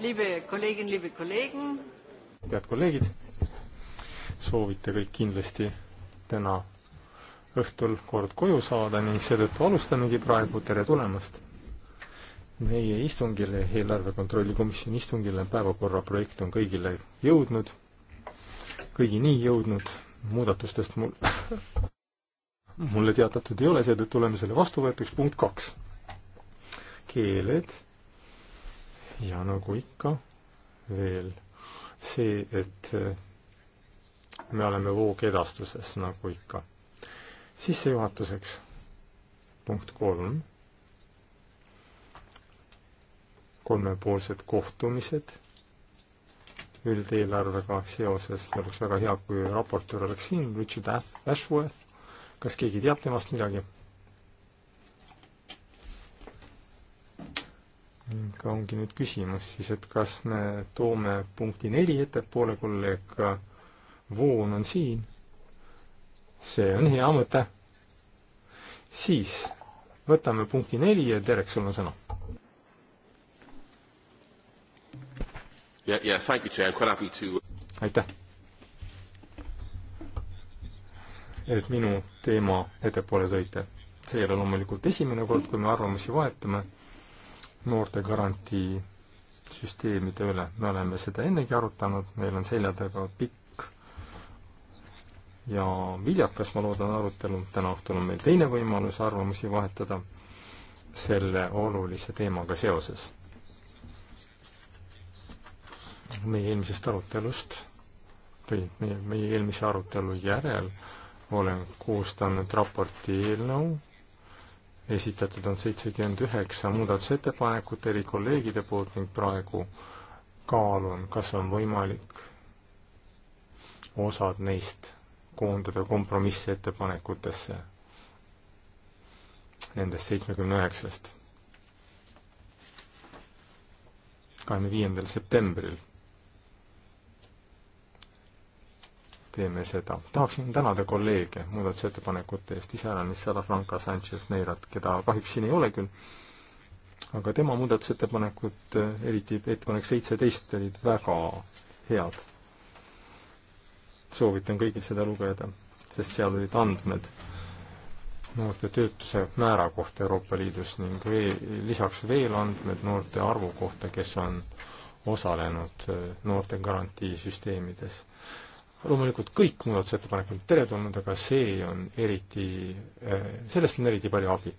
liebe kolleegid, liebe kolleegid. head kolleegid, soovite kõik kindlasti täna õhtul kord koju saada ning seetõttu alustamegi praegu, tere tulemast meie istungile, eelarve kontrolli komisjoni istungile, päevakorra projekt on kõigile jõudnud, kõigini jõudnud, muudatustest mul mulle teatatud ei ole, seetõttu oleme selle vastu võetuks, punkt kaks. keeled ja nagu ikka, veel see, et äh, me oleme voogedastuses, nagu ikka. sissejuhatuseks punkt kolm, kolmepoolsed kohtumised üldeelarvega seoses, oleks väga hea, kui raportöör oleks siin, Richard Ashworth, kas keegi teab temast midagi? ning ongi nüüd küsimus siis, et kas me toome punkti neli ettepoole, kolleeg Voon on siin. see on hea mõte. siis võtame punkti neli ja Derek, sul on sõna. Uh, aitäh. et minu teema ettepoole tõite. see ei ole loomulikult esimene kord, kui me arvamusi vahetame noortegarantii süsteemide üle. me oleme seda ennegi arutanud, meil on selja taga pikk ja viljakas, ma loodan, arutelu. täna õhtul on meil teine võimalus arvamusi vahetada selle olulise teemaga seoses. meie eelmisest arutelust või meie, meie eelmise arutelu järel olen koostanud raporti eelnõu esitatud on seitsekümmend üheksa muudatusettepanekut eri kolleegide poolt ning praegu kaalun, kas on võimalik osad neist koondada kompromissettepanekutesse nendest seitsmekümne üheksast. kahekümne viiendal septembril teeme seda. tahaksin tänada kolleege muudatusettepanekute eest, iseäranis Salafranca Sanchez Neirat, keda kahjuks siin ei ole küll, aga tema muudatusettepanekud, eriti ettepanek seitseteist, olid väga head. soovitan kõigil seda lugeda, sest seal olid andmed noorte töötuse määra kohta Euroopa Liidus ning veel, lisaks veel andmed noorte arvu kohta, kes on osalenud äh, noorte garantiisüsteemides loomulikult kõik muudatusettepanekud on teretulnud, aga see on eriti, eh, sellest on eriti palju abi.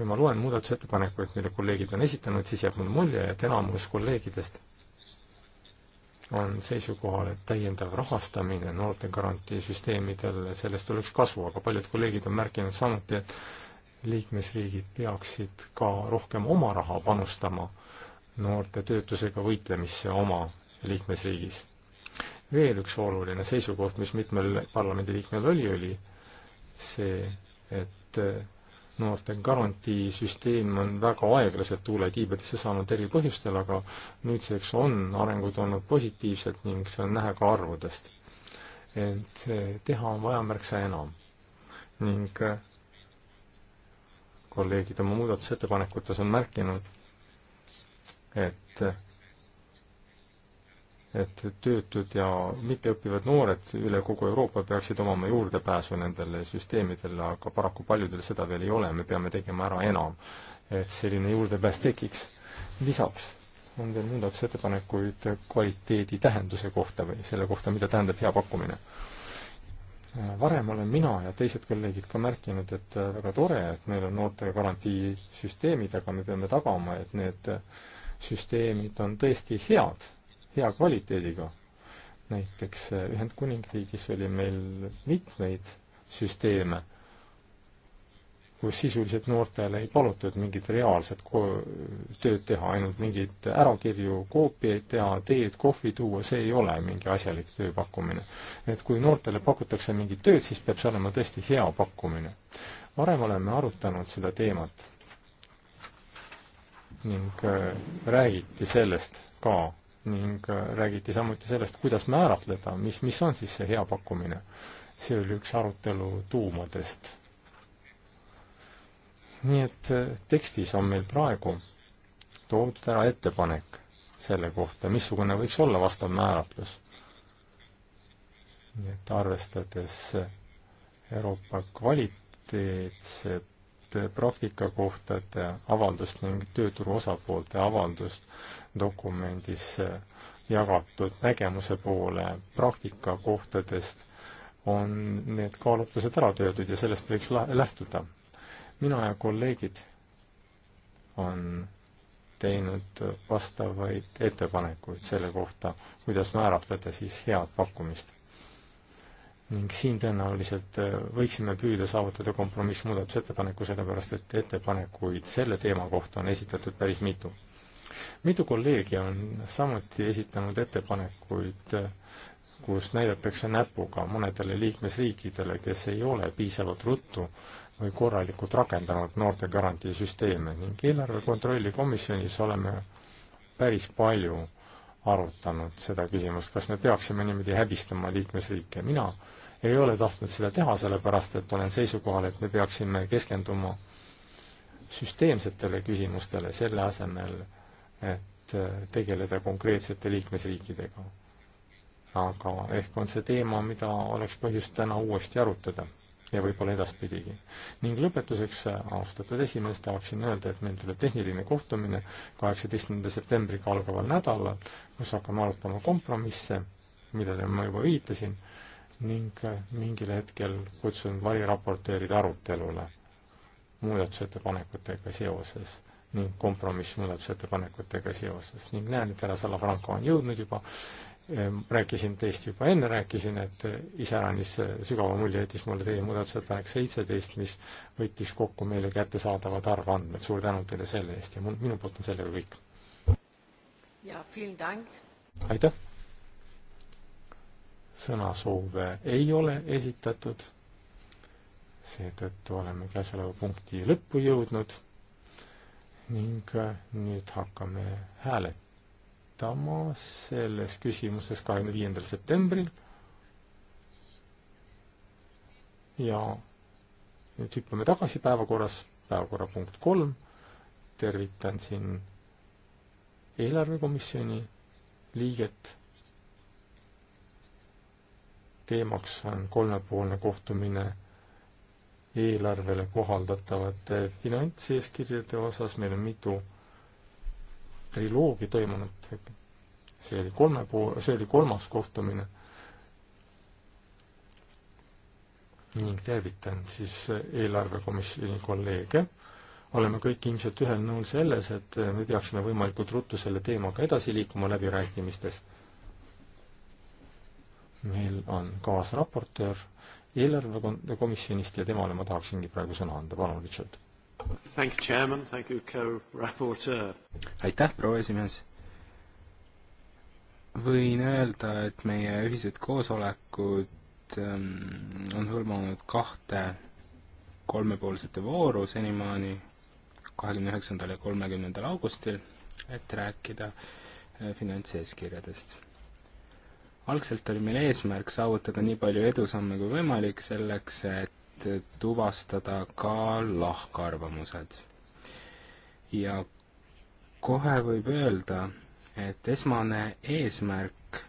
kui ma loen muudatusettepanekuid, mille kolleegid on esitanud, siis jääb mulle mulje, et enamus kolleegidest on seisukohal, et täiendav rahastamine noortegarantiisüsteemidel, sellest oleks kasu, aga paljud kolleegid on märkinud samuti, et liikmesriigid peaksid ka rohkem oma raha panustama noorte töötusega võitlemisse oma liikmesriigis veel üks oluline seisukoht, mis mitmel parlamendiliikmel oli, oli see, et äh, noorte garantiisüsteem on väga aeglaselt tuule tiibadesse saanud eri põhjustel, aga nüüdseks on arengud olnud positiivsed ning see on näha ka arvudest. et äh, teha on vaja märksa enam ning äh, kolleegid oma muudatusettepanekutes on märkinud, et et töötud ja mitteõppivad noored üle kogu Euroopa peaksid omama juurdepääsu nendele süsteemidele, aga paraku paljudel seda veel ei ole, me peame tegema ära enam, et selline juurdepääs tekiks. lisaks on veel muudatusettepanekuid kvaliteedi tähenduse kohta või selle kohta, mida tähendab hea pakkumine. varem olen mina ja teised kolleegid ka märkinud, et väga tore, et meil on noorte garantiisüsteemid, aga me peame tagama, et need süsteemid on tõesti head hea kvaliteediga. näiteks Ühendkuningriigis oli meil mitmeid süsteeme, kus sisuliselt noortele ei palutud mingit reaalset ko-, tööd teha, ainult mingeid ärakirju, koopiaid teha, teed, kohvi tuua, see ei ole mingi asjalik tööpakkumine. et kui noortele pakutakse mingit tööd, siis peab see olema tõesti hea pakkumine. varem oleme arutanud seda teemat ning äh, räägiti sellest ka ning äh, räägiti samuti sellest, kuidas määratleda, mis, mis on siis see hea pakkumine. see oli üks arutelu tuumadest. nii et äh, tekstis on meil praegu toodud ära ettepanek selle kohta, missugune võiks olla vastav määratlus. nii et arvestades Euroopa kvaliteetse praktikakohtade avaldust ning tööturu osapoolte avaldust, dokumendis eh, jagatud nägemuse poole praktika kohtadest on need kaalutlused ära töötud ja sellest võiks lähtuda. mina ja kolleegid on teinud vastavaid ettepanekuid selle kohta, kuidas määratleda siis head pakkumist. ning siin tõenäoliselt eh, võiksime püüda saavutada kompromissmuudatusettepaneku, sellepärast et ettepanekuid selle teema kohta on esitatud päris mitu mitu kolleegi on samuti esitanud ettepanekuid, kus näidatakse näpuga mõnedele liikmesriikidele, kes ei ole piisavalt ruttu või korralikult rakendanud noortegarantii süsteeme ning eelarve kontrolli komisjonis oleme päris palju arutanud seda küsimust, kas me peaksime niimoodi häbistama liikmesriike. mina ei ole tahtnud seda teha, sellepärast et olen seisukohal, et me peaksime keskenduma süsteemsetele küsimustele, selle asemel, et äh, tegeleda konkreetsete liikmesriikidega. aga ehk on see teema, mida oleks põhjust täna uuesti arutada ja võib-olla edaspidigi. ning lõpetuseks, äh, austatud esimees, tahaksin öelda, et meil tuleb tehniline kohtumine kaheksateistkümnenda septembriga algaval nädalal, kus hakkame arutama kompromisse, millele ma juba viitasin, ning äh, mingil hetkel kutsun variraportööride arutelule muudatusettepanekutega seoses ning kompromissmuudatusettepanekutega seoses ning näen, et härra Salafranco on jõudnud juba, ehm, rääkisin teist juba enne, rääkisin, et iseäranis sügava mulje jättis mulle teie muudatusettepanek seitseteist, mis võttis kokku meile kättesaadavad arvandmed, suur tänu teile selle eest ja mul, minu poolt on sellega kõik. aitäh! sõnasoove ei ole esitatud, seetõttu oleme käesoleva punkti lõppu jõudnud ning äh, nüüd hakkame hääletama selles küsimuses kahekümne viiendal septembril. ja nüüd hüppame tagasi päevakorras, päevakorrapunkt kolm, tervitan siin eelarvekomisjoni liiget. teemaks on kolmepoolne kohtumine eelarvele kohaldatavate finantseeskirjade osas, meil on mitu triloogi toimunud, see oli kolme pool, see oli kolmas kohtumine. ning tervitan siis eelarvekomisjoni kolleege, oleme kõik ilmselt ühel nõul selles, et me peaksime võimalikult ruttu selle teemaga edasi liikuma läbirääkimistes. meil on kaasraportöör eelarvekomisjonist ja temale ma tahaksingi praegu sõna anda, palun, Richard. aitäh, proua esimees! võin öelda, et meie ühised koosolekud ähm, on hõlmanud kahte kolmepoolsete vooru senimaani, kahekümne üheksandal ja kolmekümnendal augustil, et rääkida äh, finantseeskirjadest algselt oli meil eesmärk saavutada nii palju edusamme kui võimalik selleks, et tuvastada ka lahkarvamused. ja kohe võib öelda, et esmane eesmärk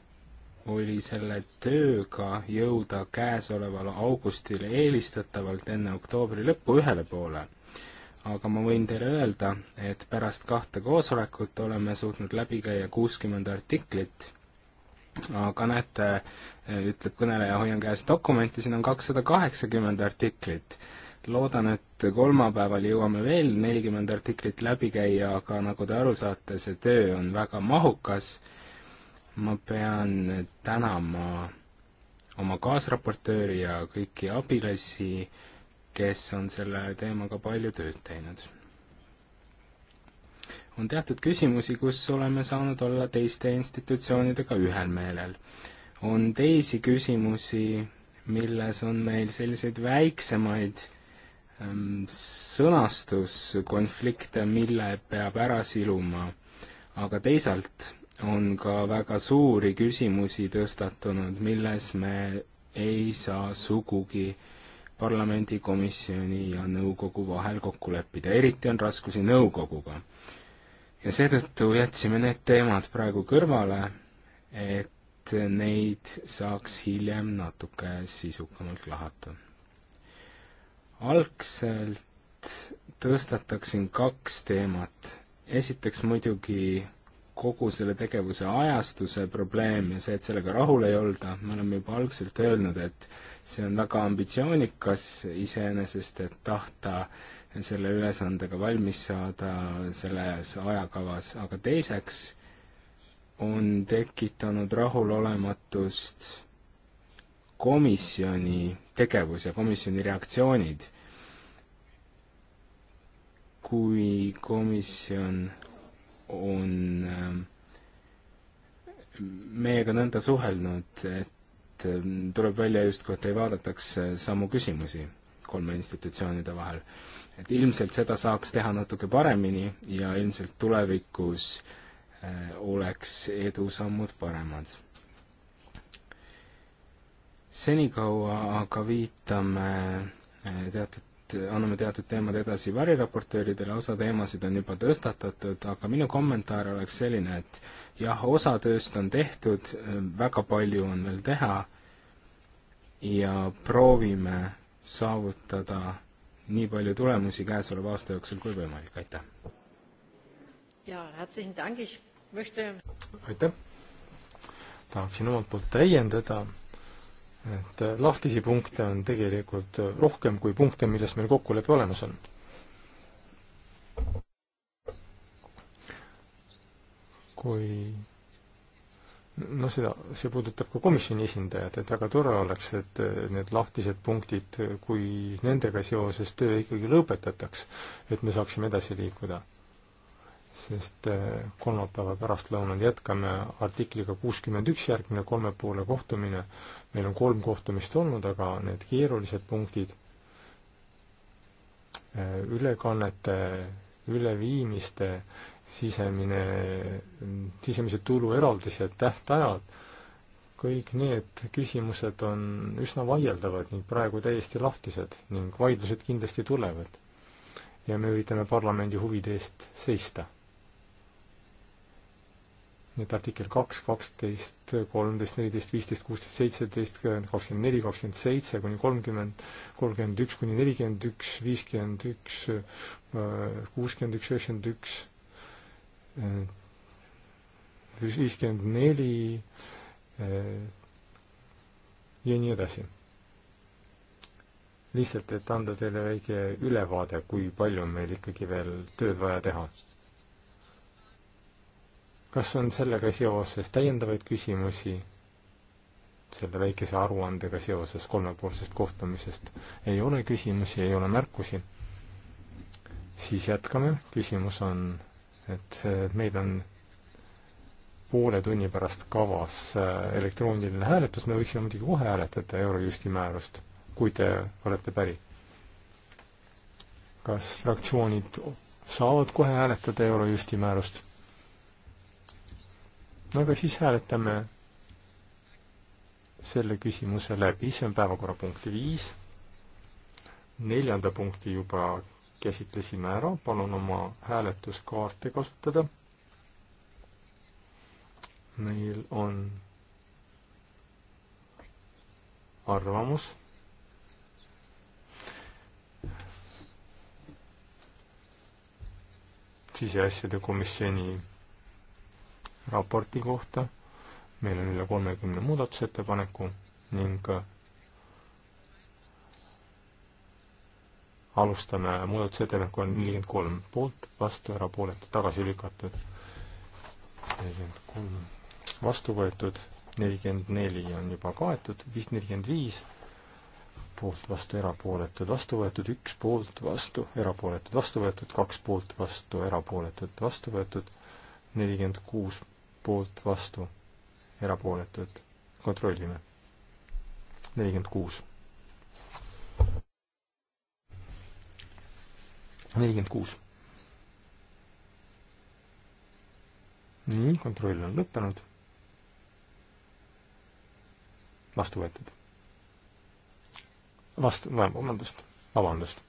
oli selle tööga jõuda käesoleval augustil eelistatavalt enne oktoobri lõppu ühele poole. aga ma võin teile öelda, et pärast kahte koosolekut oleme suutnud läbi käia kuuskümmend artiklit aga näete, ütleb kõneleja, hoian käes dokumenti, siin on kakssada kaheksakümmend artiklit. loodan, et kolmapäeval jõuame veel nelikümmend artiklit läbi käia, aga nagu te aru saate, see töö on väga mahukas. ma pean tänama oma kaasraportööri ja kõiki abilasi, kes on selle teemaga palju tööd teinud on teatud küsimusi, kus oleme saanud olla teiste institutsioonidega ühel meelel. on teisi küsimusi, milles on meil selliseid väiksemaid ähm, sõnastuskonflikte, mille peab ära siluma. aga teisalt on ka väga suuri küsimusi tõstatunud, milles me ei saa sugugi äh, parlamendi, komisjoni ja nõukogu vahel kokku leppida, eriti on raskusi nõukoguga. ja seetõttu jätsime need teemad praegu kõrvale, et neid saaks hiljem natuke sisukamalt lahata. algselt tõstataksin kaks teemat, esiteks muidugi kogu selle tegevuse ajastuse probleem ja see, et sellega rahul ei olda, me oleme juba algselt öelnud, et see on väga ambitsioonikas iseenesest, et tahta selle ülesandega valmis saada selles ajakavas, aga teiseks on tekitanud rahulolematust komisjoni tegevus ja komisjoni reaktsioonid. kui komisjon on ähm, meiega nõnda suhelnud, et et ähm, tuleb välja justkui, et ei vaadataks äh, samu küsimusi kolme institutsioonide vahel. et ilmselt seda saaks teha natuke paremini ja ilmselt tulevikus äh, oleks edusammud paremad. senikaua aga viitame äh, teatud anname teatud teemad edasi variraportööridele, osa teemasid on juba tõstatatud, aga minu kommentaar oleks selline, et jah, osa tööst on tehtud, väga palju on veel teha ja proovime saavutada nii palju tulemusi käesoleva aasta jooksul kui võimalik, aitäh! aitäh! tahaksin omalt poolt täiendada, et lahtisi punkte on tegelikult rohkem kui punkte, milles meil kokkulepe olemas on kui no seda, see puudutab ka komisjoni esindajat, et väga tore oleks, et eh, need lahtised punktid, eh, kui nendega seoses töö ikkagi lõpetataks, et me saaksime edasi liikuda. sest eh, kolmapäeva pärastlõunal jätkame artikliga kuuskümmend üks järgmine kolmepoolne kohtumine. meil on kolm kohtumist olnud, aga need keerulised punktid, ülekannete, üleviimiste sisemine, sisemise tulu eraldised, tähtajad, kõik need küsimused on üsna vaieldavad ning praegu täiesti lahtised ning vaidlused kindlasti tulevad. ja me üritame parlamendi huvide eest seista. nii et artikkel kaks, kaksteist, kolmteist, neliteist, viisteist, kuusteist, seitseteist, kakskümmend neli, kakskümmend seitse kuni kolmkümmend, kolmkümmend üks kuni nelikümmend üks, viiskümmend üks, kuuskümmend üks, üheksakümmend üks Äh, viiskümmend neli äh, ja nii edasi. lihtsalt, et anda teile väike ülevaade, kui palju on meil ikkagi veel tööd vaja teha. kas on sellega seoses täiendavaid küsimusi? selle väikese aruandega seoses kolmepoolsest kohtumisest ei ole küsimusi, ei ole märkusi, siis jätkame, küsimus on et meil on poole tunni pärast kavas äh, elektrooniline hääletus, me võiksime muidugi kohe hääletada Eurojusti määrust, kui te olete päri. kas fraktsioonid saavad kohe hääletada Eurojusti määrust? no aga siis hääletame selle küsimuse läbi, see on päevakorrapunkti viis, neljanda punkti juba käsitlesime ära, palun oma hääletuskaarte kasutada. meil on arvamus. siseasjade komisjoni raporti kohta. meil on üle kolmekümne muudatusettepaneku ning alustame muudatusettepaneku nelikümmend kolm poolt, vastu, erapooletud, tagasi lükatud. nelikümmend kolm vastu võetud, nelikümmend neli on juba kaetud, viis, nelikümmend viis poolt, vastu, erapooletud, vastu võetud, üks poolt, vastu, erapooletud, vastu võetud, kaks poolt, vastu, erapooletud, vastu võetud, nelikümmend kuus poolt, vastu, erapooletud. kontrollime. nelikümmend kuus nelikümmend kuus. nii, kontroll on lõppenud. vastu võetud. vastu, vabandust, vabandust.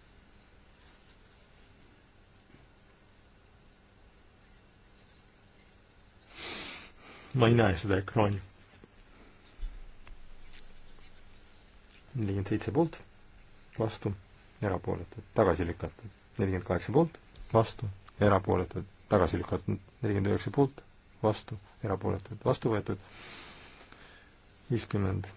ma ei näe seda ekraani. nelikümmend seitse poolt, vastu, erapooletud, tagasi lükatud nelikümmend kaheksa poolt, vastu, erapooletud, tagasi lükatud, nelikümmend üheksa poolt, vastu, erapooletud, vastu võetud, viiskümmend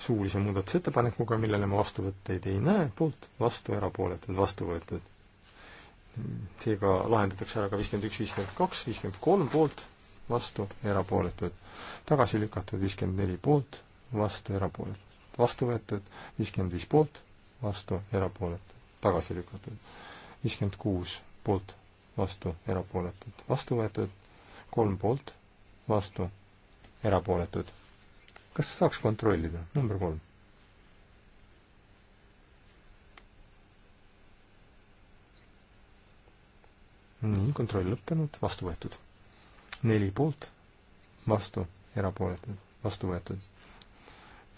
suulise muudatusettepanekuga, millele ma vastuvõtteid ei näe, poolt, vastu, erapooletud, vastu võetud. seega lahendatakse ära ka viiskümmend üks, viiskümmend kaks, viiskümmend kolm poolt, vastu, erapooletud. tagasi lükatud viiskümmend neli poolt, vastu, erapooletud. vastu võetud viiskümmend viis poolt, vastu, erapooletud, tagasi lükatud. viiskümmend kuus poolt, vastu, erapooletud, vastu võetud, kolm poolt, vastu, erapooletud. kas saaks kontrollida, number kolm? nii, kontroll lõppenud, vastu võetud. neli poolt, vastu, erapooletud, vastu võetud.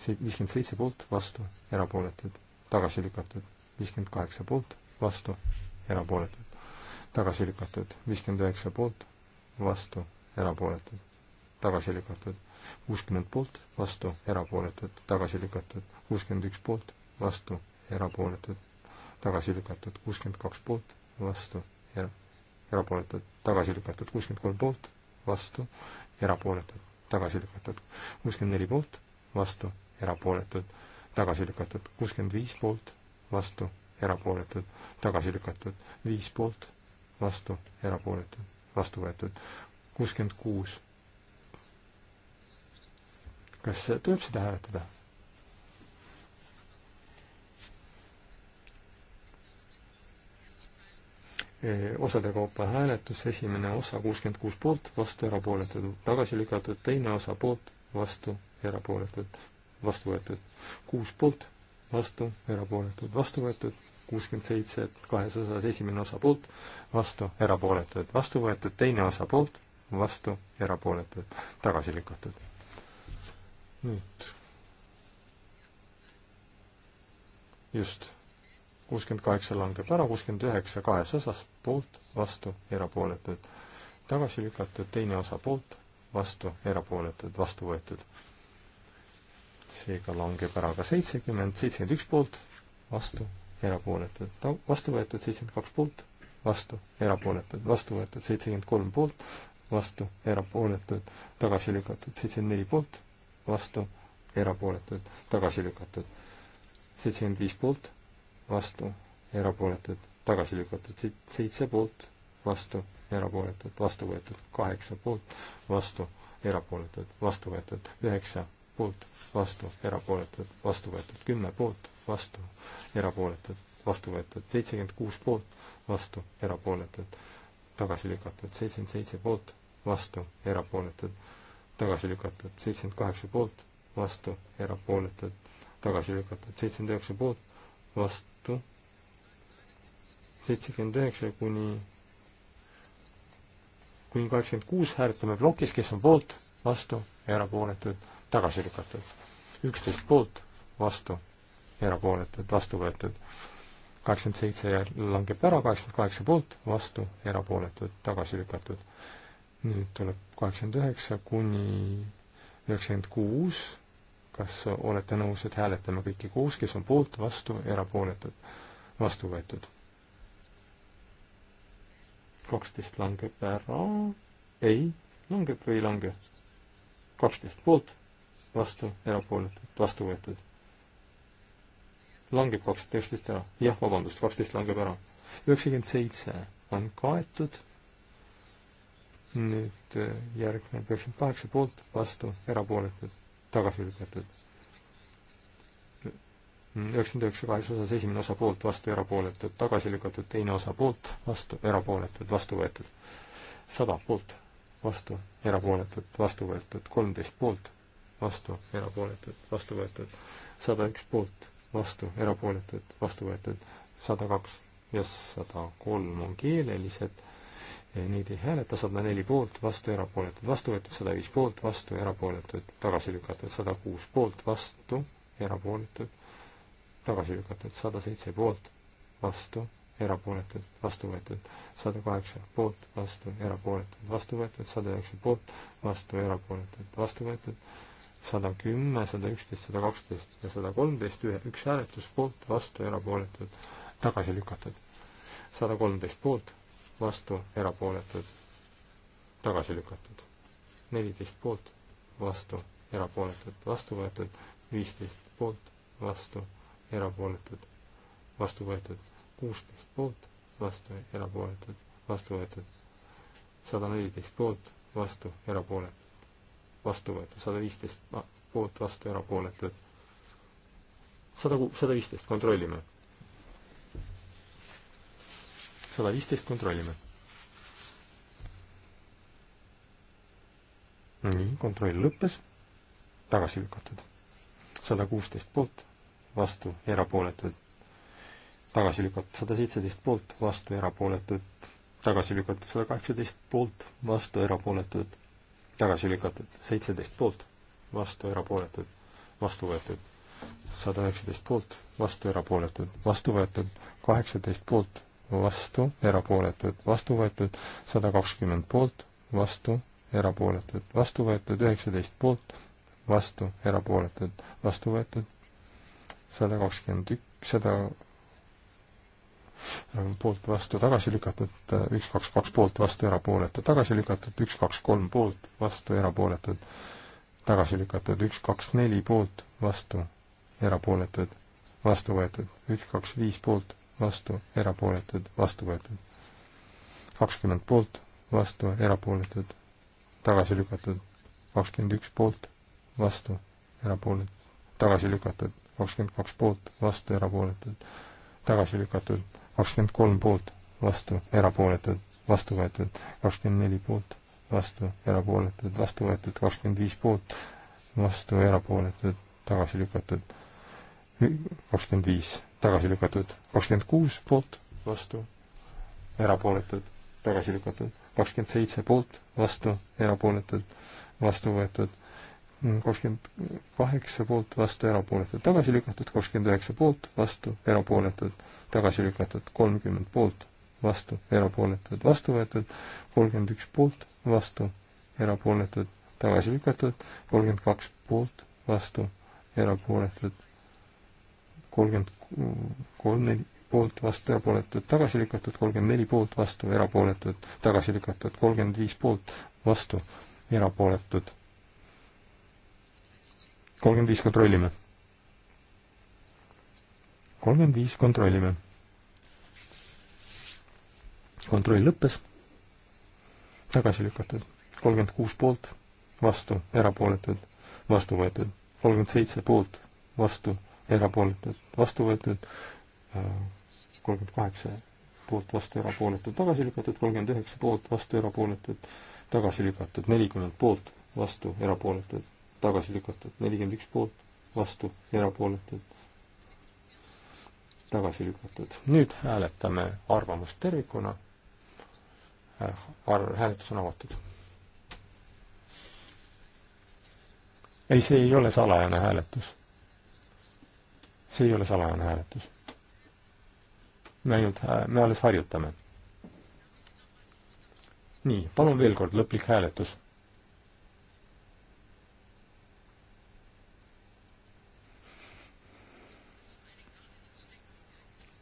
viiskümmend seitse poolt, vastu, erapooletud tagasi lükatud, viiskümmend kaheksa poolt, vastu, erapooletud. tagasi lükatud, viiskümmend üheksa poolt, vastu, erapooletud. tagasi lükatud, kuuskümmend poolt, vastu, erapooletud. tagasi lükatud, kuuskümmend üks poolt, vastu, erapooletud. tagasi lükatud, kuuskümmend kaks poolt, vastu, era-, erapooletud. tagasi lükatud, kuuskümmend kolm poolt, vastu, erapooletud. tagasi lükatud, kuuskümmend neli poolt, vastu, erapooletud tagasi lükatud, kuuskümmend viis poolt, vastu, erapooletud, tagasi lükatud, viis poolt, vastu, erapooletud, vastu võetud, kuuskümmend kuus. kas tuleb seda hääletada? osade kaupa hääletus, esimene osa kuuskümmend kuus poolt, vastu erapooletud, tagasi lükatud, teine osa poolt, vastu erapooletud, vastu võetud. kuus poolt, vastu, erapooletud, vastu võetud, kuuskümmend seitse kahes osas, esimene osa poolt, vastu, erapooletud, vastu võetud, teine osa poolt, vastu, erapooletud, tagasi lükatud. nüüd just, kuuskümmend kaheksa langeb ära, kuuskümmend üheksa kahes osas, poolt, vastu, erapooletud. tagasi lükatud teine osa poolt, vastu, erapooletud, vastu võetud seega langeb ära ka seitsekümmend, seitsekümmend üks poolt, vastu, erapooletud, vastu võetud seitsekümmend kaks poolt, vastu, erapooletud, vastu võetud seitsekümmend kolm poolt, vastu, erapooletud, tagasi lükatud seitsekümmend neli poolt, vastu, erapooletud, tagasi lükatud seitsekümmend viis poolt, vastu, erapooletud, tagasi lükatud seitse poolt, vastu, erapooletud, vastu võetud kaheksa poolt, vastu, erapooletud, vastu võetud üheksa poolt, vastu, erapooletud, vastu võetud kümme poolt, vastu, erapooletud, vastu võetud seitsekümmend kuus poolt, vastu, erapooletud, tagasi lükatud seitsekümmend seitse poolt, vastu, erapooletud, tagasi lükatud seitsekümmend kaheksa poolt, vastu, erapooletud, tagasi lükatud seitsekümmend üheksa poolt, vastu, seitsekümmend üheksa kuni kuni kaheksakümmend kuus hääletame plokis, kes on poolt, vastu, erapooletud tagasi lükatud. üksteist poolt, vastu, erapooletud, vastu võetud. kaheksakümmend seitse langeb ära, kaheksakümmend kaheksa poolt, vastu, erapooletud, tagasi lükatud. nüüd tuleb kaheksakümmend üheksa kuni üheksakümmend kuus, kas olete nõus, et hääletame kõiki kuus, kes on poolt, vastu, erapooletud, vastu võetud? kaksteist langeb ära, ei, langeb või ei lange? kaksteist poolt vastu, erapooletud, vastu võetud. langeb kaksteist, üksteist ära. jah, vabandust, kaksteist langeb ära. üheksakümmend seitse on kaetud, nüüd äh, järgneb üheksakümmend kaheksa poolt, vastu, erapooletud, tagasi lükatud. üheksakümmend üheksa kahes osas esimene osa poolt, vastu, erapooletud, tagasi lükatud, teine osa poolt, vastu, erapooletud, vastu võetud. sada poolt, vastu, erapooletud, vastu võetud, kolmteist poolt vastu, erapooletud, vastu võetud. sada üks poolt, vastu, erapooletud, vastu võetud. sada kaks ja sada kolm on keelelised, eh, neid ei hääleta, sada neli poolt, vastu, erapooletud, vastu võetud, sada viis poolt, vastu, erapooletud, tagasi lükatud, sada kuus poolt, vastu, erapooletud, tagasi lükatud, sada seitse poolt, vastu, erapooletud, vastu võetud, sada kaheksa poolt, vastu, erapooletud, vastu võetud, sada üheksa poolt, vastu, erapooletud, vastu võetud, sada kümme, sada üksteist, sada kaksteist ja sada kolmteist, ühe, üks hääletus poolt, vastu, erapooletud, tagasi lükatud. sada kolmteist poolt, vastu, erapooletud, tagasi lükatud. neliteist poolt, vastu, erapooletud, vastu võetud, viisteist poolt, vastu, erapooletud, vastu võetud, kuusteist poolt, vastu, erapooletud, vastu võetud, sada neliteist poolt, vastu, erapooletud vastu võetud, sada viisteist poolt, vastu, erapooletud. sada ku-, sada viisteist, kontrollime. sada viisteist, kontrollime. nii, kontroll lõppes, tagasi lükatud. sada kuusteist poolt, vastu, erapooletud. tagasi lükatud sada seitseteist poolt, vastu, erapooletud. tagasi lükatud sada kaheksateist poolt, vastu, erapooletud tagasi lükatud, seitseteist poolt, vastu erapooletud, vastu võetud, sada üheksateist poolt, vastu erapooletud, vastu võetud, kaheksateist poolt, vastu erapooletud, vastu võetud, sada kakskümmend poolt, vastu erapooletud, vastu võetud, üheksateist poolt, vastu erapooletud, vastu võetud, sada kakskümmend üks, sada poolt vastu tagasi lükatud, üks, kaks, kaks poolt vastu erapooletud, tagasi lükatud, üks, kaks, kolm poolt vastu erapooletud, tagasi lükatud, üks, kaks, neli poolt vastu erapooletud, vastu võetud, üks, kaks, viis poolt vastu erapooletud, vastu võetud, kakskümmend poolt vastu erapooletud, tagasi lükatud, kakskümmend üks poolt vastu erapooletud, tagasi lükatud, kakskümmend kaks poolt vastu erapooletud tagasi lükatud, kakskümmend kolm poolt, vastu, erapooletud, vastu võetud, kakskümmend neli poolt, vastu, erapooletud, vastu võetud, kakskümmend viis poolt, vastu, erapooletud, tagasi lükatud, kakskümmend viis, tagasi lükatud, kakskümmend kuus poolt, vastu, erapooletud, tagasi lükatud, kakskümmend seitse poolt, vastu, erapooletud, vastu võetud, Mm, kakskümmend kaheksa poolt, vastu, erapooletud, tagasi lükatud, kakskümmend üheksa poolt, vastu, erapooletud, tagasi lükatud, kolmkümmend poolt, vastu, erapooletud, vastu võetud, kolmkümmend üks poolt, vastu, erapooletud, tagasi lükatud, kolmkümmend kaks poolt, vastu, erapooletud, kolmkümmend kolm, neli poolt, vastu, erapooletud, tagasi lükatud, kolmkümmend neli poolt, vastu, erapooletud, tagasi lükatud, kolmkümmend viis poolt, vastu, erapooletud kolmkümmend viis kontrollime. kolmkümmend viis kontrollime. kontroll lõppes. tagasi lükatud. kolmkümmend kuus poolt, vastu, erapooletud, vastu võetud. kolmkümmend seitse poolt, vastu, erapooletud, vastu võetud. Äh, kolmkümmend kaheksa poolt, vastu, erapooletud, tagasi lükatud. kolmkümmend üheksa poolt, vastu, erapooletud, tagasi lükatud. nelikümmend poolt, vastu, erapooletud tagasi lükatud, nelikümmend üks poolt, vastu, erapooletud, tagasi lükatud. nüüd hääletame arvamust tervikuna. Äh, ar-, hääletus on avatud. ei, see ei ole salajane hääletus. see ei ole salajane hääletus. me ainult, me alles harjutame. nii, palun veel kord lõplik hääletus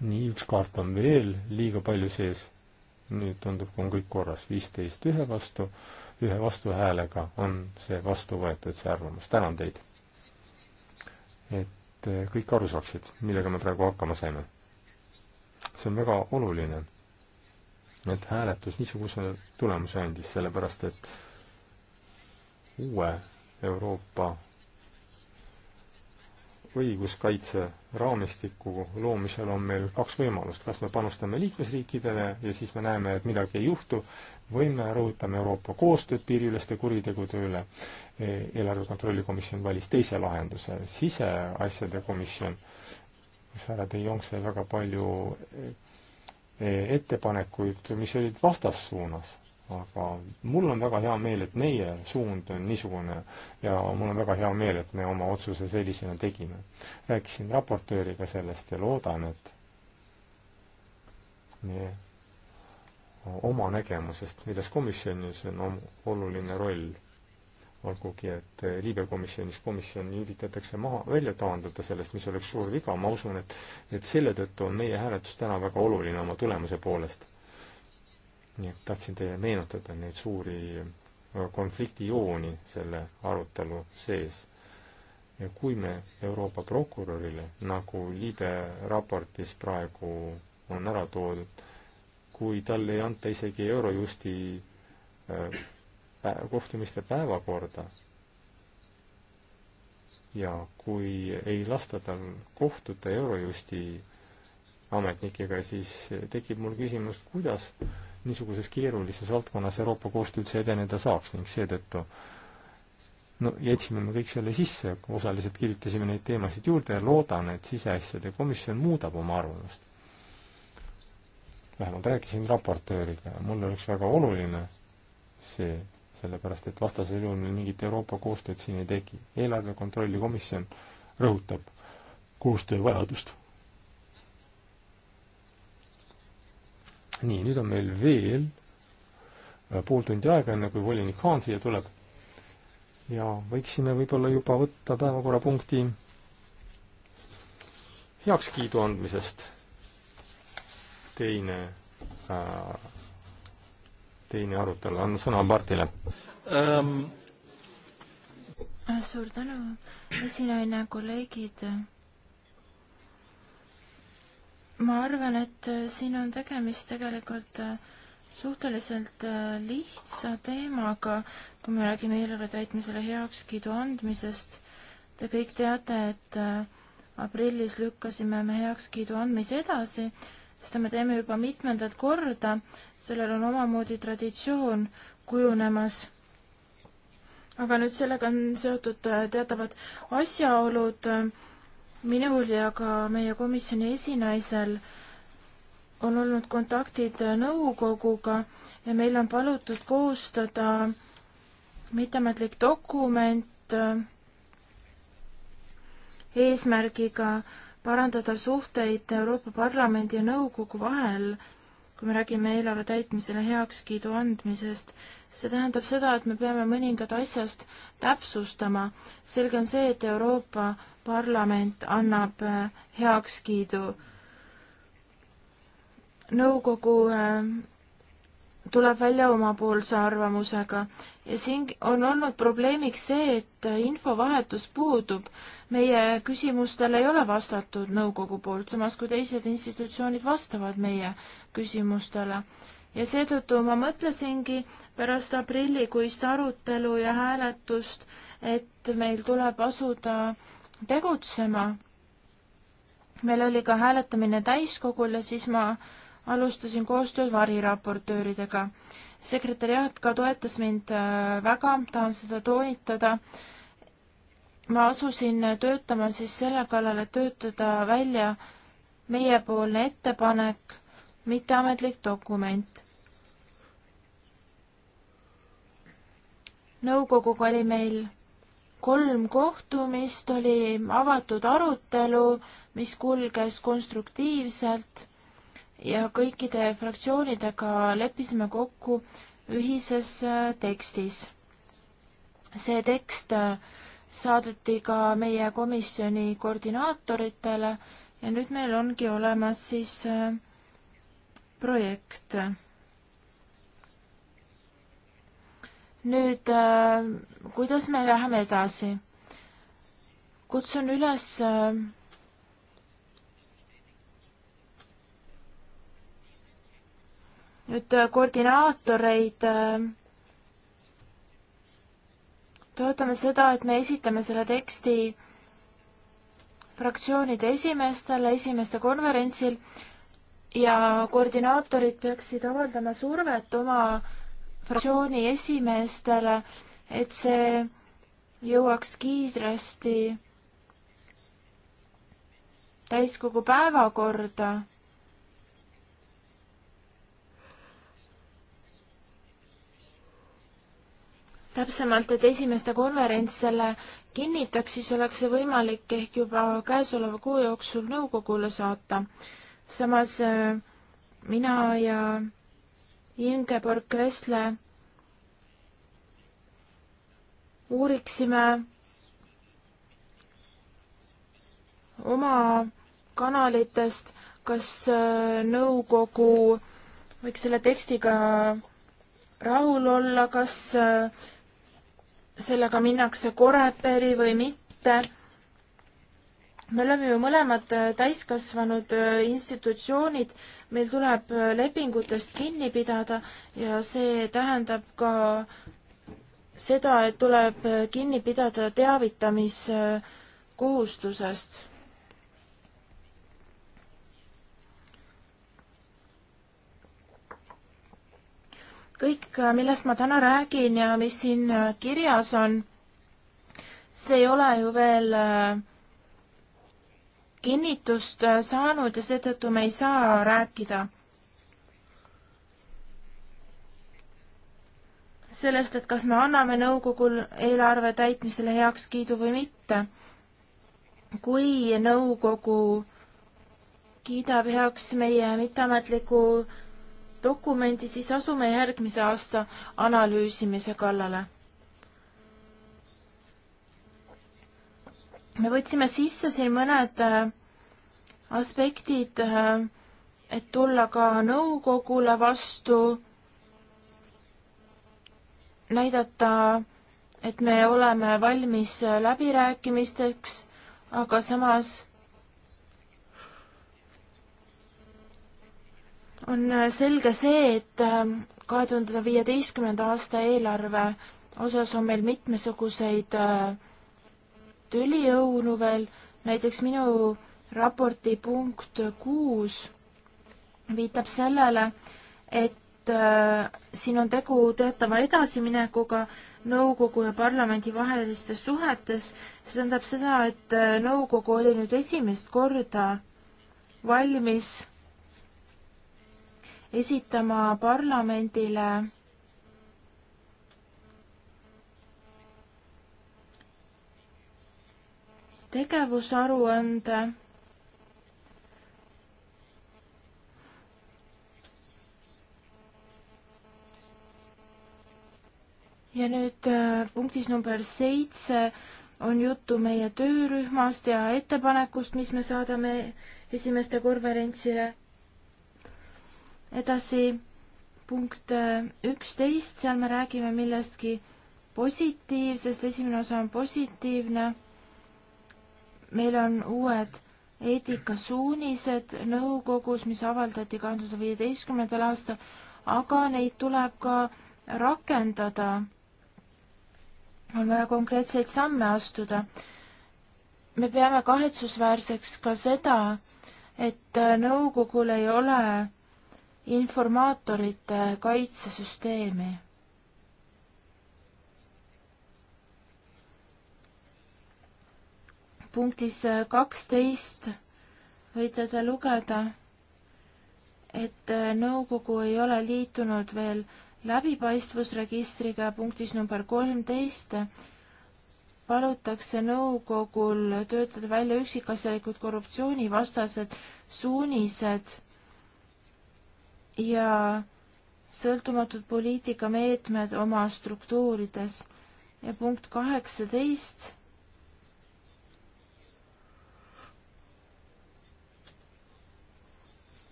nii, üks kaart on veel liiga palju sees. nüüd tundub, kui on kõik korras, viisteist ühe vastu, ühe vastuhäälega on see vastu võetud, see arvamus. tänan teid! et eh, kõik aru saaksid, millega me praegu hakkama saime. see on väga oluline, et hääletus niisuguse tulemuse andis, sellepärast et uue Euroopa õiguskaitse raamistiku loomisel on meil kaks võimalust, kas me panustame liikmesriikidele ja siis me näeme, et midagi ei juhtu, või me rõhutame Euroopa koostööd piiriüleste kuritegude üle. E, eelarve kontrolli komisjon valis teise lahenduse, siseasjade komisjon, kus härra De Jong sai väga palju e, e, ettepanekuid, mis olid vastassuunas aga mul on väga hea meel, et meie suund on niisugune ja mul on väga hea meel, et me oma otsuse sellisena tegime. rääkisin raportööriga sellest ja loodan, et me oma nägemusest, milles komisjonis on oluline roll, olgugi et liibekomisjonis komisjoni üritatakse maha, välja taandada sellest, mis oleks suur viga, ma usun, et et selle tõttu on meie hääletus täna väga oluline oma tulemuse poolest nii et tahtsin teile meenutada neid suuri äh, konfliktijooni selle arutelu sees. ja kui me Euroopa prokurörile, nagu Liibe raportis praegu on ära toodud, kui talle ei anta isegi Eurojusti äh, kohtumiste päevakorda ja kui ei lasta tal kohtuda Eurojusti ametnikega, siis tekib mul küsimus, kuidas äh, niisuguses keerulises valdkonnas Euroopa koostöö üldse edeneda saaks ning seetõttu no jätsime me kõik selle sisse, osaliselt kirjutasime neid teemasid juurde ja loodan, et siseasjade komisjon muudab oma arvamust. vähemalt rääkisin raportööriga ja mulle oleks väga oluline see, sellepärast et vastasel juhul meil mingit Euroopa koostööd siin ei teki. eelarve kontrolli komisjon rõhutab koostöövajadust nii, nüüd on meil veel äh, pool tundi aega, enne kui volinik Haan siia tuleb. ja võiksime võib-olla juba võtta päevakorrapunkti heakskiidu andmisest. teine äh, teine arutelu, annan sõna Martile um.... suur tänu, esinaine, kolleegid ma arvan, et äh, siin on tegemist tegelikult äh, suhteliselt äh, lihtsa teemaga, kui me räägime eelarve täitmisele heakskiidu andmisest. Te kõik teate, et aprillis lükkasime me heakskiidu andmise edasi, seda me teeme juba mitmendat korda, sellel on omamoodi traditsioon kujunemas. aga nüüd sellega on seotud teatavad asjaolud minul ja ka meie komisjoni esinaisel on olnud kontaktid nõukoguga ja meil on palutud koostada mitteametlik dokument äh, eesmärgiga parandada suhteid Euroopa Parlamendi ja nõukogu vahel, kui me räägime eelarve täitmisele heakskiidu andmisest see tähendab seda, et me peame mõningad asjast täpsustama. selge on see, et Euroopa Parlament annab äh, heakskiidu nõukogu äh, tuleb välja omapoolse arvamusega ja siin on olnud probleemiks see, et äh, infovahetus puudub. meie küsimustele ei ole vastatud nõukogu poolt, samas kui teised institutsioonid vastavad meie küsimustele ja seetõttu ma mõtlesingi pärast aprillikuist arutelu ja hääletust, et meil tuleb asuda tegutsema. meil oli ka hääletamine täiskogul ja siis ma alustasin koostööd variraportööridega. sekretäriaat ka toetas mind äh, väga, tahan seda toonitada. ma asusin töötama siis selle kallal, et töötada välja meiepoolne ettepanek mitteametlik dokument. nõukoguga oli meil kolm kohtumist, oli avatud arutelu, mis kulges konstruktiivselt ja kõikide fraktsioonidega leppisime kokku ühises äh, tekstis. see tekst äh, saadeti ka meie komisjoni koordinaatoritele ja nüüd meil ongi olemas siis äh, projekte. nüüd, äh, kuidas me läheme edasi? kutsun üles nüüd äh, koordinaatoreid äh, toetame seda, et me esitame selle teksti fraktsioonide esimeestele esimeste konverentsil ja koordinaatorid peaksid avaldama survet oma fraktsiooni esimeestele, et see jõuaks kiiresti täiskogu päevakorda. täpsemalt, et esimeste konverents selle kinnitaks, siis oleks see võimalik ehk juba käesoleva kuu jooksul nõukogule saata samas äh, mina ja Ingeborg Kressle uuriksime oma kanalitest, kas äh, nõukogu võiks selle tekstiga rahul olla, kas äh, sellega minnakse Koreperi või mitte me oleme ju mõlemad äh, täiskasvanud äh, institutsioonid, meil tuleb äh, lepingutest kinni pidada ja see tähendab ka seda, et tuleb kinni pidada teavitamiskohustusest. kõik, millest ma täna räägin ja mis siin kirjas on, see ei ole ju veel äh, kinnitust äh, saanud ja seetõttu me ei saa rääkida sellest, et kas me anname nõukogul eelarve täitmisele heakskiidu või mitte. kui nõukogu kiidab heaks meie mitteametliku dokumendi, siis asume järgmise aasta analüüsimise kallale me võtsime sisse siin mõned äh, aspektid, äh, et tulla ka nõukogule vastu, näidata, et me oleme valmis äh, läbirääkimisteks, aga samas on selge see, et kahe tuhande viieteistkümnenda aasta eelarve osas on meil mitmesuguseid äh, tüliõunu veel, näiteks minu raporti punkt kuus viitab sellele, et äh, siin on tegu teatava edasiminekuga nõukogu ja parlamendi vahelistes suhetes. see tähendab seda, et äh, nõukogu oli nüüd esimest korda valmis esitama parlamendile tegevusaruande ja nüüd äh, punktis number seitse on juttu meie töörühmast ja ettepanekust, mis me saadame esimeste konverentsile. edasi punkt äh, üksteist, seal me räägime millestki positiivsest, esimene osa on positiivne meil on uued eetikasuunised nõukogus, mis avaldati kahe tuhande viieteistkümnendal aastal, aga neid tuleb ka rakendada. on vaja konkreetseid samme astuda. me peame kahetsusväärseks ka seda, et nõukogul ei ole informaatorite kaitsesüsteemi punktis äh, kaksteist võite te lugeda, et äh, nõukogu ei ole liitunud veel läbipaistvusregistriga punktis number kolmteist palutakse nõukogul töötada välja üksikasjalikud korruptsioonivastased suunised ja sõltumatud poliitikameetmed oma struktuurides ja punkt kaheksateist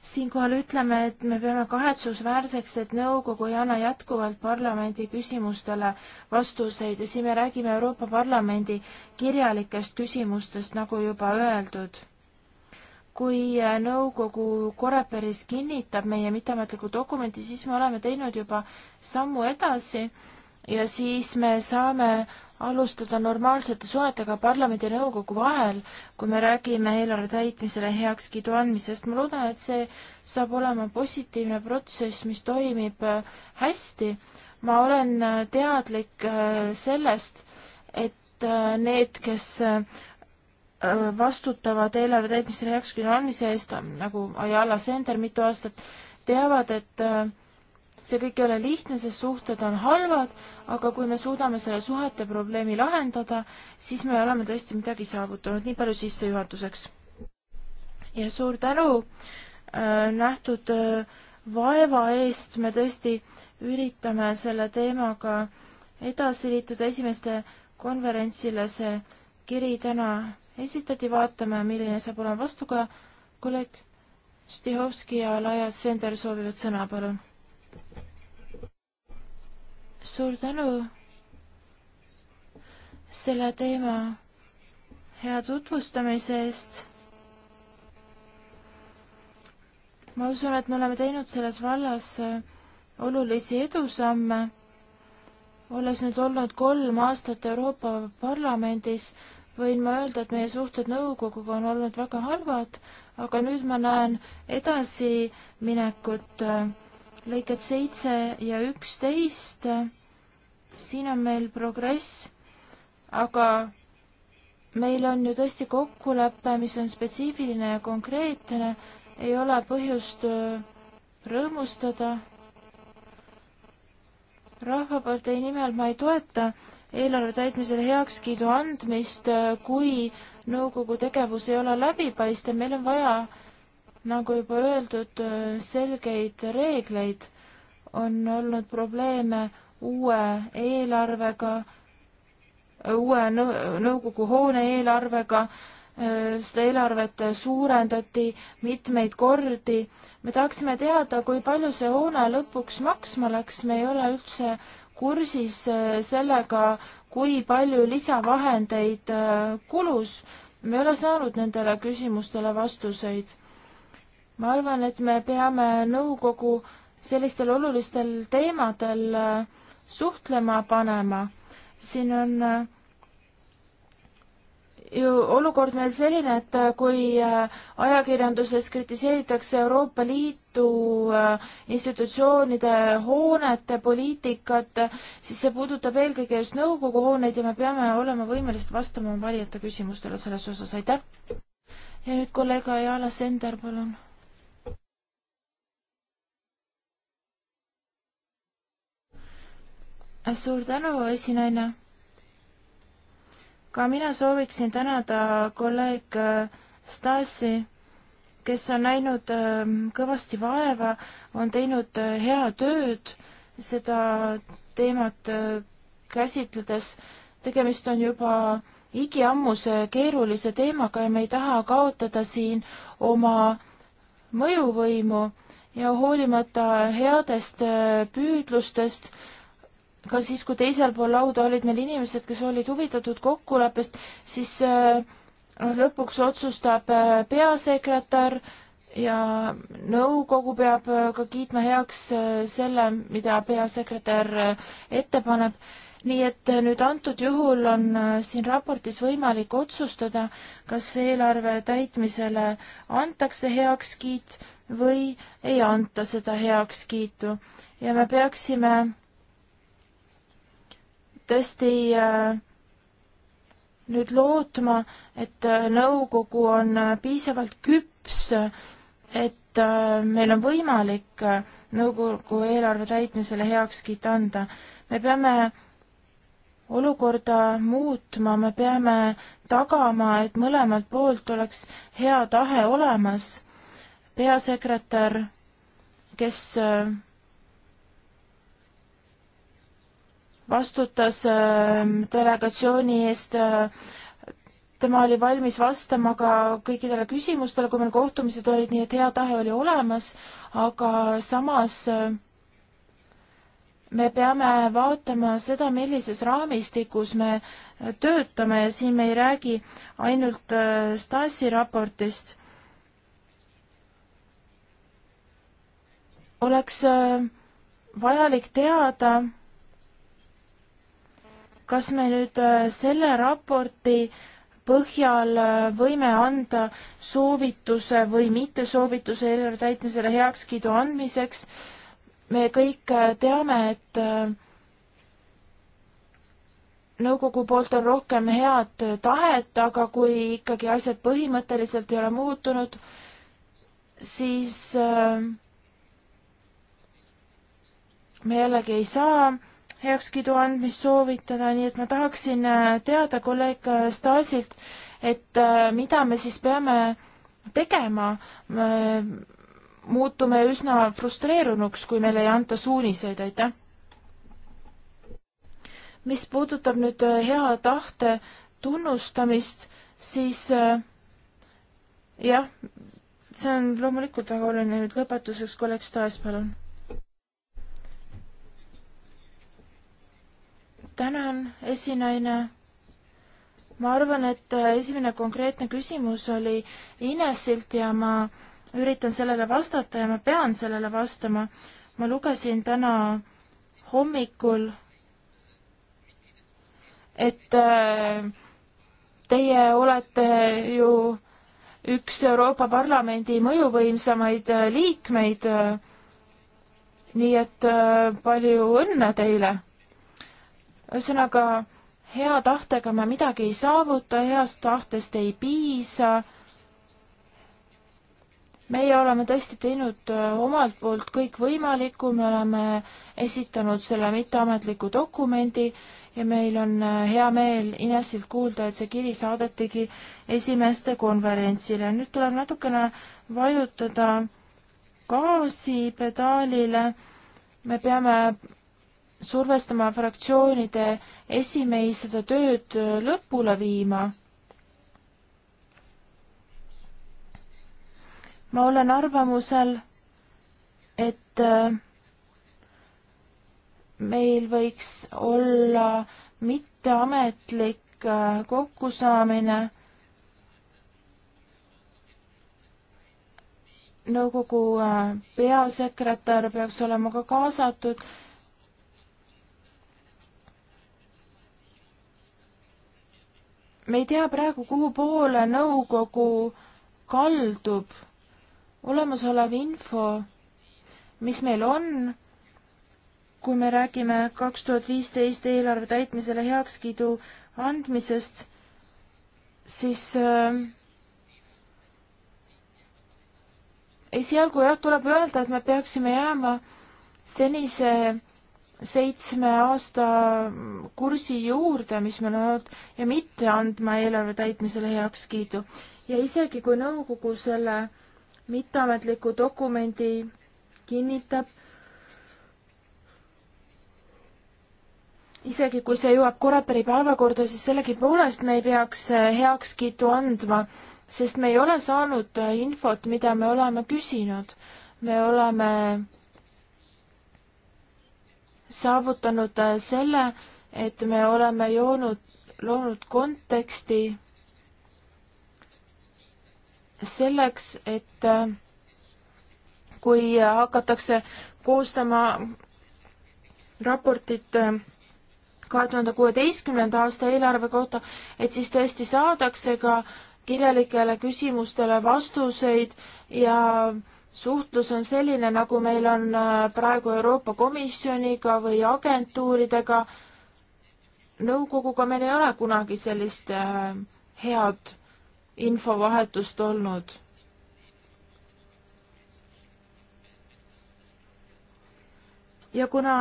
siinkohal ütleme, et me peame kahetsusväärseks, et nõukogu ei anna jätkuvalt parlamendi küsimustele vastuseid ja siin me räägime Euroopa Parlamendi kirjalikest küsimustest, nagu juba öeldud. kui äh, nõukogu Koreperis kinnitab meie mitteametliku dokumenti, siis me oleme teinud juba sammu edasi ja siis me saame alustada normaalsete suhetega parlamendi ja nõukogu vahel, kui me räägime eelarve täitmisele heakskiidu andmisest. ma loodan, et see saab olema positiivne protsess, mis toimib äh, hästi. ma olen äh, teadlik äh, sellest, et need, kes vastutavad eelarve täitmisele heakskiidu andmise eest, nagu Ayala Sender mitu aastat, teavad, et äh, see kõik ei ole lihtne, sest suhted on halvad, aga kui me suudame selle suhete probleemi lahendada, siis me oleme tõesti midagi saavutanud, nii palju sissejuhatuseks. ja suur tänu äh, nähtud äh, vaeva eest, me tõesti üritame selle teemaga edasi liituda, esimeste konverentsile see kiri täna esitati, vaatame, milline saab olema vastu ka kolleeg Stihovski ja Laia Sender soovivad sõna, palun suur tänu selle teema hea tutvustamise eest. ma usun, et me oleme teinud selles vallas äh, olulisi edusamme. olles nüüd olnud kolm aastat Euroopa Parlamendis, võin ma öelda, et meie suhted nõukoguga on olnud väga halvad, aga nüüd ma näen edasiminekut äh, lõiked seitse ja üksteist, siin on meil progress, aga meil on ju tõesti kokkulepe, mis on spetsiifiline ja konkreetne, ei ole põhjust äh, rõõmustada. rahvapartei nimel ma ei toeta eelarve täitmisele heakskiidu andmist, äh, kui nõukogu tegevus ei ole läbipaistev, meil on vaja nagu juba öeldud, selgeid reegleid, on olnud probleeme uue eelarvega, uue nõukogu hoone eelarvega, seda eelarvet suurendati mitmeid kordi. me tahaksime teada, kui palju see hoone lõpuks maksma läks, me ei ole üldse kursis äh, sellega, kui palju lisavahendeid äh, kulus. me ei ole saanud nendele küsimustele vastuseid ma arvan, et me peame nõukogu sellistel olulistel teemadel äh, suhtlema panema. siin on äh, ju olukord meil selline, et äh, kui ajakirjanduses kritiseeritakse Euroopa Liitu institutsioonide hoonete poliitikat, siis see puudutab eelkõige just nõukogu hooneid ja me peame olema võimelised vastama valijate küsimustele selles osas, aitäh! ja nüüd kolleeg Ayala Sender, palun Ah, suur tänu, esinaine. ka mina sooviksin tänada kolleeg äh, Stasi, kes on näinud ähm, kõvasti vaeva, on teinud äh, hea tööd seda teemat äh, käsitledes. tegemist on juba igiammuse keerulise teemaga ja me ei taha kaotada siin oma mõjuvõimu ja hoolimata headest püüdlustest ka siis, kui teisel pool lauda olid meil inimesed, kes olid huvitatud kokkuleppest, siis noh, lõpuks otsustab äh, peasekretär ja nõukogu peab äh, ka kiitma heaks selle, mida peasekretär ette paneb. nii et nüüd antud juhul on siin raportis võimalik otsustada, kas eelarve täitmisele antakse heakskiit või ei anta seda heakskiitu ja me peaksime tõesti äh, nüüd lootma, et äh, nõukogu on äh, piisavalt küps, et meil on võimalik nõukogu eelarve täitmisele heakskiit anda. me peame olukorda muutma, me peame tagama, et mõlemalt poolt oleks hea tahe olemas. peasekretär, kes vastutas ähm, delegatsiooni eest. Äh, tema oli valmis vastama ka kõikidele küsimustele, kui meil kohtumised olid, nii et hea tahe oli olemas, aga samas äh, me peame vaatama seda, millises raamistikus me töötame ja siin me ei räägi ainult äh, Stasi raportist. oleks vajalik teada kas me nüüd äh, selle raporti põhjal äh, võime anda soovituse või mitte soovituse eelarve täitmisele heakskiidu andmiseks. me kõik äh, teame, et nõukogu poolt on rohkem head tahet, aga kui ikkagi asjad põhimõtteliselt ei ole muutunud, siis me jällegi ei saa heakskiidu andmist soovitada, nii et ma tahaksin äh, teada kolleeg äh, Stasilt, et äh, mida me siis peame tegema. muutume üsna frustreerunuks, kui meile ei anta suuniseid, aitäh. mis puudutab nüüd hea tahte tunnustamist, siis jah, see on loomulikult väga oluline, nüüd lõpetuseks kolleeg Stas, palun tänan, esinaine. ma arvan, et äh, esimene konkreetne küsimus oli Inesilt ja ma üritan sellele vastata ja ma pean sellele vastama. ma lugesin täna hommikul, et äh, teie olete ju üks Euroopa Parlamendi mõjuvõimsamaid äh, liikmeid. nii et palju õnne teile ühesõnaga, hea tahtega me midagi ei saavuta, heast tahtest ei piisa. meie oleme tõesti teinud äh, omalt poolt kõik võimalikku, me oleme esitanud selle mitteametliku dokumendi ja meil on äh, hea meel Inesilt kuulda, et see kiri saadetigi esimeeste konverentsile. nüüd tuleb natukene vajutada gaasipedaalile. me peame survestama fraktsioonide esimehi seda tööd äh, lõpule viima. ma olen arvamusel, et äh, meil võiks olla mitteametlik äh, kokkusaamine nõukogu peasekretär peaks olema ka kaasatud me ei tea praegu, kuhu poole nõukogu kaldub. olemasolev info, mis meil on, kui me räägime kaks tuhat viisteist eelarve täitmisele heakskiidu andmisest, siis äh, esialgu jah, tuleb öelda, et me peaksime jääma senise seitsme aasta kursi juurde, mis meil on olnud, ja mitte andma eelarve täitmisele heakskiidu. ja isegi, kui nõukogu selle mitteametliku dokumendi kinnitab, isegi kui see jõuab Koreperi päevakorda, siis sellegipoolest me ei peaks eh, heakskiitu andma, sest me ei ole saanud eh, infot, mida me oleme küsinud. me oleme saavutanud äh, selle, et me oleme joonud, loonud konteksti selleks, et äh, kui hakatakse koostama raportit äh, kahe tuhande kuueteistkümnenda aasta eelarve kohta, et siis tõesti saadakse ka kirjalikele küsimustele vastuseid ja äh, suhtlus on selline, nagu meil on äh, praegu Euroopa Komisjoniga või agentuuridega, nõukoguga meil ei ole kunagi sellist äh, head infovahetust olnud. ja kuna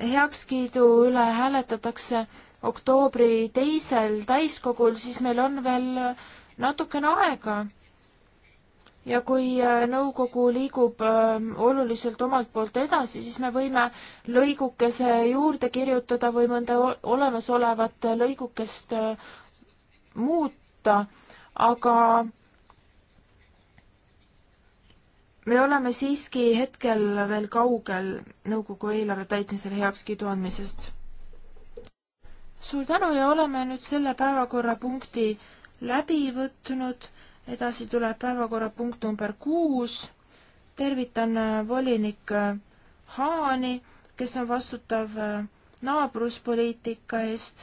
heakskiidu üle hääletatakse oktoobri teisel täiskogul, siis meil on veel äh, natukene aega ja kui äh, nõukogu liigub ähm, oluliselt omalt poolt edasi, siis me võime lõigukese juurde kirjutada või mõnda olemasolevat lõigukest äh, muuta, aga me oleme siiski hetkel veel kaugel nõukogu eelarve täitmisele heakskiidu andmisest. suur tänu ja oleme nüüd selle päevakorrapunkti läbi võtnud edasi tuleb päevakorrapunkt number kuus. tervitan äh, volinik äh, Haani, kes on vastutav äh, naabruspoliitika eest.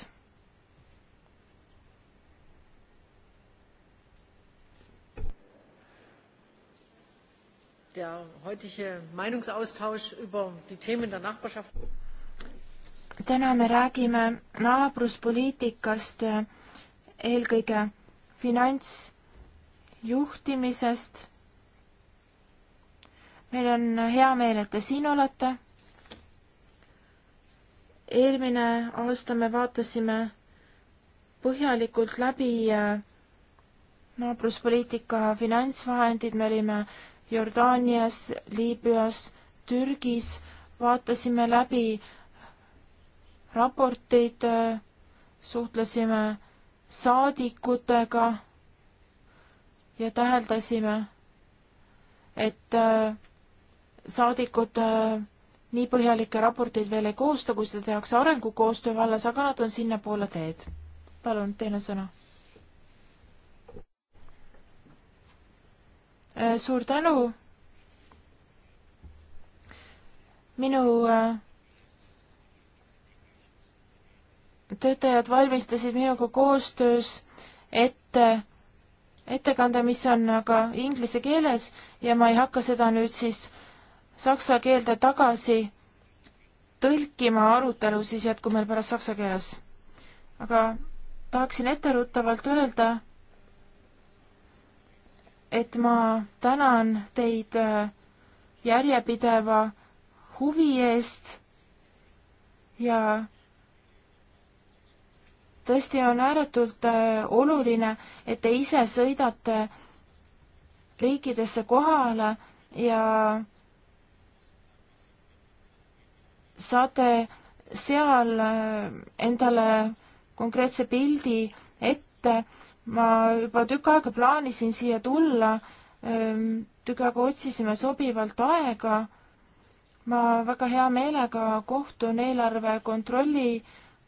Der heutige Meinungsaustausch über die Themen der Nachbarschaft täna me räägime naabruspoliitikast, eelkõige finants- juhtimisest. meil on hea meel, et te siin olete. eelmine aasta me vaatasime põhjalikult läbi äh, naabruspoliitika finantsvahendid, me olime Jordaanias, Liibüas, Türgis, vaatasime läbi raporteid, äh, suhtlesime saadikutega ja täheldasime, et äh, saadikud äh, nii põhjalikke raporteid veel ei koosta, kui seda tehakse arengukoostöö vallas, aga nad on sinnapoole teed. palun, teil on sõna. Äh, suur tänu. minu töötajad valmistasid minuga koostöös ette ettekande, mis on aga inglise keeles ja ma ei hakka seda nüüd siis saksa keelde tagasi tõlkima, arutelu siis jätkub meil pärast saksa keeles. aga tahaksin etteruttavalt öelda, et ma tänan teid äh, järjepideva huvi eest ja tõesti on ääretult äh, oluline, et te ise sõidate riikidesse kohale ja saate seal äh, endale konkreetse pildi ette. ma juba tükk aega plaanisin siia tulla, ähm, tükk aega otsisime sobivalt aega. ma väga hea meelega kohtun eelarve kontrolli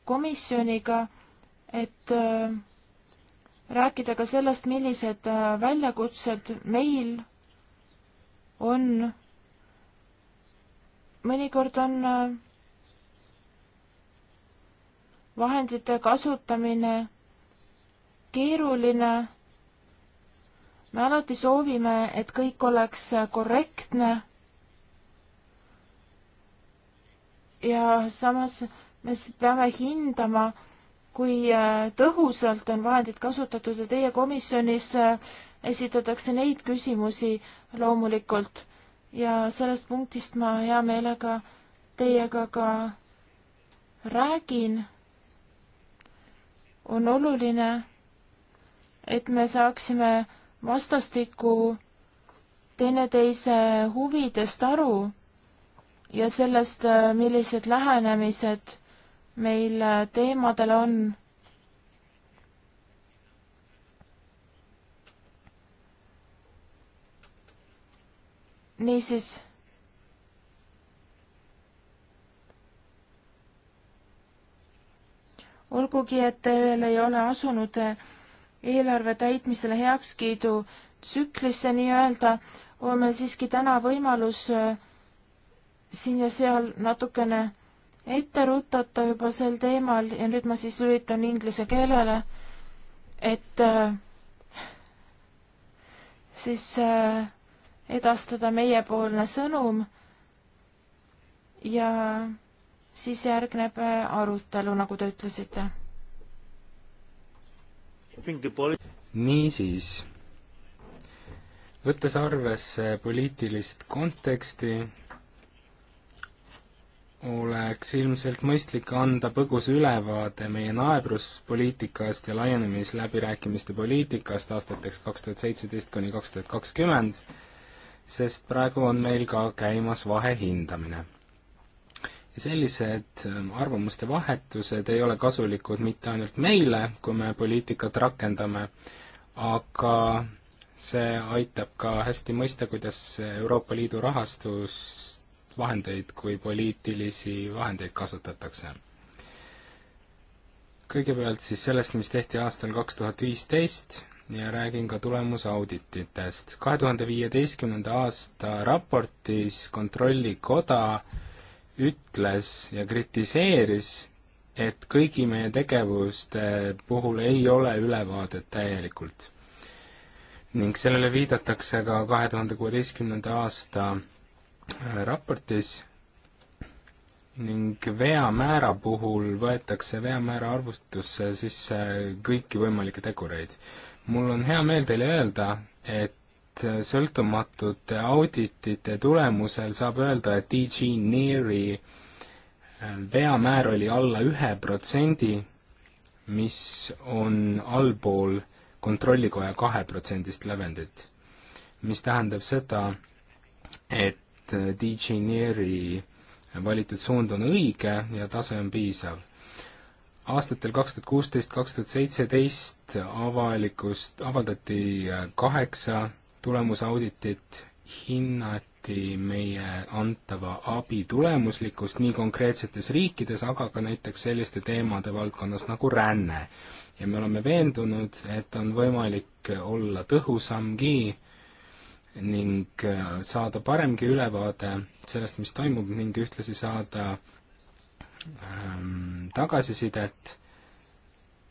komisjoniga et äh, rääkida ka sellest, millised äh, väljakutsed meil on. mõnikord on äh, vahendite kasutamine keeruline. me alati soovime, et kõik oleks korrektne. ja samas me peame hindama, kui äh, tõhusalt on vahendid kasutatud ja teie komisjonis äh, esitatakse neid küsimusi loomulikult ja sellest punktist ma hea meelega teiega ka räägin. on oluline, et me saaksime vastastikku teineteise huvidest aru ja sellest, äh, millised lähenemised meil äh, teemadel on niisiis olgugi, et veel ei ole asunud äh, eelarve täitmisele heakskiidu tsüklisse nii-öelda, on meil siiski täna võimalus äh, siin ja seal natukene ette rutata juba sel teemal ja nüüd ma siis lülitan inglise keelele, et äh, siis äh, edastada meiepoolne sõnum ja siis järgneb äh, arutelu, nagu te ütlesite. niisiis, võttes arvesse poliitilist konteksti, oleks ilmselt mõistlik anda põgus ülevaade meie naebruspoliitikast ja laienemisläbirääkimiste poliitikast aastateks kaks tuhat seitseteist kuni kaks tuhat kakskümmend, sest praegu on meil ka käimas vahehindamine. ja sellised ähm, arvamuste vahetused ei ole kasulikud mitte ainult meile, kui me poliitikat rakendame, aga see aitab ka hästi mõista, kuidas Euroopa Liidu rahastus vahendeid kui poliitilisi vahendeid kasutatakse. kõigepealt siis sellest, mis tehti aastal kaks tuhat viisteist ja räägin ka tulemusaudititest. kahe tuhande viieteistkümnenda aasta raportis Kontrollikoda ütles ja kritiseeris, et kõigi meie tegevuste puhul ei ole ülevaadet täielikult. ning sellele viidatakse ka kahe tuhande kuueteistkümnenda aasta raportis ning veamäära puhul võetakse veamäära arvutusse sisse kõiki võimalikke tegureid. mul on hea meel teile öelda, et sõltumatute auditite tulemusel saab öelda, et DG Neeri äh, veamäär oli alla ühe protsendi, mis on allpool kontrollikoja kaheprotsendist lävendit. mis tähendab seda, et et äh, DJ Neeri valitud suund on õige ja tase on piisav. aastatel kaks tuhat kuusteist, kaks tuhat seitseteist avalikust, avaldati äh, kaheksa tulemusauditit, hinnati meie antava abi tulemuslikkust nii konkreetsetes riikides, aga ka näiteks selliste teemade valdkonnas nagu ränne. ja me oleme veendunud, et on võimalik olla tõhusamgi ning äh, saada paremgi ülevaade sellest, mis toimub ning ühtlasi saada ähm, tagasisidet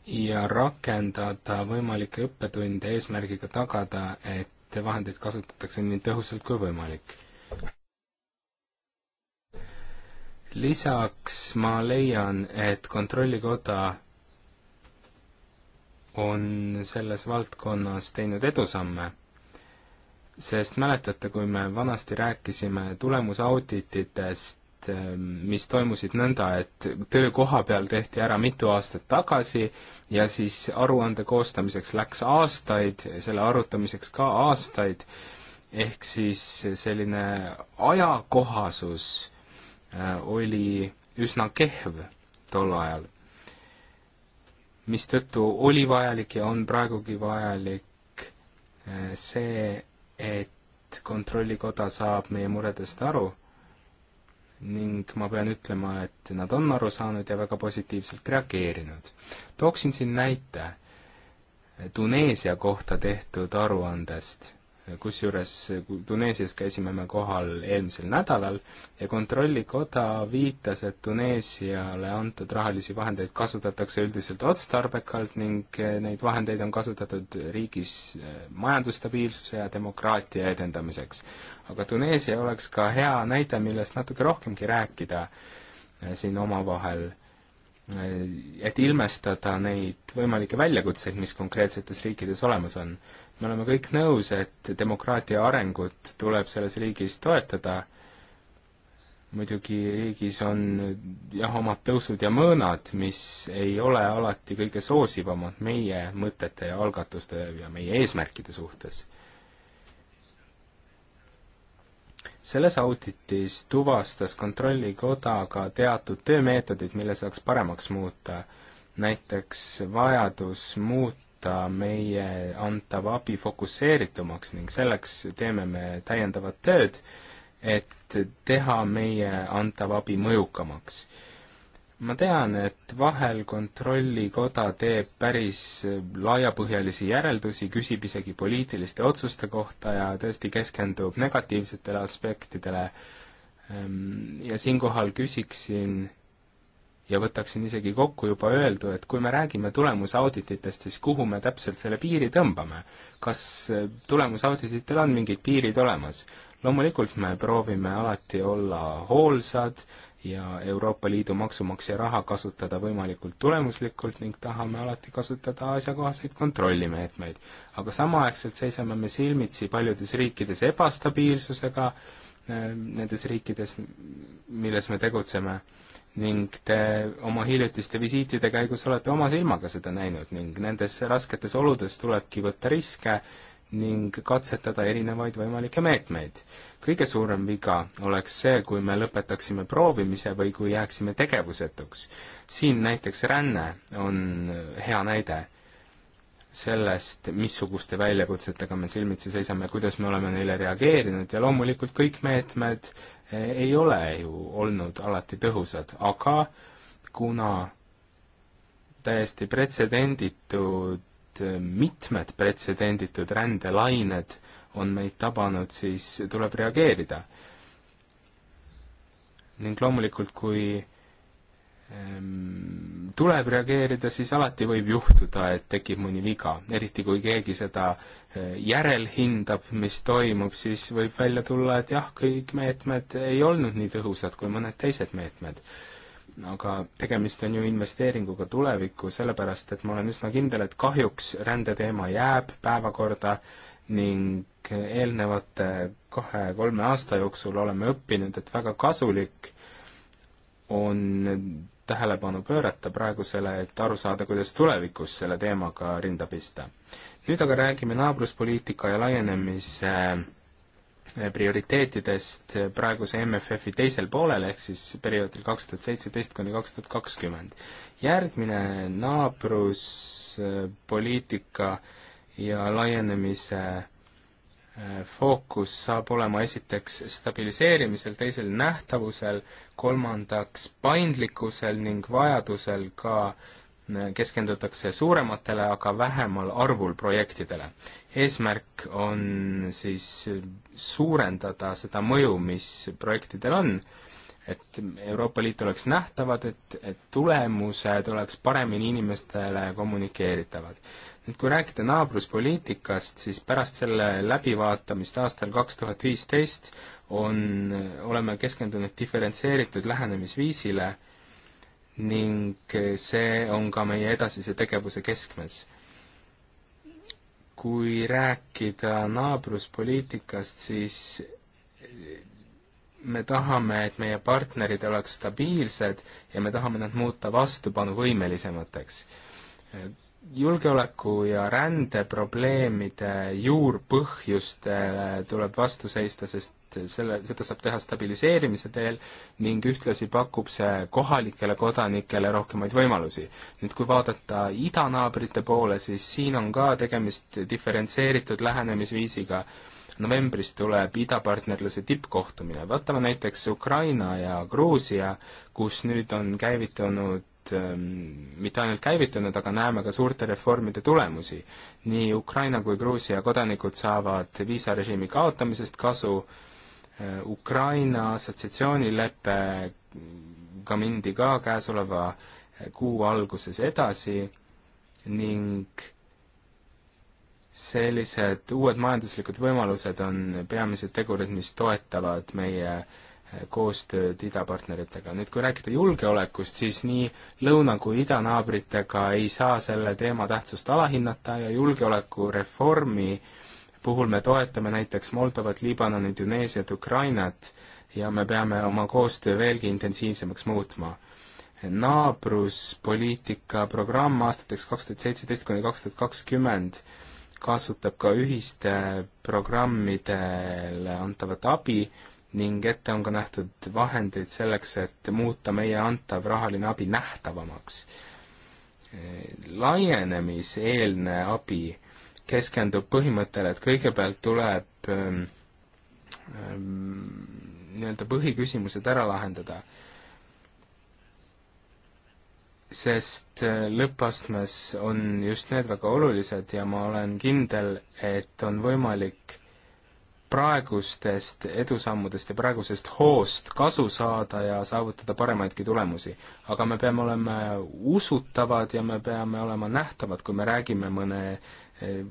ja rakendada võimalikke õppetunde eesmärgiga tagada, et vahendeid kasutatakse nii tõhusalt kui võimalik. lisaks ma leian, et Kontrollikoda on selles valdkonnas teinud edusamme sest mäletate, kui me vanasti rääkisime tulemusaudititest, ähm, mis toimusid nõnda, et töö koha peal tehti ära mitu aastat tagasi ja siis aruande koostamiseks läks aastaid, selle arutamiseks ka aastaid, ehk siis selline ajakohasus äh, oli üsna kehv tol ajal, mistõttu oli vajalik ja on praegugi vajalik äh, see, et Kontrollikoda saab meie muredest aru ning ma pean ütlema, et nad on aru saanud ja väga positiivselt reageerinud. tooksin siin näite Tuneesia kohta tehtud aruandest kusjuures Tuneesias käisime me kohal eelmisel nädalal ja Kontrollikoda viitas, et Tuneesiale antud rahalisi vahendeid kasutatakse üldiselt otstarbekalt ning eh, neid vahendeid on kasutatud riigis eh, majandusstabiilsuse ja demokraatia edendamiseks. aga Tuneesia oleks ka hea näide, millest natuke rohkemgi rääkida eh, siin omavahel et ilmestada neid võimalikke väljakutseid, mis konkreetsetes riikides olemas on me oleme kõik nõus, et demokraatia arengut tuleb selles riigis toetada, muidugi riigis on jah, omad tõusud ja mõõnad, mis ei ole alati kõige soosivamad meie mõtete ja algatuste ja meie eesmärkide suhtes. selles auditis tuvastas Kontrollikoda ka teatud töömeetodid, mille saaks paremaks muuta, näiteks vajadus muuta muuta meie antav abi fokusseeritumaks ning selleks teeme me täiendavat tööd, et teha meie antav abi mõjukamaks ma tean, et vahel Kontrollikoda teeb päris laiapõhjalisi järeldusi, küsib isegi poliitiliste otsuste kohta ja tõesti keskendub negatiivsetele aspektidele. Ehm, ja siinkohal küsiksin ja võtaksin isegi kokku juba öeldu, et kui me räägime tulemusaudititest, siis kuhu me täpselt selle piiri tõmbame? kas äh, tulemusaudititel on mingid piirid olemas? loomulikult me proovime alati olla hoolsad ja Euroopa Liidu maksumaksja raha kasutada võimalikult tulemuslikult ning tahame alati kasutada asjakohaseid kontrollimeetmeid. aga samaaegselt seisame me silmitsi paljudes riikides ebastabiilsusega, äh, nendes riikides, milles me tegutseme ning te oma hiljutiste visiitide käigus olete oma silmaga seda näinud ning nendes rasketes oludes tulebki võtta riske ning katsetada erinevaid võimalikke meetmeid. kõige suurem viga oleks see, kui me lõpetaksime proovimise või kui jääksime tegevusetuks. siin näiteks ränne on hea näide sellest, missuguste väljakutsetega me silmitsi seisame, kuidas me oleme neile reageerinud ja loomulikult kõik meetmed ei ole ju olnud alati tõhusad, aga kuna täiesti pretsedenditud, mitmed pretsedenditud rändelained on meid tabanud, siis tuleb reageerida. ning loomulikult, kui Ehm, tuleb reageerida, siis alati võib juhtuda, et tekib mõni viga, eriti kui keegi seda eh, järelhindab, mis toimub, siis võib välja tulla, et jah, kõik meetmed ei olnud nii tõhusad kui mõned teised meetmed. aga tegemist on ju investeeringuga tulevikku, sellepärast et ma olen üsna kindel, et kahjuks rändeteema jääb päevakorda ning eelnevate kahe-kolme aasta jooksul oleme õppinud, et väga kasulik on tähelepanu pöörata praegusele, et aru saada, kuidas tulevikus selle teemaga rinda pista. nüüd aga räägime naabruspoliitika ja laienemise eh, prioriteetidest praeguse MFF-i teisel poolel, ehk siis perioodil kaks tuhat seitseteist kuni kaks tuhat kakskümmend. järgmine naabruspoliitika ja laienemise Äh, fookus saab olema esiteks stabiliseerimisel, teisel nähtavusel, kolmandaks paindlikkusel ning vajadusel ka äh, keskendutakse suurematele, aga vähemal arvul projektidele. eesmärk on siis suurendada seda mõju, mis projektidel on, et Euroopa Liit oleks nähtavad, et, et tulemused oleks paremini inimestele kommunikeeritavad nüüd kui rääkida naabruspoliitikast, siis pärast selle läbivaatamist aastal kaks tuhat viisteist on, oleme keskendunud diferentseeritud lähenemisviisile ning see on ka meie edasise tegevuse keskmes. kui rääkida naabruspoliitikast, siis me tahame, et meie partnerid oleks stabiilsed ja me tahame nad muuta vastupanuvõimelisemateks julgeoleku ja rändeprobleemide juurpõhjustele tuleb vastu seista, sest selle, seda saab teha stabiliseerimise teel ning ühtlasi pakub see kohalikele kodanikele rohkemaid võimalusi. nüüd kui vaadata idanaabrite poole, siis siin on ka tegemist diferentseeritud lähenemisviisiga. novembris tuleb idapartnerluse tippkohtumine, vaatame näiteks Ukraina ja Gruusia, kus nüüd on käivitunud Ähm, mitte ainult käivitunud, aga näeme ka suurte reformide tulemusi. nii Ukraina kui Gruusia kodanikud saavad viisarežiimi kaotamisest kasu, äh, Ukraina assotsiatsioonileppega mindi ka käesoleva äh, kuu alguses edasi ning sellised uued majanduslikud võimalused on peamised tegurid, mis toetavad meie äh, koostööd idapartneritega. nüüd kui rääkida julgeolekust, siis nii lõuna kui idanaabritega ei saa selle teema tähtsust alahinnata ja julgeolekureformi puhul me toetame näiteks Moldovat, Liibanoni, Tuneesiat, Ukrainat ja me peame oma koostöö veelgi intensiivsemaks muutma. naabruspoliitika programm aastateks kaks tuhat seitseteist kuni kaks tuhat kakskümmend kasutab ka ühiste programmidele antavat abi ning ette on ka nähtud vahendeid selleks, et muuta meie antav rahaline abi nähtavamaks. laienemiseelne abi keskendub põhimõttele, et kõigepealt tuleb ähm, ähm, nii-öelda põhiküsimused ära lahendada, sest äh, lõppastmes on just need väga olulised ja ma olen kindel, et on võimalik praegustest edusammudest ja praegusest hoost kasu saada ja saavutada paremaidki tulemusi. aga me peame olema usutavad ja me peame olema nähtavad, kui me räägime mõne eh,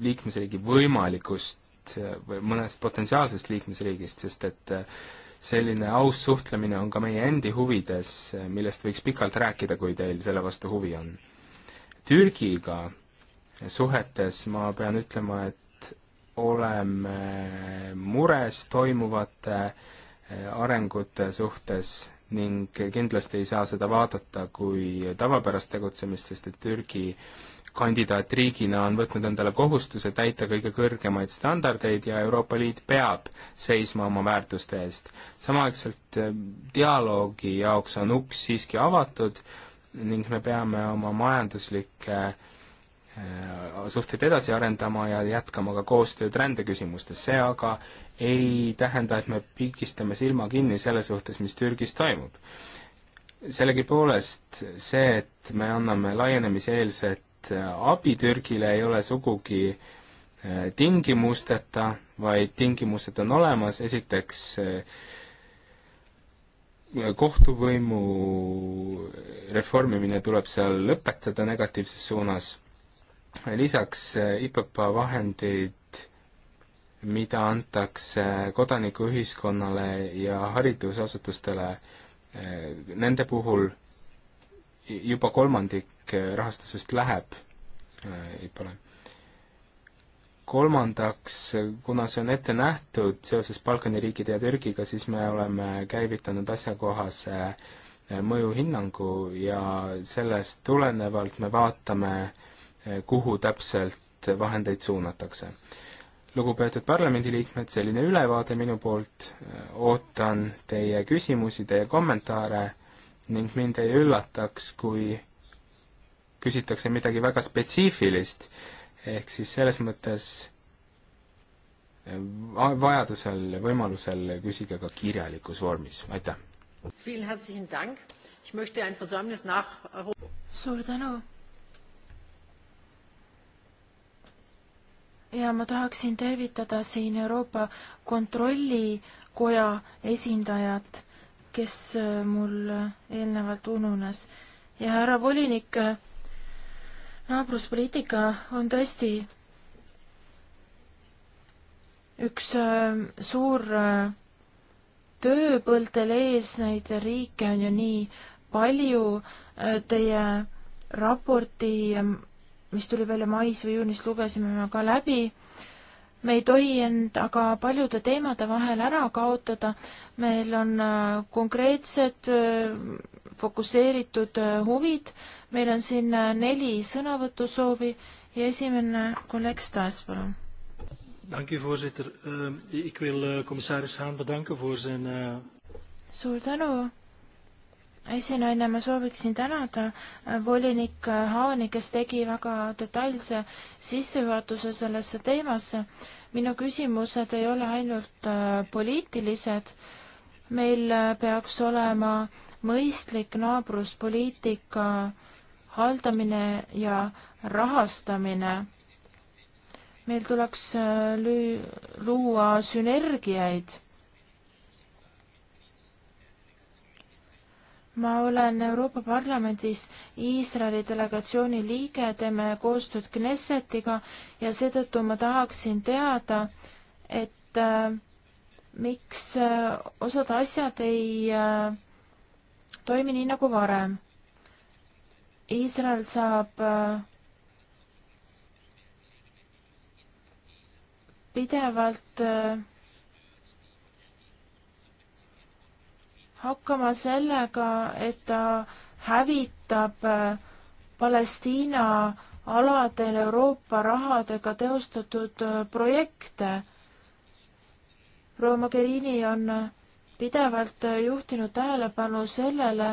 liikmesriigi võimalikust või mõnest potentsiaalsest liikmesriigist, sest et eh, selline aus suhtlemine on ka meie endi huvides, millest võiks pikalt rääkida, kui teil selle vastu huvi on. Türgiga suhetes ma pean ütlema, et oleme mures toimuvate äh, arengute suhtes ning kindlasti ei saa seda vaadata kui tavapärast tegutsemist, sest et Türgi kandidaatriigina on võtnud endale kohustuse täita kõige kõrgemaid standardeid ja Euroopa Liit peab seisma oma väärtuste eest. samaaegselt äh, dialoogi jaoks on uks siiski avatud ning me peame oma majanduslikke äh, Äh, suhteid edasi arendama ja jätkama ka koostööd rändeküsimustes, see aga ei tähenda, et me pigistame silma kinni selle suhtes, mis Türgis toimub. sellegipoolest see, et me anname laienemiseelset äh, abi Türgile, ei ole sugugi äh, tingimusteta, vaid tingimused on olemas, esiteks kohtuvõimu reformimine tuleb seal lõpetada negatiivses suunas lisaks eh, IPPA vahendid, mida antakse kodanikuühiskonnale ja haridusasutustele, eh, nende puhul juba kolmandik eh, rahastusest läheb IPA-le kolmandaks, kuna see on ette nähtud seoses Balkani riikide ja Türgiga, siis me oleme käivitanud asjakohase mõjuhinnangu ja sellest tulenevalt me vaatame Eh, kuhu täpselt vahendeid suunatakse. lugupeetud parlamendiliikmed, selline ülevaade minu poolt, eh, ootan teie küsimusi, teie kommentaare ning mind ei üllataks, kui küsitakse midagi väga spetsiifilist, ehk siis selles mõttes eh, vajadusel, võimalusel küsige ka kirjalikus vormis, aitäh! suur tänu! ja ma tahaksin tervitada siin Euroopa Kontrollikoja esindajat, kes äh, mul äh, eelnevalt ununes. ja härra volinik, äh, naabruspoliitika on tõesti üks suur tööpõld teil ees, neid riike on ju nii palju, teie raporti ähm, mis tuli välja mais või juunis, lugesime me ka läbi. me ei tohi end aga paljude teemade vahel ära kaotada. meil on äh, konkreetsed äh, fokusseeritud äh, huvid, meil on siin neli sõnavõtusoovi ja esimene kolleeg Stas, palun. Dank u voorzitter. Uh, ik wil uh, commissaris Haan bedanken voor zijn... Uh... Suur tänu, esinaine, ma sooviksin tänada äh, volinik äh, Haani, kes tegi väga detailse sissejuhatuse sellesse teemasse. minu küsimused ei ole ainult äh, poliitilised, meil peaks olema mõistlik naabruspoliitika haldamine ja rahastamine. meil tuleks lüü-, luua sünergiaid ma olen Euroopa Parlamendis Iisraeli delegatsiooni liige, teeme koostööd Knessetiga ja seetõttu ma tahaksin teada, et äh, miks äh, osad asjad ei äh, toimi nii nagu varem. Iisrael saab äh, pidevalt äh, hakkama sellega, et ta hävitab äh, Palestiina aladel Euroopa rahadega teostatud äh, projekte. proua Mogherini on äh, pidevalt juhtinud tähelepanu sellele,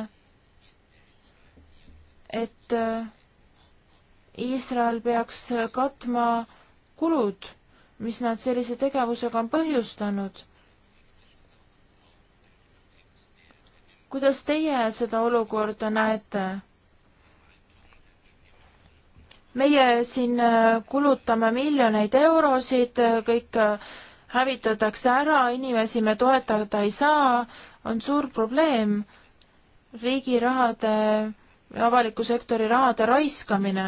et Iisrael peaks katma kulud, mis nad sellise tegevusega on põhjustanud kuidas teie seda olukorda näete? meie siin äh, kulutame miljoneid eurosid, kõik äh, hävitatakse ära, inimesi me toetada ei saa, on suur probleem. riigi rahade, avaliku sektori rahade raiskamine.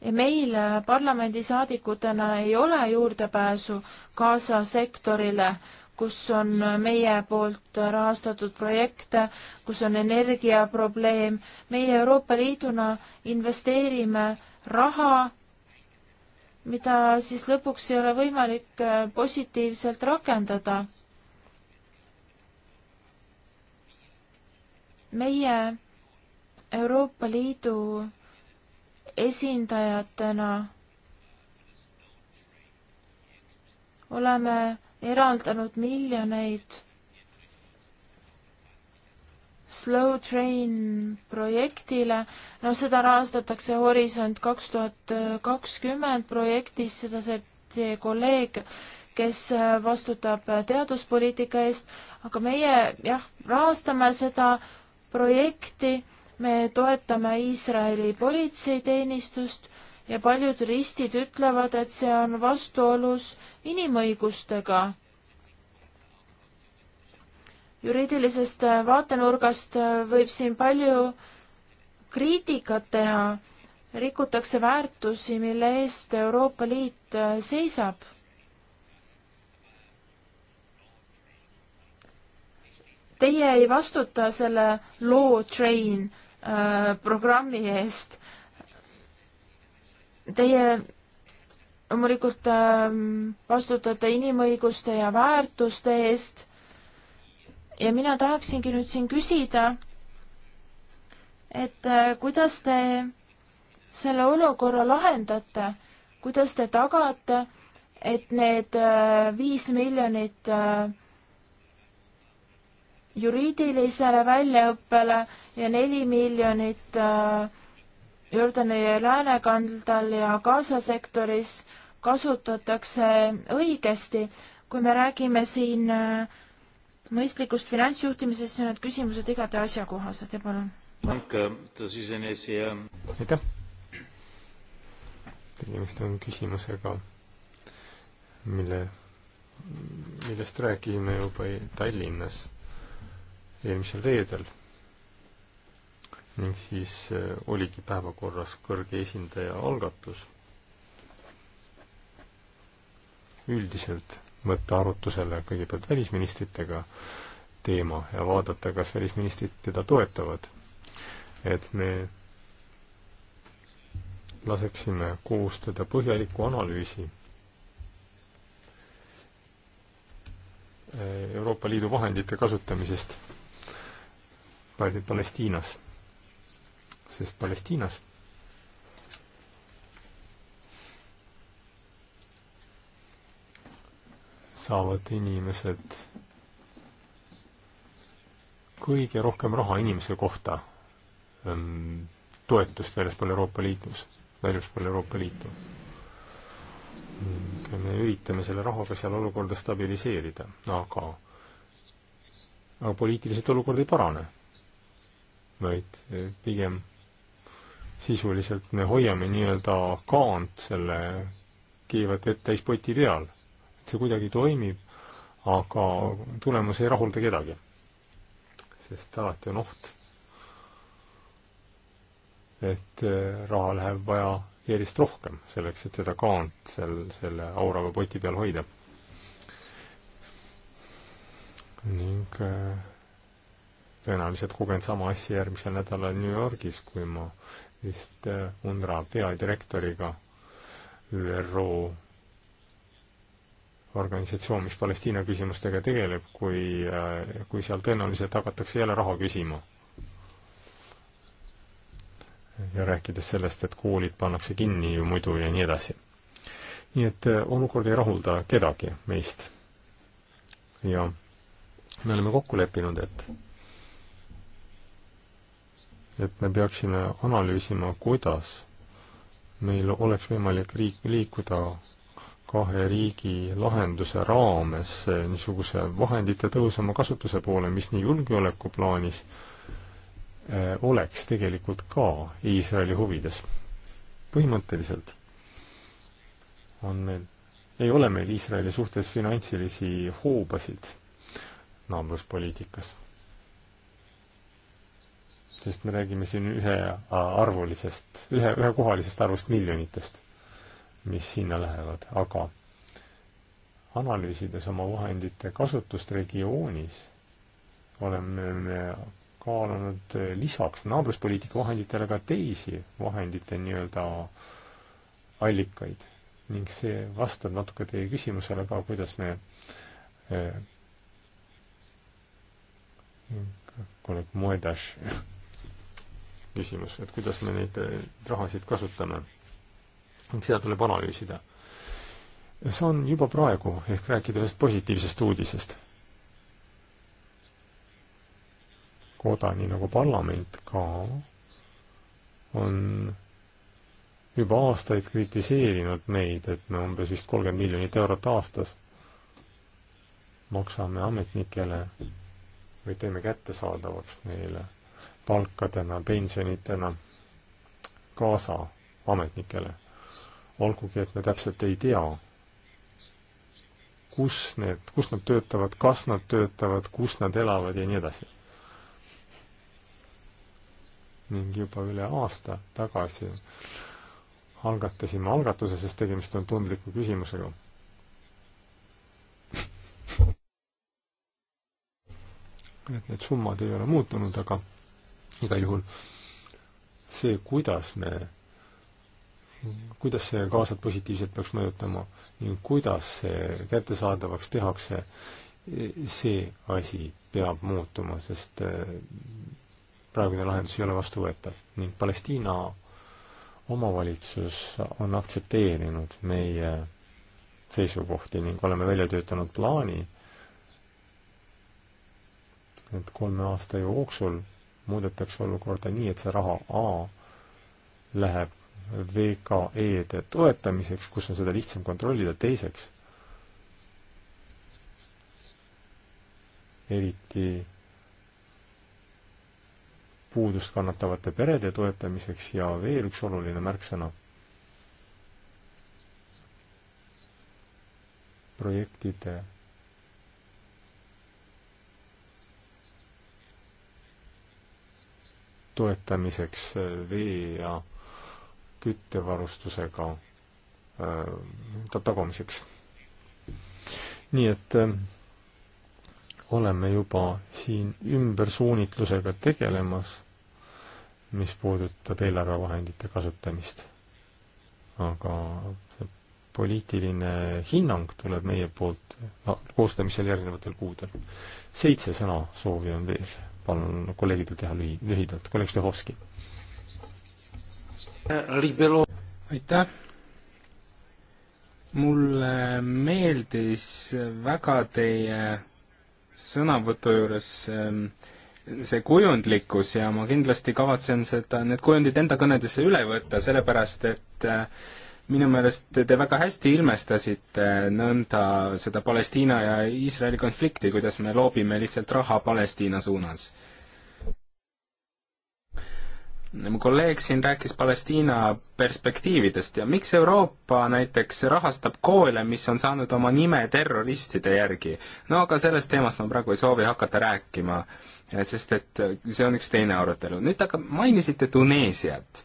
ja meil äh, parlamendisaadikutena ei ole juurdepääsu Gaza sektorile kus on meie poolt rahastatud projekte, kus on energiaprobleem. meie Euroopa Liiduna investeerime raha, mida siis lõpuks ei ole võimalik äh, positiivselt rakendada. meie Euroopa Liidu esindajatena oleme eraldanud miljoneid Slow Train projektile, no seda rahastatakse Horisont kaks tuhat kakskümmend projektis, seda see, see kolleeg, kes vastutab teaduspoliitika eest, aga meie jah, rahastame seda projekti, me toetame Iisraeli politseiteenistust ja paljud juristid ütlevad, et see on vastuolus inimõigustega. juriidilisest vaatenurgast võib siin palju kriitikat teha, rikutakse väärtusi, mille eest Euroopa Liit seisab. Teie ei vastuta selle Law Train äh, programmi eest Teie loomulikult ähm, vastutate inimõiguste ja väärtuste eest ja mina tahaksingi nüüd siin küsida, et äh, kuidas te selle olukorra lahendate, kuidas te tagate, et need äh, viis miljonit äh, juriidilisele väljaõppele ja neli miljonit äh, Jordani läänekandal ja Gaza sektoris kasutatakse õigesti. kui me räägime siin äh, mõistlikust finantsjuhtimisest, siis on need küsimused igati asjakohased ja palun. aitäh. tegemist on küsimusega, mille, millest rääkisime juba Tallinnas eelmisel reedel ning siis äh, oligi päevakorras kõrge esindaja algatus üldiselt võtta arutusele kõigepealt välisministritega teema ja vaadata, kas välisministrid teda toetavad. et me laseksime koostada põhjaliku analüüsi Euroopa Liidu vahendite kasutamisest Palestiinas sest Palestiinas saavad inimesed kõige rohkem raha inimese kohta ähm, toetust väljaspool Euroopa Liidus, väljaspool Euroopa Liitu. me üritame selle rahaga seal olukorda stabiliseerida, aga, aga poliitiliselt olukord ei parane, vaid äh, pigem sisuliselt me hoiame nii-öelda kaant selle keevat vett täis poti peal. see kuidagi toimib, aga tulemus ei rahulda kedagi. sest alati on oht, et äh, raha läheb vaja järjest rohkem, selleks et seda kaant seal selle aurava poti peal hoida. ning äh, tõenäoliselt kogen sama asja järgmisel nädalal New Yorgis, kui ma vist äh, UNRWA peadirektoriga, ÜRO organisatsioon, mis Palestiina küsimustega tegeleb, kui, äh, kui seal tõenäoliselt hakatakse jälle raha küsima. ja rääkides sellest, et koolid pannakse kinni ju muidu ja nii edasi. nii et äh, olukord ei rahulda kedagi meist. ja me oleme kokku leppinud, et et me peaksime analüüsima, kuidas meil oleks võimalik riik, liikuda kahe riigi lahenduse raames niisuguse vahendite tõhusama kasutuse poole, mis nii julgeoleku plaanis eh, oleks tegelikult ka Iisraeli huvides. põhimõtteliselt on meil, ei ole meil Iisraeli suhtes finantsilisi hoobasid naabruspoliitikast sest me räägime siin ühearvulisest, ühe, ühe, ühekohalisest arvust miljonitest, mis sinna lähevad, aga analüüsides oma vahendite kasutust regioonis, oleme me kaalunud lisaks naabruspoliitika vahenditele ka teisi vahendite nii-öelda allikaid ning see vastab natuke teie küsimusele ka, kuidas me eh, kolleeg Moedas küsimus, et kuidas me neid eh, rahasid kasutame. seda tuleb analüüsida. saan juba praegu ehk rääkida ühest positiivsest uudisest. koda, nii nagu parlament ka, on juba aastaid kritiseerinud meid, et me umbes vist kolmkümmend miljonit eurot aastas maksame ametnikele või teeme kättesaadavaks neile palkadena, pensionitena kaasa ametnikele. olgugi, et me täpselt ei tea, kus need, kus nad töötavad, kas nad töötavad, kus nad elavad ja nii edasi. ning juba üle aasta tagasi algatasime algatuse, sest tegemist on tundliku küsimusega. et need summad ei ole muutunud, aga igal juhul see, kuidas me, kuidas see kaasat positiivselt peaks mõjutama ning kuidas see kättesaadavaks tehakse, see asi peab muutuma, sest äh, praegune lahendus ei ole vastuvõetav ning Palestiina omavalitsus on aktsepteerinud meie seisukohti ning oleme välja töötanud plaani, et kolme aasta jooksul muudetakse olukorda nii, et see raha A läheb VKE-de toetamiseks, kus on seda lihtsam kontrollida, teiseks eriti puudust kannatavate perede toetamiseks ja veel üks oluline märksõna. projektide toetamiseks äh, vee ja küttevarustusega äh, ta tagamiseks. nii et äh, oleme juba siin ümbersuunitlusega tegelemas, mis puudutab eelarvevahendite kasutamist. aga poliitiline hinnang tuleb meie poolt no, koostamisel järgnevatel kuudel. seitse sõna soovi on veel palun kolleegidel teha lühi, lühidalt, kolleeg Štehovski. aitäh! mulle meeldis väga teie sõnavõtu juures ähm, see kujundlikkus ja ma kindlasti kavatsen seda, need kujundid enda kõnedesse üle võtta, sellepärast et äh, minu meelest te väga hästi ilmestasite nõnda seda Palestiina ja Iisraeli konflikti, kuidas me loobime lihtsalt raha Palestiina suunas. mu kolleeg siin rääkis Palestiina perspektiividest ja miks Euroopa näiteks rahastab koole, mis on saanud oma nime terroristide järgi. no aga sellest teemast ma praegu ei soovi hakata rääkima, sest et see on üks teine arutelu. nüüd aga mainisite Tuneesiat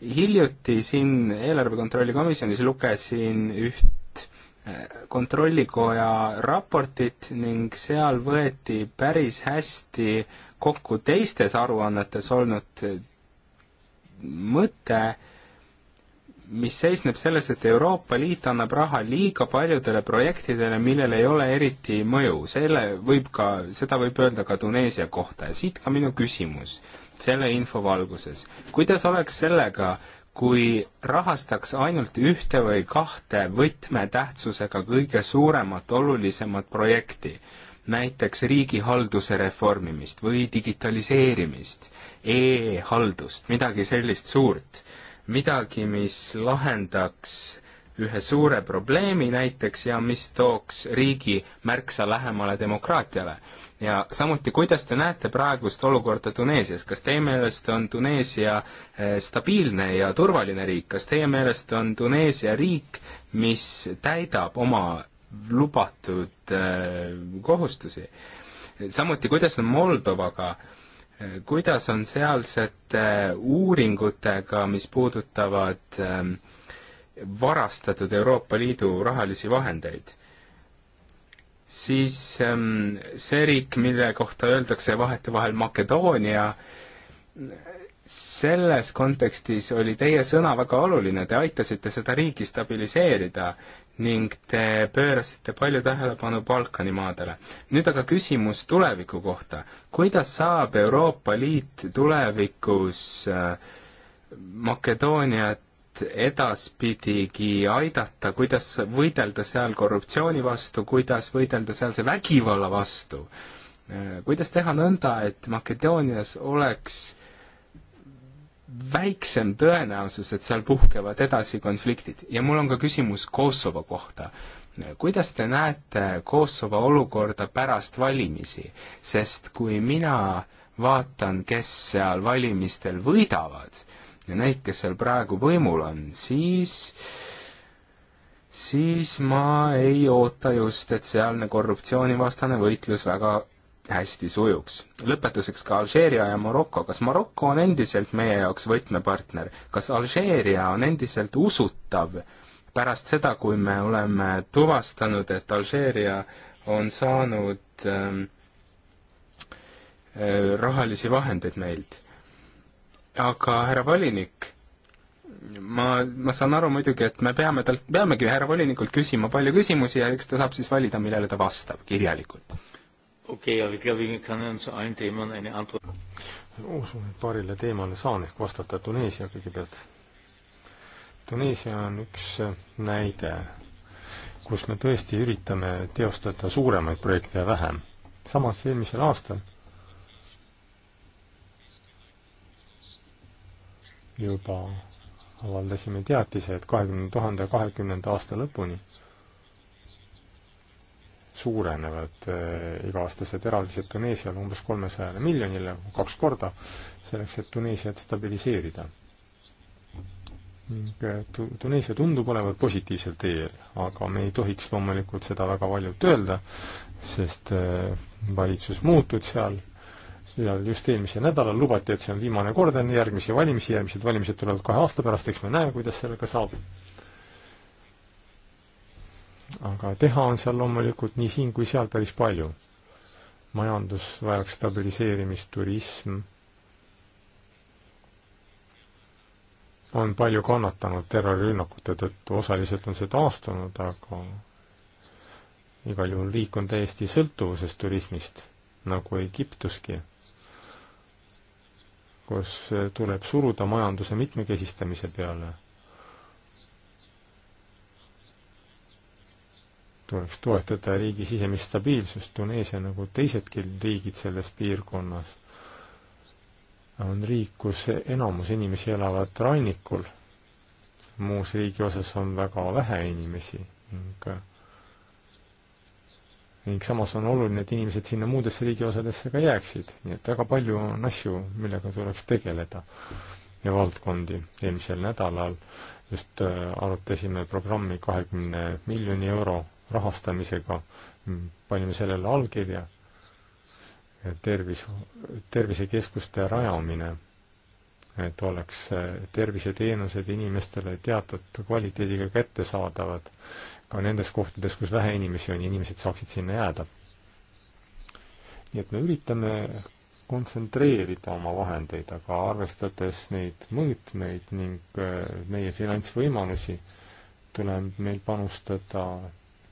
hiljuti siin eelarve kontrolli komisjonis lugesin üht eh, kontrollikoja raportit ning seal võeti päris hästi kokku teistes aruannetes olnud eh, mõte, mis seisneb selles, et Euroopa Liit annab raha liiga paljudele projektidele, millel ei ole eriti mõju. selle võib ka, seda võib öelda ka Tuneesia kohta ja siit ka minu küsimus selle info valguses. kuidas oleks sellega, kui rahastaks ainult ühte või kahte võtmetähtsusega kõige suuremat, olulisemat projekti, näiteks riigihalduse reformimist või digitaliseerimist e, e-haldust, midagi sellist suurt, midagi, mis lahendaks ühe suure probleemi näiteks ja mis tooks riigi märksa lähemale demokraatiale. ja samuti, kuidas te näete praegust olukorda Tuneesias, kas teie meelest on Tuneesia eh, stabiilne ja turvaline riik, kas teie meelest on Tuneesia riik, mis täidab oma lubatud eh, kohustusi? samuti, kuidas on Moldovaga, eh, kuidas on sealsete uuringutega, mis puudutavad äh, varastatud Euroopa Liidu rahalisi vahendeid, siis ähm, see riik, mille kohta öeldakse vahetevahel Makedoonia, selles kontekstis oli teie sõna väga oluline, te aitasite seda riiki stabiliseerida ning te pöörasite palju tähelepanu Balkani maadele. nüüd aga küsimus tuleviku kohta. kuidas saab Euroopa Liit tulevikus äh, Makedooniat edaspidigi aidata, kuidas võidelda seal korruptsiooni vastu, kuidas võidelda sealse vägivalla vastu. kuidas teha nõnda, et Makedoonias oleks väiksem tõenäosus, et seal puhkevad edasi konfliktid ja mul on ka küsimus Kosovo kohta kuidas te näete Kosovo olukorda pärast valimisi, sest kui mina vaatan, kes seal valimistel võidavad, ja neid, kes seal praegu võimul on, siis siis ma ei oota just, et sealne korruptsioonivastane võitlus väga hästi sujuks. lõpetuseks ka Alžeeria ja Maroko. kas Maroko on endiselt meie jaoks võtmepartner? kas Alžeeria on endiselt usutav pärast seda, kui me oleme tuvastanud, et Alžeeria on saanud ähm, äh, rahalisi vahendeid meilt? aga härra volinik, ma, ma saan aru muidugi, et me peame talt, peamegi härra volinikult küsima palju küsimusi ja eks ta saab siis valida, millele ta vastab kirjalikult. okei okay,, aga Klavini kanal on ainult teemal, on ju, antud. usun, et paarile teemale saan ehk vastata Tuneesia kõigepealt. Tuneesia on üks näide, kus me tõesti üritame teostada suuremaid projekte ja vähem. samas eelmisel aastal juba avaldasime teatise, et kahekümne tuhande kahekümnenda aasta lõpuni suurenevad eh, iga-aastased eraldised Tuneesiale umbes kolmesajale miljonile, kaks korda, selleks, et Tuneesiat stabiliseerida. ning eh, tu-, Tuneesia tundub olevat positiivsel teel, aga me ei tohiks loomulikult seda väga valjult öelda, sest eh, valitsus muutub seal ja just eelmisel nädalal lubati, et see on viimane kord enne järgmisi valimisi, järgmised valimised tulevad kahe aasta pärast, eks me näe, kuidas sellega saab. aga teha on seal loomulikult nii siin kui seal päris palju. majandus vajaks stabiliseerimist, turism on palju kannatanud terrorirünnakute tõttu, osaliselt on see taastunud, aga igal juhul riik on täiesti sõltuvuses turismist, nagu Egiptuski kus tuleb suruda majanduse mitmekesistamise peale. tuleks toetada riigi sisemist stabiilsust, Tuneesia nagu teisedki riigid selles piirkonnas on riik, kus enamus inimesi elavad rannikul, muus riigi osas on väga vähe inimesi ning ning samas on oluline, et inimesed sinna muudesse riigiosadesse ka jääksid, nii et väga palju on asju, millega tuleks tegeleda ja valdkondi. eelmisel nädalal just äh, arutasime programmi kahekümne miljoni euro rahastamisega, panime sellele allkirja, tervis, tervisekeskuste rajamine, et oleks äh, terviseteenused inimestele teatud kvaliteediga kättesaadavad ka nendes kohtades, kus vähe inimesi on ja inimesed saaksid sinna jääda. nii et me üritame kontsentreerida oma vahendeid, aga arvestades neid mõõtmeid ning äh, meie finantsvõimalusi, tuleb meil panustada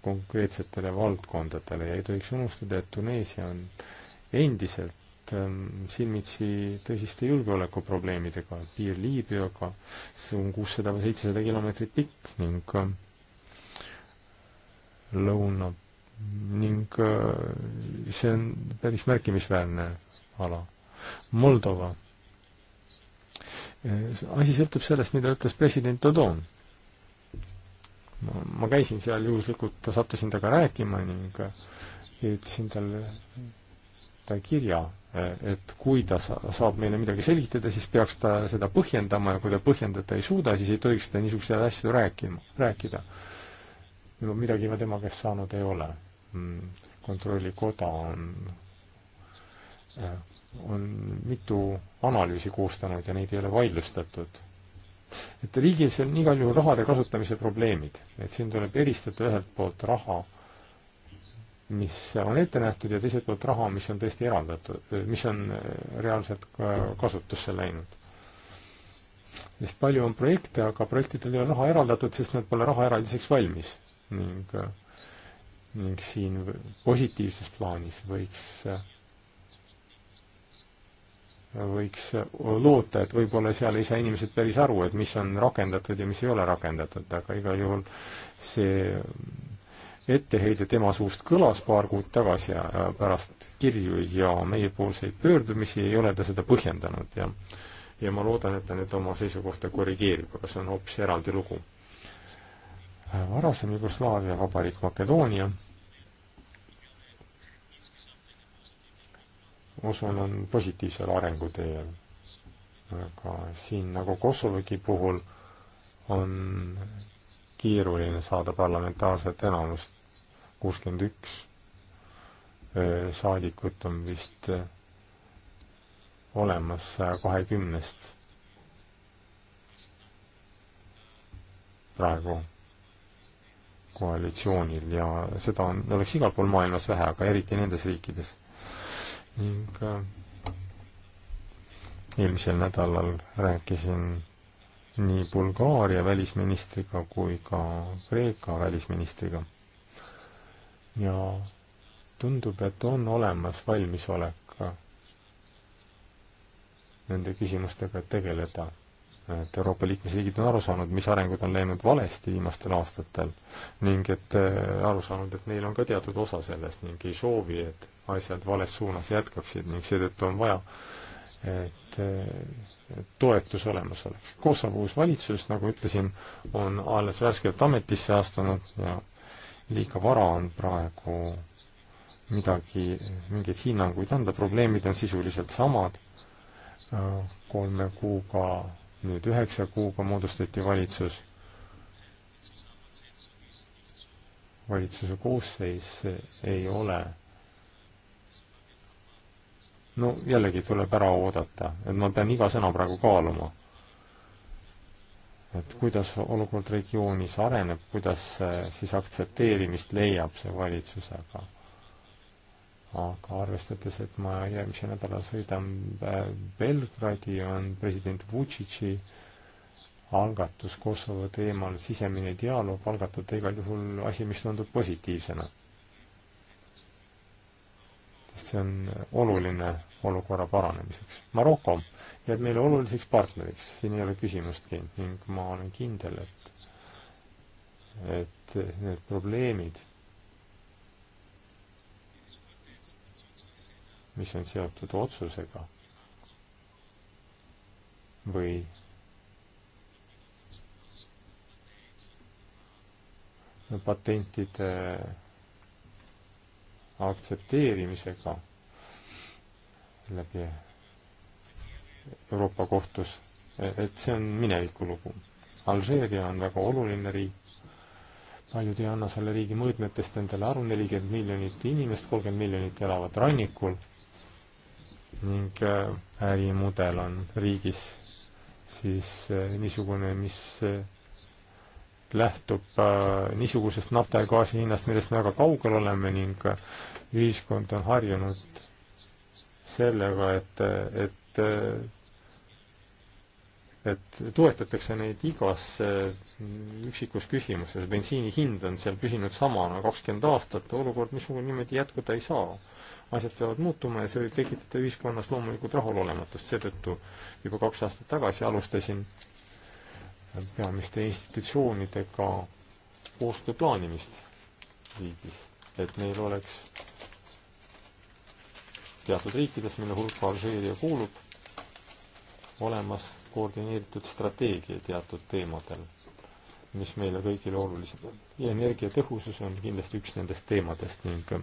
konkreetsetele valdkondadele ja ei tohiks unustada, et Tuneesia on endiselt ähm, silmitsi tõsiste julgeolekuprobleemidega, piir Liibüaga, see on kuussada või seitsesada kilomeetrit pikk ning ähm, lõuna ning äh, see on päris märkimisväärne ala. Moldova. Äh, asi sõltub sellest, mida ütles president Dodon. ma käisin seal juhuslikult, sattusin temaga rääkima ning äh, ütlesin talle ta kirja, et kui ta saab meile midagi selgitada, siis peaks ta seda põhjendama ja kui ta põhjendada ei suuda, siis ei tohiks ta niisuguseid asju rääkima, rääkida, rääkida no midagi ma tema käest saanud ei ole. Mm, kontrollikoda on, äh, on mitu analüüsi koostanud ja neid ei ole vaidlustatud. et riigis on igal juhul rahade kasutamise probleemid, et siin tuleb eristada ühelt poolt raha, mis on ette nähtud ja teiselt poolt raha, mis on tõesti eraldatud, äh, mis on äh, reaalselt kasutusse läinud sest palju on projekte, aga projektidel ei ole raha eraldatud, sest nad pole rahaeraldiseks valmis ning, ning siin positiivses plaanis võiks, võiks loota, et võib-olla seal ei saa inimesed päris aru, et mis on rakendatud ja mis ei ole rakendatud, aga igal juhul see etteheide tema suust kõlas paar kuud tagasi ja pärast kirju ja meiepoolseid pöördumisi ei ole ta seda põhjendanud ja ja ma loodan, et ta nüüd oma seisukohta korrigeerib, aga see on hoopis eraldi lugu varasem Jugoslaavia vabariik Makedoonia, usun, on positiivsel arenguteel. aga siin nagu Kosovogi puhul on keeruline saada parlamentaarset enamust. kuuskümmend üks eh, saadikut on vist eh, olemas saja kahekümnest praegu koalitsioonil ja seda on, oleks igal pool maailmas vähe, aga eriti nendes riikides. ning äh, eelmisel nädalal rääkisin nii Bulgaaria välisministriga kui ka Kreeka välisministriga. ja tundub, et on olemas valmisolek nende küsimustega tegeleda et Euroopa liikmesriigid on aru saanud, mis arengud on läinud valesti viimastel aastatel ning et äh, aru saanud, et neil on ka teatud osa sellest ning ei soovi, et asjad vales suunas jätkaksid ning seetõttu on vaja, äh, et toetus olemas oleks. Kosovo uus valitsus, nagu ütlesin, on alles värskelt ametisse astunud ja liiga vara on praegu midagi, mingeid hinnanguid anda, probleemid on sisuliselt samad, äh, kolme kuuga nüüd üheksa kuuga moodustati valitsus. valitsuse koosseis ei ole no jällegi tuleb ära oodata, et ma pean iga sõna praegu kaaluma. et kuidas olukord regioonis areneb, kuidas eh, siis aktsepteerimist leiab see valitsus, aga aga arvestades, et ma järgmisel nädalal sõidan äh, Belgradi, on president Vučići algatus Kosovo teemal, sisemine dialoog algatada igal juhul asi, mis tundub positiivsena. sest see on oluline olukorra paranemiseks. Maroko jääb meile oluliseks partneriks, siin ei ole küsimustki ning ma olen kindel, et et need probleemid mis on seotud otsusega või patentide aktsepteerimisega läbi Euroopa kohtus, e, et see on mineviku lugu. Alžeeria on väga oluline riik, paljud ei anna selle riigi mõõtmetest endale aru, nelikümmend miljonit inimest, kolmkümmend miljonit elavad rannikul ning äh, ärimudel on riigis siis äh, niisugune, mis äh, lähtub niisugusest nafta ja gaasi hinnast, millest me väga kaugel oleme ning ühiskond on harjunud sellega, et, et et toetatakse neid igas üksikus küsimuses, bensiini hind on seal püsinud samana kakskümmend aastat, olukord niisugune niimoodi jätkuda ei saa asjad peavad muutuma ja see võib tekitada ühiskonnas loomulikult rahulolematust, seetõttu juba kaks aastat tagasi alustasin peamiste institutsioonidega koostöö plaanimist riigis, et neil oleks teatud riikides, mille hulka Alžeeria kuulub, olemas koordineeritud strateegia teatud teemadel, mis meile kõigile olulised on. ja energiatõhusus on kindlasti üks nendest teemadest ning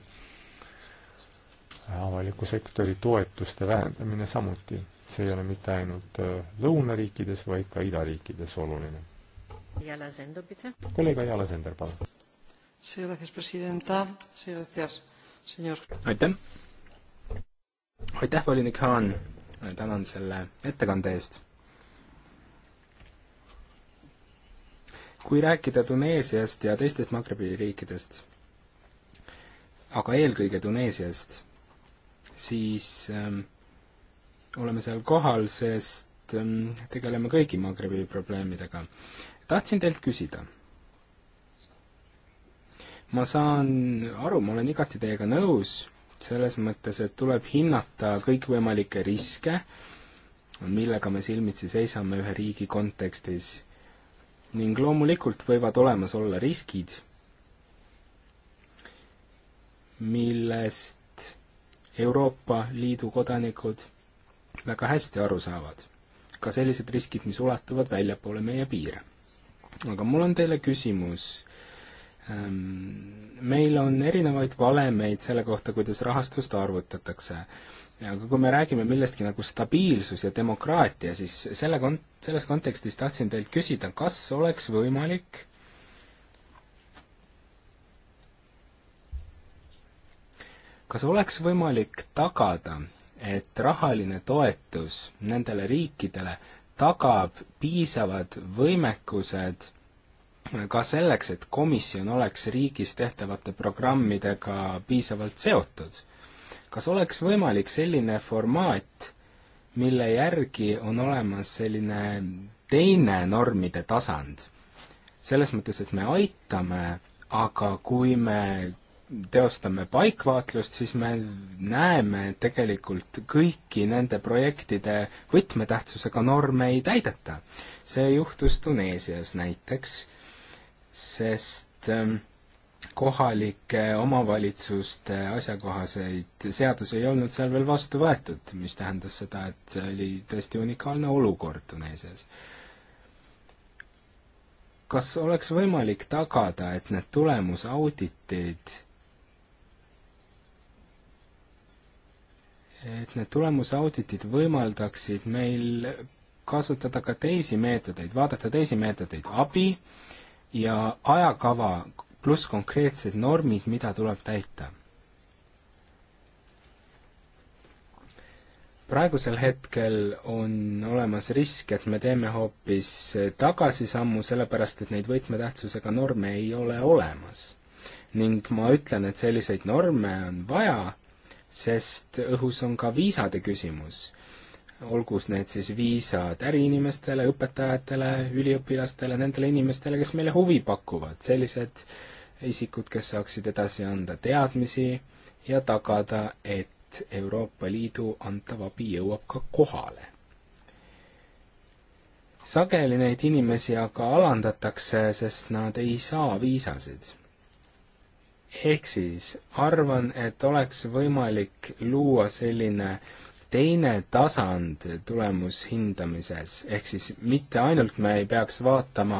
avaliku sektori toetuste vähendamine samuti. see ei ole mitte ainult äh, lõunariikides, vaid ka idariikides oluline. kolleeg Ayala Sender, palun. aitäh. aitäh, volinik Haan. tänan selle ettekande eest. kui rääkida Tuneesiast ja teistest Magrebi riikidest, aga eelkõige Tuneesiast siis ähm, oleme seal kohal, sest ähm, tegeleme kõigi Maagrebi probleemidega. tahtsin teilt küsida. ma saan aru, ma olen igati teiega nõus, selles mõttes, et tuleb hinnata kõikvõimalikke riske, millega me silmitsi seisame ühe riigi kontekstis. ning loomulikult võivad olemas olla riskid, millest Euroopa Liidu kodanikud väga hästi aru saavad. ka sellised riskid, mis ulatuvad väljapoole meie piire. aga mul on teile küsimus. Ehm, meil on erinevaid valemeid selle kohta, kuidas rahastust arvutatakse. aga kui me räägime millestki nagu stabiilsus ja demokraatia, siis selle kont-, selles kontekstis tahtsin teilt küsida, kas oleks võimalik kas oleks võimalik tagada, et rahaline toetus nendele riikidele tagab piisavad võimekused ka selleks, et komisjon oleks riigis tehtavate programmidega piisavalt seotud? kas oleks võimalik selline formaat, mille järgi on olemas selline teine normide tasand? selles mõttes, et me aitame, aga kui me teostame paikvaatlust, siis me näeme tegelikult kõiki nende projektide võtmetähtsusega norme ei täideta. see juhtus Tuneesias näiteks, sest ähm, kohalike omavalitsuste asjakohaseid seadusi ei olnud seal veel vastu võetud, mis tähendas seda, et see oli tõesti unikaalne olukord Tuneesias kas oleks võimalik tagada, et need tulemusauditid et need tulemusauditid võimaldaksid meil kasutada ka teisi meetodeid, vaadata teisi meetodeid, abi ja ajakava pluss konkreetsed normid, mida tuleb täita. praegusel hetkel on olemas risk, et me teeme hoopis tagasisammu, sellepärast et neid võtmetähtsusega norme ei ole olemas. ning ma ütlen, et selliseid norme on vaja sest õhus on ka viisade küsimus. olgu need siis viisad äriinimestele, õpetajatele, üliõpilastele, nendele inimestele, kes meile huvi pakuvad, sellised isikud, kes saaksid edasi anda teadmisi ja tagada, et Euroopa Liidu antav abi jõuab ka kohale sageli neid inimesi aga alandatakse, sest nad ei saa viisasid ehk siis arvan, et oleks võimalik luua selline teine tasand tulemushindamises, ehk siis mitte ainult me ei peaks vaatama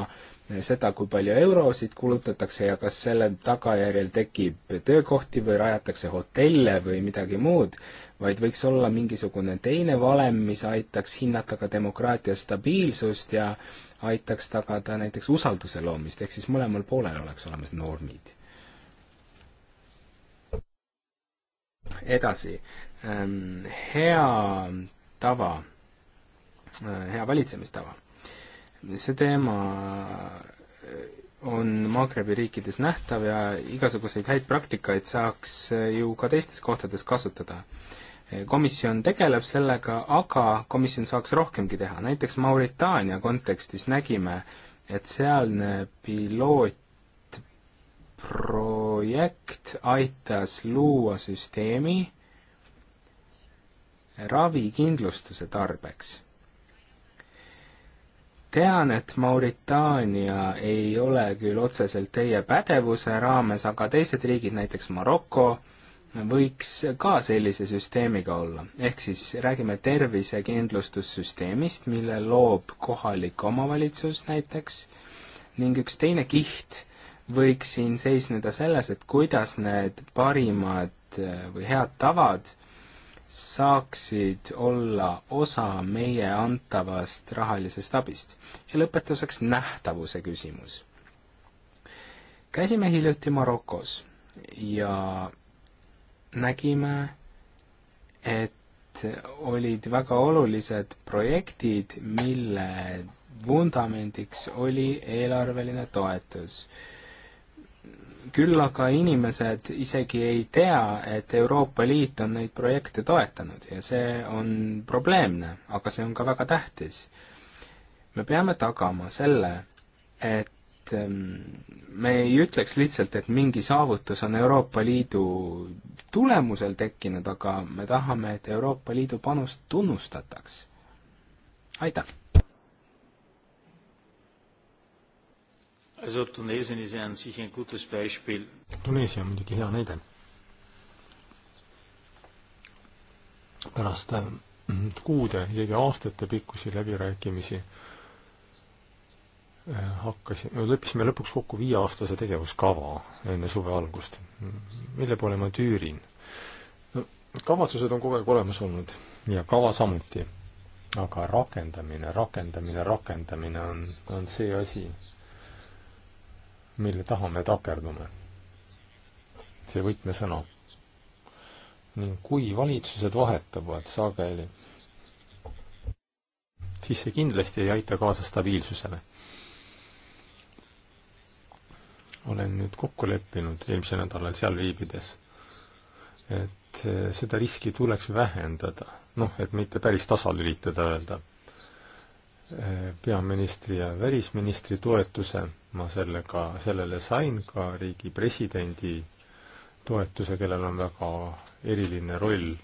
seda, kui palju eurosid kulutatakse ja kas selle tagajärjel tekib töökohti või rajatakse hotelle või midagi muud, vaid võiks olla mingisugune teine valem, mis aitaks hinnata ka demokraatia stabiilsust ja aitaks tagada näiteks usalduse loomist, ehk siis mõlemal poolel oleks olemas normid edasi, ähm, hea tava, äh, hea valitsemistava, see teema äh, on Maagrebi riikides nähtav ja igasuguseid häid praktikaid saaks äh, ju ka teistes kohtades kasutada. komisjon tegeleb sellega, aga komisjon saaks rohkemgi teha, näiteks Mauritaania kontekstis nägime, et sealne piloot projekt aitas luua süsteemi ravikindlustuse tarbeks. tean, et Mauritaania ei ole küll otseselt teie pädevuse raames, aga teised riigid, näiteks Maroko, võiks ka sellise süsteemiga olla. ehk siis räägime tervisekindlustussüsteemist, mille loob kohalik omavalitsus näiteks, ning üks teine kiht võiks siin seisneda selles, et kuidas need parimad äh, või head tavad saaksid olla osa meie antavast rahalisest abist. ja lõpetuseks nähtavuse küsimus. käisime hiljuti Marokos ja nägime, et olid väga olulised projektid, mille vundamendiks oli eelarveline toetus küll aga inimesed isegi ei tea, et Euroopa Liit on neid projekte toetanud ja see on probleemne, aga see on ka väga tähtis. me peame tagama selle, et ähm, me ei ütleks lihtsalt, et mingi saavutus on Euroopa Liidu tulemusel tekkinud, aga me tahame, et Euroopa Liidu panust tunnustataks. aitäh! Also Tunesien ist ja an sich ein gutes Beispiel. Tuneesia on muidugi hea näide. pärast ähm, kuude, isegi aastate pikkusi läbirääkimisi äh, hakkasime, leppisime lõpuks kokku viieaastase tegevuskava enne suve algust, mille poole ma tüürin. no kavatsused on kogu aeg olemas olnud ja kava samuti, aga rakendamine, rakendamine, rakendamine on, on see asi, mille taha me takerdume. see võtmesõna. ning kui valitsused vahetuvad sageli, siis see kindlasti ei aita kaasa stabiilsusele. olen nüüd kokku leppinud eelmisel nädalal seal viibides, et eh, seda riski tuleks vähendada, noh, et mitte päris tasalülitada, öelda peaministri ja välisministri toetuse, ma sellega, sellele sain ka riigi presidendi toetuse, kellel on väga eriline roll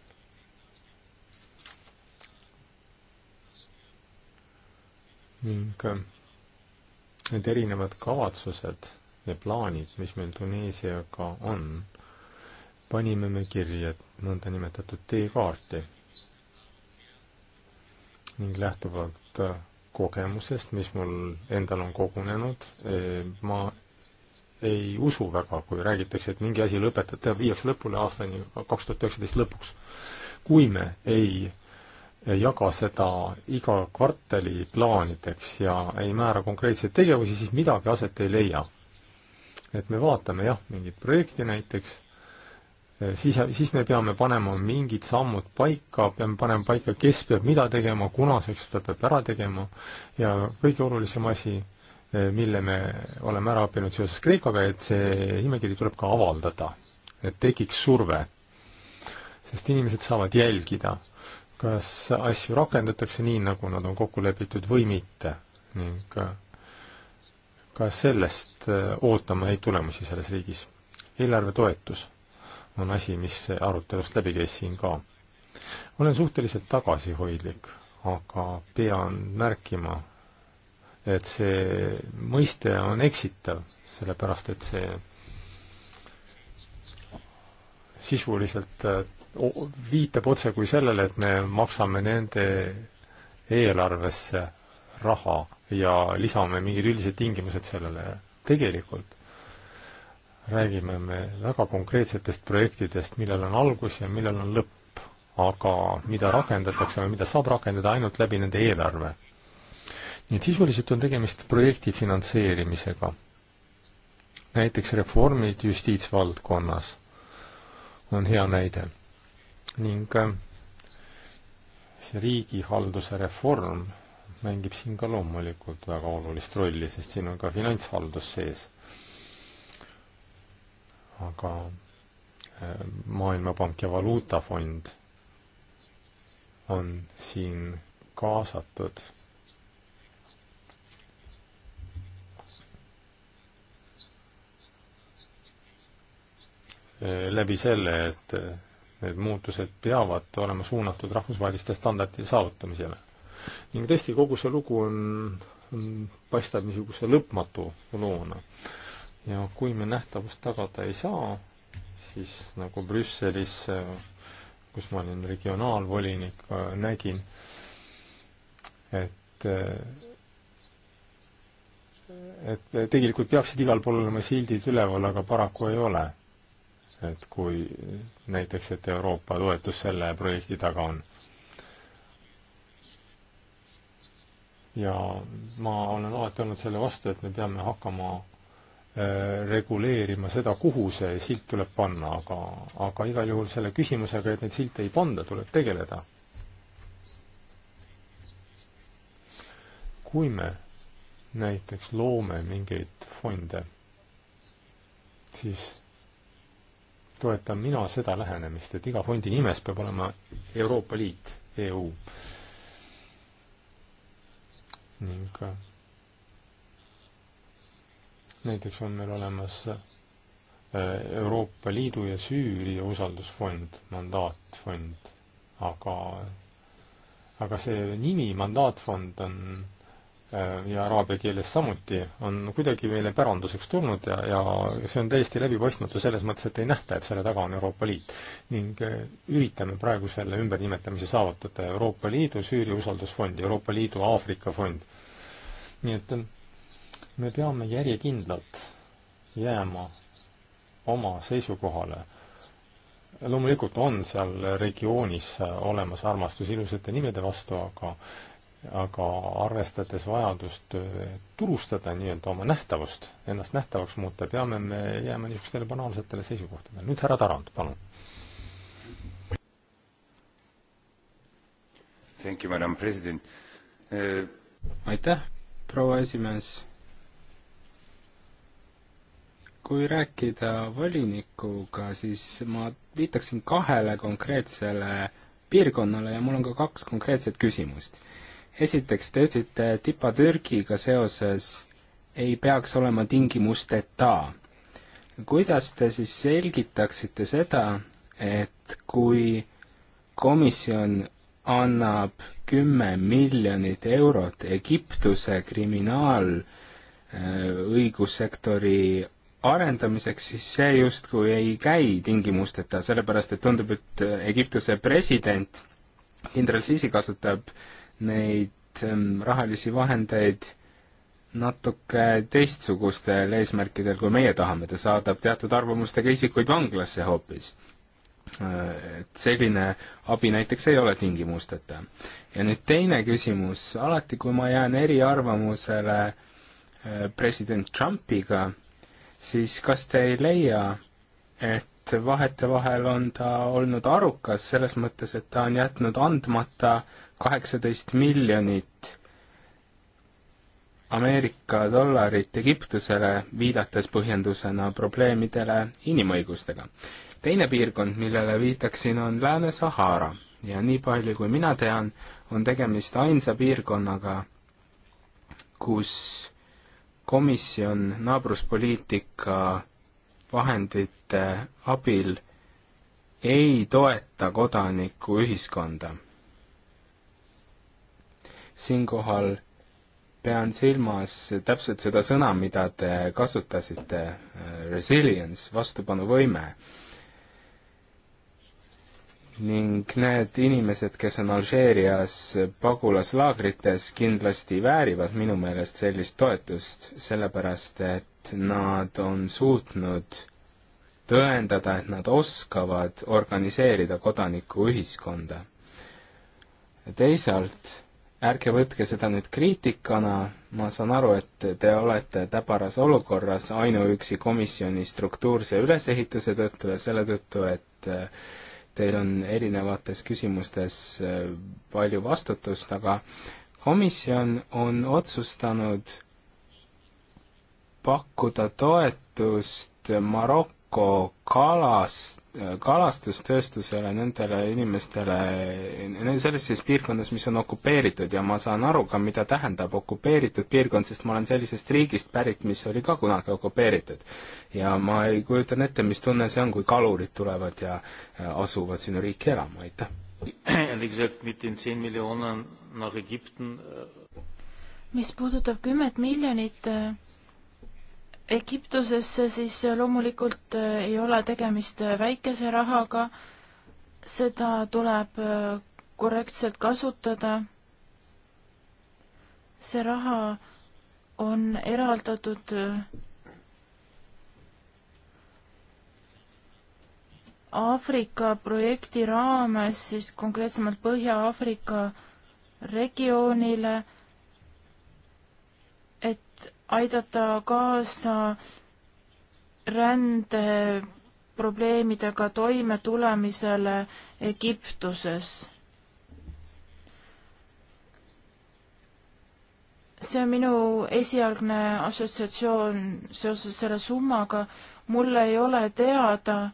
ning need erinevad kavatsused ja plaanid, mis meil Tuneesiaga on, panime me kirja nõndanimetatud teekaarti ning lähtuvalt kogemusest, mis mul endal on kogunenud, eh, ma ei usu väga, kui räägitakse, et mingi asi lõpetab, viiakse lõpule aastani kaks tuhat üheksateist lõpuks. kui me ei jaga seda iga kvartali plaanideks ja ei määra konkreetseid tegevusi, siis midagi aset ei leia. et me vaatame jah, mingit projekti näiteks Äh, siis, siis me peame panema mingid sammud paika, peame panema paika, kes peab mida tegema, kunaseks ta peab ära tegema ja kõige olulisem asi, äh, mille me oleme ära õppinud seoses Kreekaga, et see nimekiri tuleb ka avaldada, et tekiks surve. sest inimesed saavad jälgida, kas asju rakendatakse nii, nagu nad on kokku lepitud või mitte ning äh, ka sellest ootame häid tulemusi selles riigis. eelarve toetus on asi, mis arutelust läbi käis siin ka. olen suhteliselt tagasihoidlik, aga pean märkima, et see mõiste on eksitav, sellepärast et see sisuliselt eh, viitab otsekui sellele, et me maksame nende eelarvesse raha ja lisame mingid üldised tingimused sellele. tegelikult räägime me väga konkreetsetest projektidest, millel on algus ja millel on lõpp, aga mida rakendatakse või mida saab rakendada ainult läbi nende eelarve. nii et sisuliselt on tegemist projekti finantseerimisega. näiteks reformid justiitsvaldkonnas on hea näide. ning äh, see riigihalduse reform mängib siin ka loomulikult väga olulist rolli, sest siin on ka finantshaldus sees aga äh, Maailmapank ja Valuutafond on siin kaasatud äh, läbi selle, et äh, need muutused peavad olema suunatud rahvusvaheliste standardite saavutamisele. ning tõesti, kogu see lugu on, on, paistab niisuguse lõpmatu loona ja kui me nähtavust tagada ei saa, siis nagu Brüsselis, kus ma olin regionaalvolinik, nägin, et et tegelikult peaksid igal pool olema sildid üleval, aga paraku ei ole. et kui näiteks, et Euroopa toetus selle projekti taga on. ja ma olen alati olnud selle vastu, et me peame hakkama Äh, reguleerima seda, kuhu see silt tuleb panna, aga, aga igal juhul selle küsimusega, et neid silte ei panda, tuleb tegeleda. kui me näiteks loome mingeid fonde, siis toetan mina seda lähenemist, et iga fondi nimes peab olema Euroopa Liit, EU. ning äh, näiteks on meil olemas äh, Euroopa Liidu ja Süüria usaldusfond, mandaatfond, aga, aga see nimi, mandaatfond on äh, ja araabia keeles samuti, on kuidagi meile päranduseks tulnud ja, ja see on täiesti läbipaistmatu selles mõttes, et ei nähta, et selle taga on Euroopa Liit. ning äh, üritame praegu selle ümbernimetamise saavutada Euroopa Liidu Süüria usaldusfond, Euroopa Liidu Aafrika fond. nii et me peame järjekindlalt jääma oma seisukohale. loomulikult on seal regioonis olemas armastus ilusate nimede vastu, aga aga arvestades vajadust turustada nii-öelda oma nähtavust, ennast nähtavaks muuta, peame me jääma niisugustele banaalsetele seisukohtadele. nüüd härra Tarand, palun. Äh, aitäh, proua esimees kui rääkida volinikuga, siis ma viitaksin kahele konkreetsele piirkonnale ja mul on ka kaks konkreetset küsimust. esiteks, te ütlete, et IPA Türgiga seoses ei peaks olema tingimusteta. kuidas te siis selgitaksite seda, et kui komisjon annab kümme miljonit eurot Egiptuse kriminaal- äh, õigussektori arendamiseks, siis see justkui ei käi tingimusteta, sellepärast et tundub, et äh, Egiptuse president kindral Sisi kasutab neid ähm, rahalisi vahendeid natuke teistsugustel eesmärkidel, kui meie tahame, ta saadab teatud arvamustega isikuid vanglasse hoopis. Äh, et selline abi näiteks ei ole tingimusteta. ja nüüd teine küsimus, alati kui ma jään eriarvamusele äh, president Trumpiga, siis kas te ei leia, et vahetevahel on ta olnud arukas selles mõttes, et ta on jätnud andmata kaheksateist miljonit Ameerika dollarit Egiptusele, viidates põhjendusena probleemidele inimõigustega. teine piirkond, millele viitaksin, on Lääne-Sahara ja nii palju, kui mina tean, on tegemist ainsa piirkonnaga, kus komisjon naabruspoliitika vahendite abil ei toeta kodanikuühiskonda. siinkohal pean silmas täpselt seda sõna, mida te kasutasite, resilience, vastupanuvõime ning need inimesed, kes on Alžeerias pagulaslaagrites, kindlasti väärivad minu meelest sellist toetust, sellepärast et nad on suutnud tõendada, et nad oskavad organiseerida kodanikuühiskonda. teisalt, ärge võtke seda nüüd kriitikana, ma saan aru, et te olete täbaras olukorras ainuüksi komisjoni struktuurse ülesehituse tõttu ja selle tõttu, et teil on erinevates küsimustes äh, palju vastutust, aga komisjon on otsustanud pakkuda toetust Marokko ökokalas, kalastustööstusele, nendele inimestele, sellistes piirkondades, mis on okupeeritud ja ma saan aru ka, mida tähendab okupeeritud piirkond, sest ma olen sellisest riigist pärit, mis oli ka kunagi okupeeritud. ja ma ei kujuta ette, mis tunne see on, kui kalurid tulevad ja asuvad sinu riiki elama, aitäh. Äh, mis puudutab kümmet miljonit 10 äh, Egiptusesse, siis loomulikult eh, ei ole tegemist eh, väikese rahaga, seda tuleb eh, korrektselt kasutada. see raha on eraldatud Aafrika projekti raames siis konkreetsemalt Põhja-Aafrika regioonile aidata kaasa rände probleemidega toimetulemisele Egiptuses. see on minu esialgne assotsiatsioon seoses selle summaga. mul ei ole teada,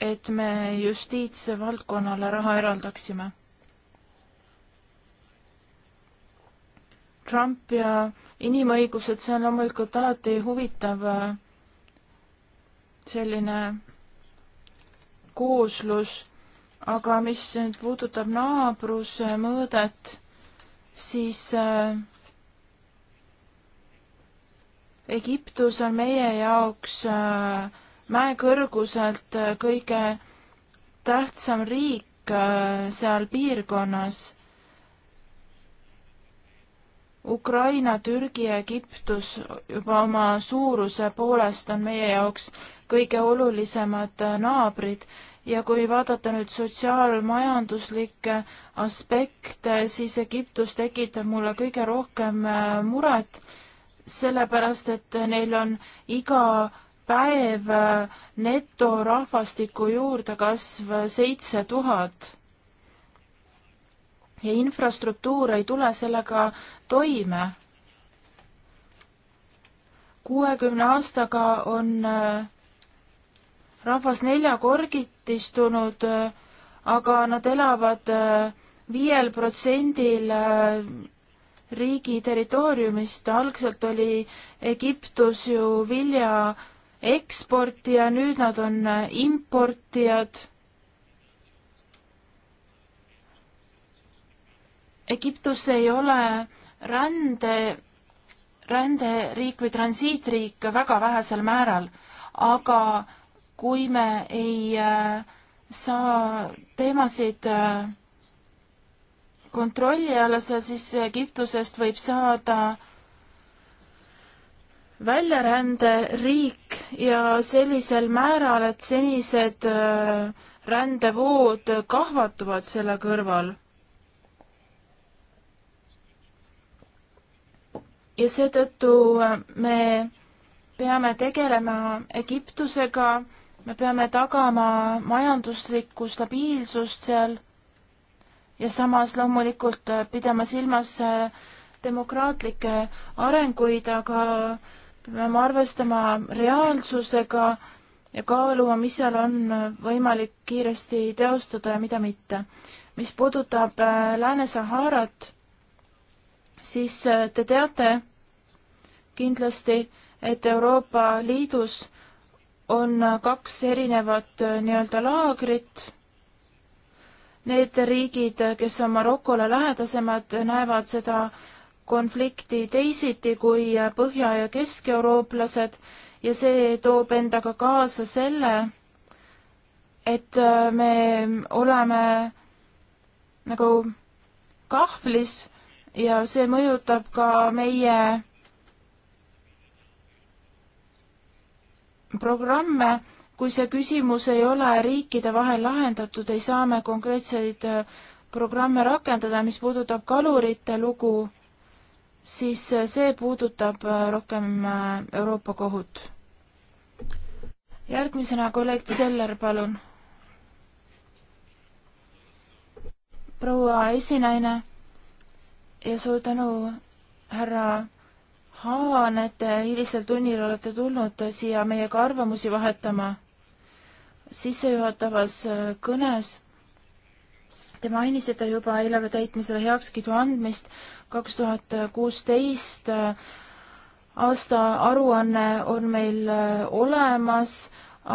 et me justiitsvaldkonnale raha eraldaksime. Trump ja inimõigused, see on loomulikult alati huvitav äh, selline kooslus, aga mis nüüd puudutab naabruse mõõdet, siis äh, Egiptus on meie jaoks äh, mäekõrguselt äh, kõige tähtsam riik äh, seal piirkonnas Ukraina, Türgi ja Egiptus juba oma suuruse poolest on meie jaoks kõige olulisemad äh, naabrid ja kui vaadata nüüd sotsiaalmajanduslikke aspekte, siis Egiptus tekitab mulle kõige rohkem äh, muret, sellepärast et neil on iga päev äh, netorahvastiku juurdekasv seitse tuhat ja infrastruktuur ei tule sellega toime. kuuekümne aastaga on äh, rahvas neljakorgitistunud, äh, aga nad elavad äh, viiel protsendil riigi territooriumist, algselt oli Egiptus ju vilja eksportija, nüüd nad on importijad Egiptus ei ole rände, ränderiik või transiitriik väga vähesel määral, aga kui me ei äh, saa teemasid äh, kontrolli alla, siis Egiptusest võib saada väljaränderiik ja sellisel määral, et senised äh, rändevood kahvatuvad selle kõrval ja seetõttu äh, me peame tegelema Egiptusega, me peame tagama majanduslikku stabiilsust seal ja samas loomulikult äh, pidama silmas äh, demokraatlikke arenguid, aga peame arvestama reaalsusega ja kaaluma, mis seal on võimalik kiiresti teostada ja mida mitte. mis puudutab Lääne-Saharat, siis te teate, kindlasti, et Euroopa Liidus on kaks erinevat äh, nii-öelda laagrit. Need riigid, äh, kes on Marokole lähedasemad, näevad seda konflikti teisiti kui äh, põhja- ja keskeurooplased ja see toob endaga kaasa selle, et me oleme nagu kahvlis ja see mõjutab ka meie programme, kui see küsimus ei ole riikide vahel lahendatud, ei saa me konkreetseid äh, programme rakendada, mis puudutab kalurite lugu, siis äh, see puudutab äh, rohkem Euroopa kohut. järgmisena kolleeg Seller, palun. proua esinaine ja suur tänu, härra Haan, et te hilisel tunnil olete tulnud siia meiega arvamusi vahetama. sissejuhatavas äh, kõnes te mainisite juba eelarve täitmisele heakskiidu andmist kaks tuhat kuusteist äh, aasta aruanne on meil äh, olemas,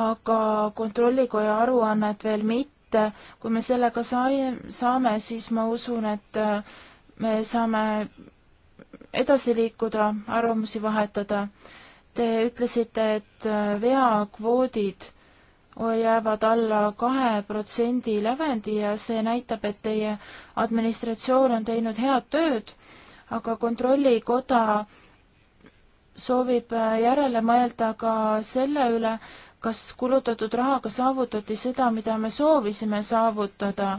aga kontrollikoja aruannet veel mitte. kui me sellega sai, saame, siis ma usun, et me saame edasi liikuda, arvamusi vahetada. Te ütlesite, et äh, veakvoodid jäävad alla kahe protsendi lävendi ja see näitab, et teie administratsioon on teinud head tööd, aga Kontrollikoda soovib äh, järele mõelda ka selle üle, kas kulutatud rahaga saavutati seda, mida me soovisime saavutada.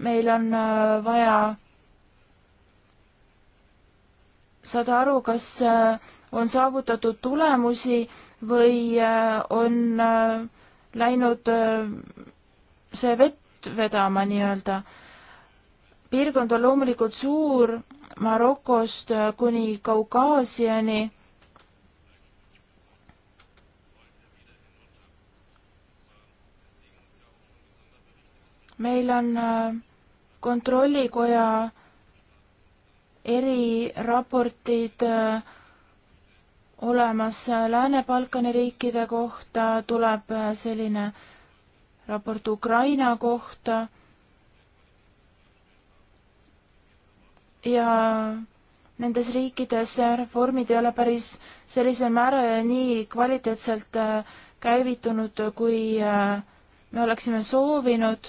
meil on äh, vaja saada aru, kas äh, on saavutatud tulemusi või äh, on äh, läinud see vett vedama nii-öelda. piirkond on loomulikult suur, Marokost kuni Kaukaasiani meil on kontrollikoja eriraportid äh, olemas Lääne-Balkani riikide kohta, tuleb äh, selline raport Ukraina kohta ja nendes riikides reformid ei ole päris sellisel määral nii kvaliteetselt äh, käivitunud, kui me oleksime soovinud,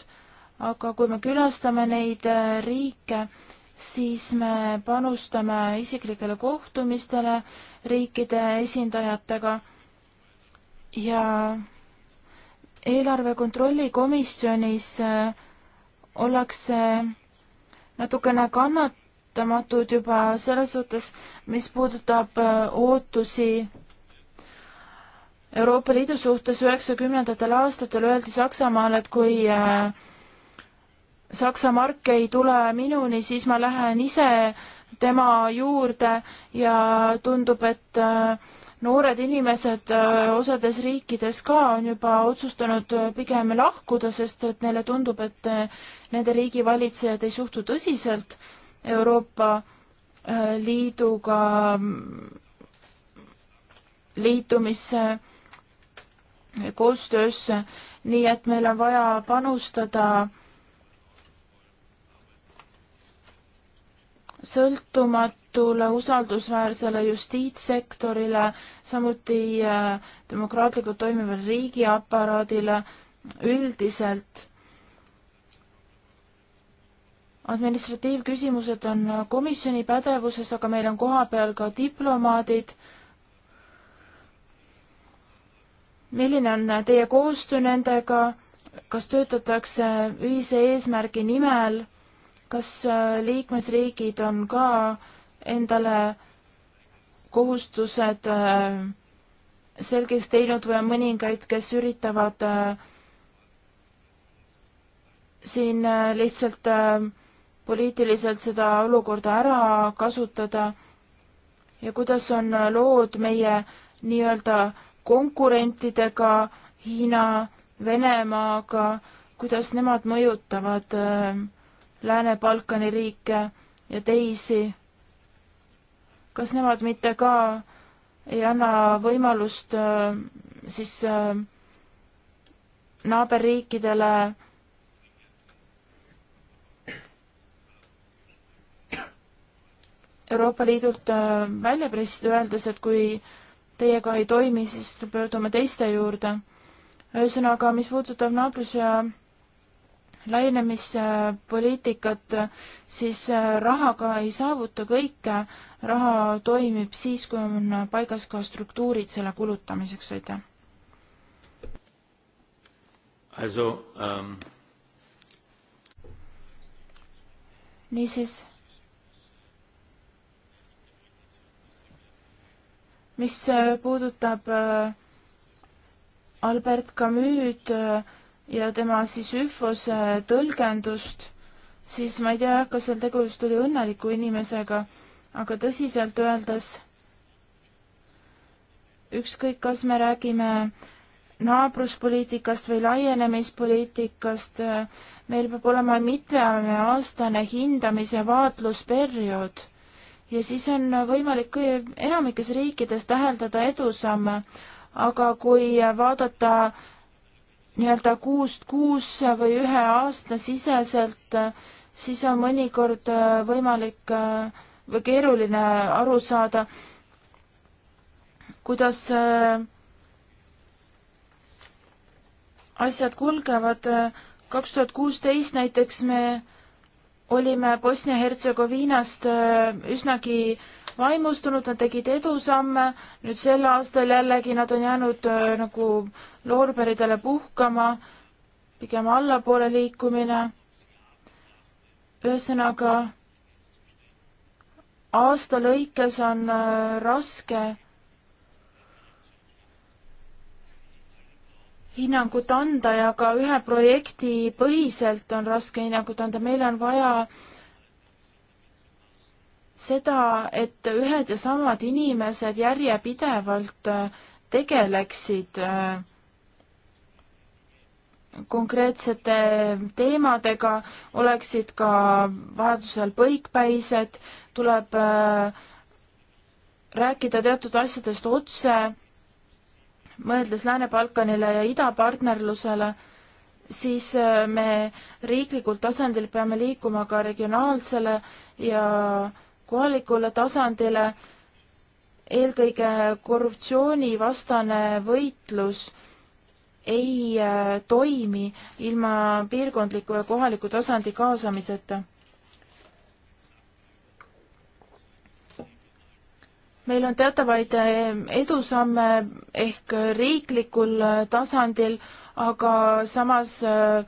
aga kui me külastame neid riike, siis me panustame isiklikele kohtumistele riikide esindajatega ja eelarve kontrolli komisjonis äh, ollakse natukene kannatamatud juba selles suhtes, mis puudutab äh, ootusi Euroopa Liidu suhtes üheksakümnendatel aastatel öeldi Saksamaal, et kui äh, Saksa mark ei tule minuni, siis ma lähen ise tema juurde ja tundub, et äh, noored inimesed äh, osades riikides ka on juba otsustanud äh, pigem lahkuda, sest et neile tundub, et nende riigivalitsejad ei suhtu tõsiselt Euroopa Liiduga mm, liitumisse, koostöösse, nii et meil on vaja panustada äh, sõltumatule usaldusväärsele justiitssektorile, samuti äh, demokraatlikult toimivale riigiaparaadile üldiselt. administratiivküsimused on komisjoni pädevuses, aga meil on kohapeal ka diplomaadid. milline on teie koostöö nendega, kas töötatakse ühise eesmärgi nimel? kas äh, liikmesriigid on ka endale kohustused äh, selgeks teinud või on mõningaid, kes üritavad äh, siin lihtsalt poliitiliselt seda olukorda ära kasutada ja kuidas on lood meie nii-öelda konkurentidega, Hiina, Venemaaga, kuidas nemad mõjutavad äh, Lääne-Balkani riike ja teisi. kas nemad mitte ka ei anna võimalust äh, siis äh, naaberriikidele Euroopa Liidult äh, välja pressida, öeldes, et kui teiega ei toimi, siis pöördume teiste juurde. ühesõnaga, mis puudutab naabrus- ja laienemispoliitikat, siis äh, rahaga ei saavuta kõike, raha toimib siis, kui on paigas ka struktuurid selle kulutamiseks, aitäh. Also ähm, um... niisiis, mis äh, puudutab äh, Albert Camus'd äh, ja tema siis ühvuse äh, tõlgendust, siis ma ei tea, kas seal tegu just oli õnneliku inimesega, aga tõsiselt öeldes ükskõik, kas me räägime naabruspoliitikast või laienemispoliitikast, äh, meil peab olema mitmeaastane hindamise vaatlusperiood ja siis on võimalik enamikes riikides täheldada edusamme, aga kui vaadata nii-öelda kuust kuus või ühe aasta siseselt, siis on mõnikord äh, võimalik äh, või keeruline aru saada, kuidas äh, asjad kulgevad. kaks tuhat kuusteist näiteks me olime Bosnia-Hertsegoviinast äh, üsnagi vaimustunud, nad tegid edusamme, nüüd sel aastal jällegi nad on jäänud äh, nagu loorberidele puhkama, pigem allapoole liikumine. ühesõnaga, aasta lõikes on äh, raske hinnangut anda ja ka ühe projekti põhiselt on raske hinnangut anda, meil on vaja seda, et ühed ja samad inimesed järjepidevalt äh, tegeleksid äh, konkreetsete teemadega, oleksid ka vajadusel põikpäised, tuleb äh, rääkida teatud asjadest otse mõeldes Lääne-Balkanile ja idapartnerlusele, siis äh, me riiklikul tasandil peame liikuma ka regionaalsele ja kohalikule tasandile. eelkõige korruptsioonivastane võitlus ei äh, toimi ilma piirkondliku ja kohaliku tasandi kaasamiseta meil on teatavaid äh, edusamme ehk riiklikul äh, tasandil, aga samas äh,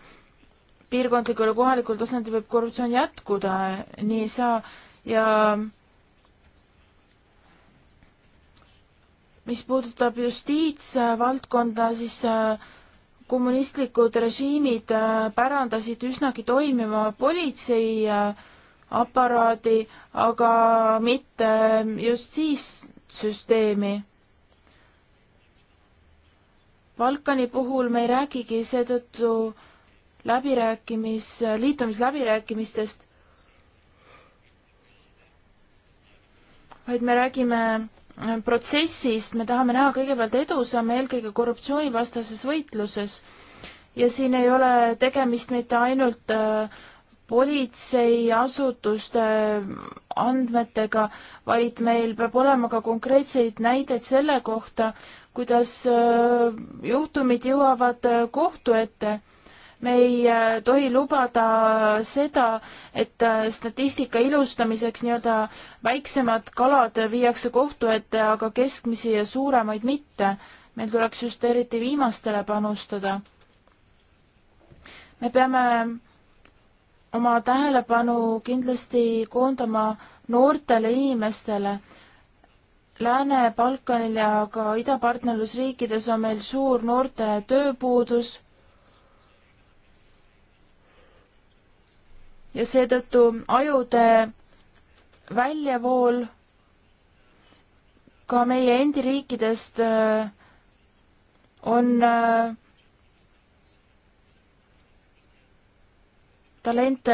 piirkondlikul ja kohalikul tasandil võib korruptsioon jätkuda, nii ei saa ja mis puudutab justiitsvaldkonda, siis kommunistlikud režiimid pärandasid üsnagi toimiva politsei äh, aparaadi, aga mitte just siis süsteemi. Balkani puhul me ei räägigi seetõttu läbirääkimis, liitumisläbirääkimistest, vaid me räägime protsessist, me tahame näha kõigepealt edusamme eelkõige korruptsioonivastases võitluses ja siin ei ole tegemist mitte ainult äh, politseiasutuste andmetega, vaid meil peab olema ka konkreetseid näiteid selle kohta, kuidas äh, juhtumid jõuavad äh, kohtu ette. me ei äh, tohi lubada seda, et statistika ilustamiseks nii-öelda väiksemad kalad viiakse kohtu ette, aga keskmisi ja suuremaid mitte. meil tuleks just eriti viimastele panustada. me peame oma tähelepanu kindlasti koondama noortele inimestele. Lääne-Balkanil ja ka idapartnerlusriikides on meil suur noorte tööpuudus. ja seetõttu ajude väljavool ka meie endi riikidest äh, on äh, talente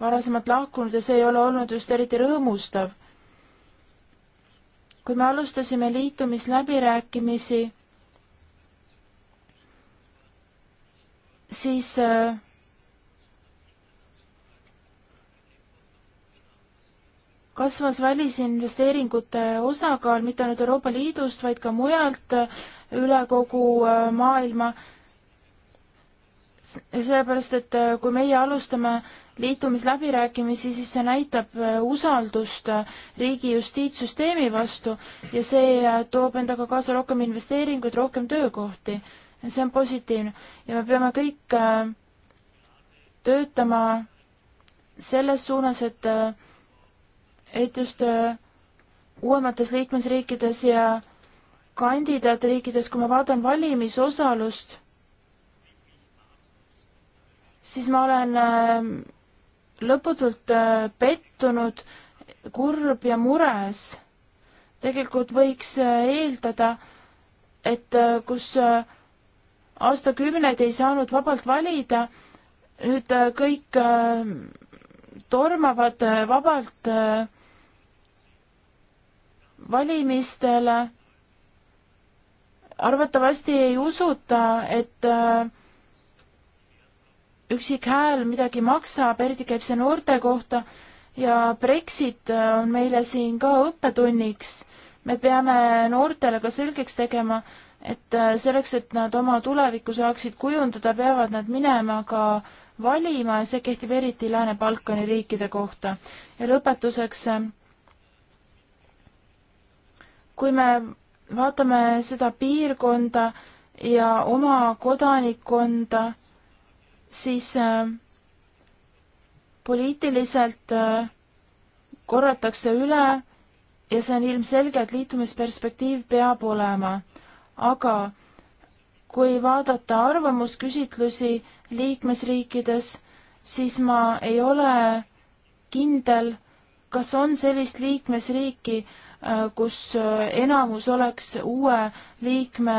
varasemalt lahkunud ja see ei ole olnud just eriti rõõmustav. kui me alustasime liitumisläbirääkimisi, siis äh, kasvas välisinvesteeringute osakaal mitte ainult Euroopa Liidust, vaid ka mujalt äh, üle kogu äh, maailma sellepärast, et äh, kui meie alustame liitumisläbirääkimisi, siis see näitab äh, usaldust äh, riigi justiitssüsteemi vastu ja see toob endaga kaasa rohkem investeeringuid, rohkem töökohti. see on positiivne ja me peame kõik töötama selles suunas, et, et just uuemates liikmesriikides ja kandidaatriikides, kui ma vaatan valimisosalust siis ma olen ähm, lõputult äh, pettunud, kurb ja mures. tegelikult võiks äh, eeldada, et äh, kus aastakümneid ei saanud vabalt valida, nüüd kõik tormavad vabalt valimistele. arvatavasti ei usuta, et äh, üksik hääl midagi maksab, eriti käib see noorte kohta ja Brexit äh, on meile siin ka õppetunniks. me peame noortele ka selgeks tegema, et äh, selleks, et nad oma tulevikku saaksid kujundada, peavad nad minema ka valima ja see kehtib eriti Lääne-Balkani riikide kohta. ja lõpetuseks, äh, kui me vaatame seda piirkonda ja oma kodanikkonda, siis äh, poliitiliselt äh, korratakse üle ja see on ilmselge, et liitumisperspektiiv peab olema. aga kui vaadata arvamusküsitlusi liikmesriikides, siis ma ei ole kindel, kas on sellist liikmesriiki, äh, kus enamus oleks uue liikme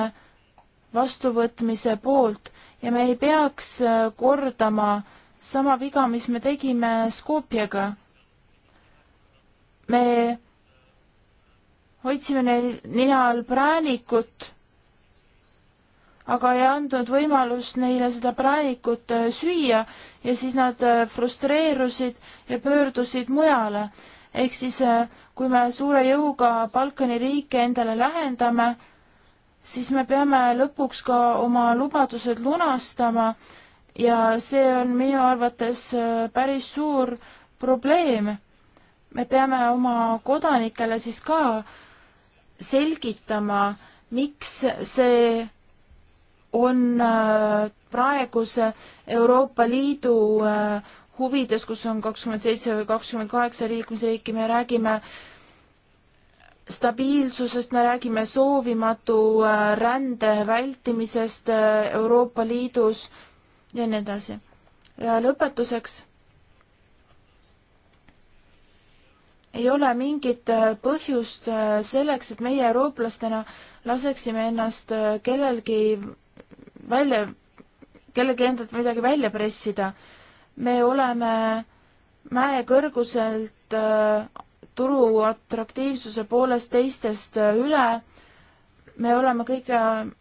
vastuvõtmise poolt ja me ei peaks äh, kordama sama viga, mis me tegime Skopjaga. me hoidsime neil nina all präänikut, aga ei andnud võimalust neile seda präänikut äh, süüa ja siis nad äh, frustreerusid ja pöördusid mujale. ehk siis, kui me suure jõuga Balkani riike endale lähendame, siis me peame lõpuks ka oma lubadused lunastama ja see on minu arvates äh, päris suur probleem. me peame oma kodanikele siis ka selgitama, miks see on äh, praeguse Euroopa Liidu äh, huvides, kus on kakskümmend seitse või kakskümmend kaheksa liikmesriiki, me räägime äh, stabiilsusest me räägime, soovimatu äh, rände vältimisest äh, Euroopa Liidus ja nii edasi. ja lõpetuseks. ei ole mingit äh, põhjust selleks, et meie eurooplastena laseksime ennast kellelgi välja, kellegi endalt midagi välja pressida. me oleme mäe kõrguselt turu atraktiivsuse poolest teistest äh, üle. me oleme kõige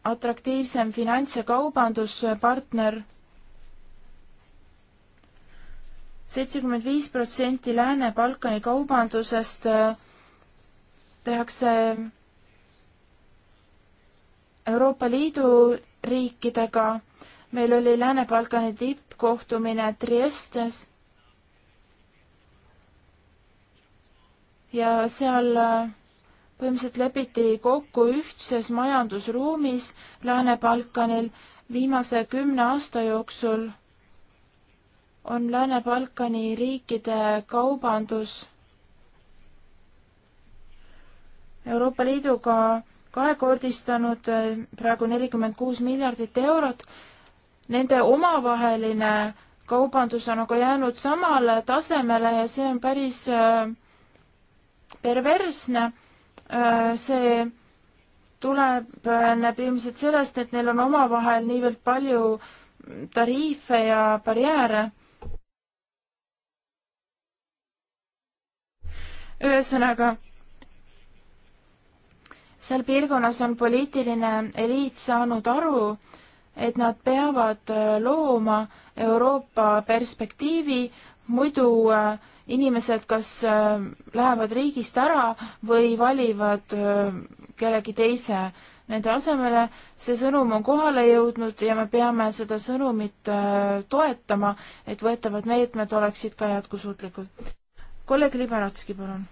atraktiivsem finants- ja kaubanduspartner. seitsekümmend viis protsenti Lääne-Balkani kaubandusest äh, tehakse Euroopa Liidu riikidega. meil oli Lääne-Balkani tippkohtumine Triestes ja seal äh, põhimõtteliselt lepiti kokku ühtses majandusruumis Lääne-Balkanil viimase kümne aasta jooksul on Lääne-Balkani riikide kaubandus Euroopa Liiduga kahekordistanud äh, praegu nelikümmend kuus miljardit eurot. Nende omavaheline kaubandus on aga jäänud samale tasemele ja see on päris äh, perversne. Äh, see tuleb, äh, näeb ilmselt sellest, et neil on omavahel niivõrd palju tariife ja barjääre. ühesõnaga, seal piirkonnas on poliitiline eliit saanud aru, et nad peavad äh, looma Euroopa perspektiivi, muidu äh, inimesed kas äh, lähevad riigist ära või valivad äh, kellegi teise nende asemele. see sõnum on kohale jõudnud ja me peame seda sõnumit äh, toetama, et võetavad meetmed oleksid ka jätkusuutlikud. kolleeg Liberatski, palun.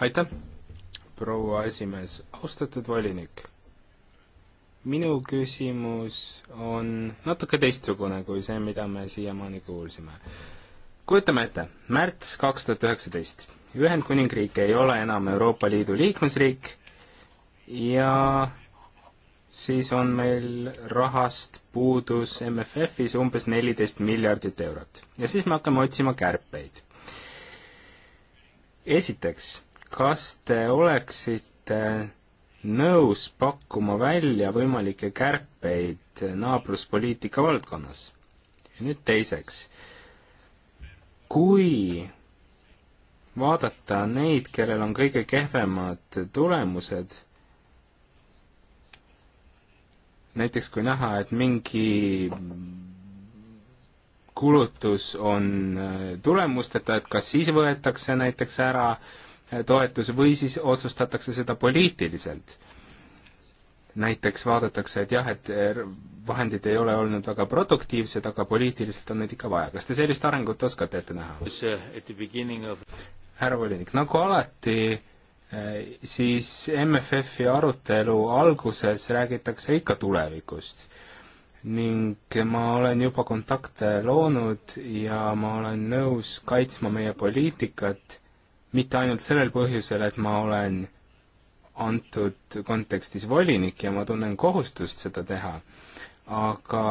aitäh, proua esimees, austatud volinik minu küsimus on natuke teistsugune kui see, mida me siiamaani kuulsime. kujutame ette, märts kaks tuhat üheksateist. Ühendkuningriik ei ole enam Euroopa Liidu liikmesriik ja siis on meil rahast puudus MFF-is umbes neliteist miljardit eurot. ja siis me hakkame otsima kärpeid. esiteks, kas te oleksite nõus pakkuma välja võimalikke kärpeid naabruspoliitika valdkonnas. ja nüüd teiseks, kui vaadata neid, kellel on kõige kehvemad tulemused, näiteks kui näha, et mingi kulutus on tulemusteta, et kas siis võetakse näiteks ära äh, Eh, toetus või siis otsustatakse seda poliitiliselt. näiteks vaadatakse, et jah, et eh, vahendid ei ole olnud väga produktiivsed, aga poliitiliselt on neid ikka vaja. kas te sellist arengut oskate ette näha? Uh, härra volinik, nagu alati, eh, siis MFF-i arutelu alguses räägitakse ikka tulevikust ning ma olen juba kontakte loonud ja ma olen nõus kaitsma meie poliitikat mitte ainult sellel põhjusel, et ma olen antud kontekstis volinik ja ma tunnen kohustust seda teha, aga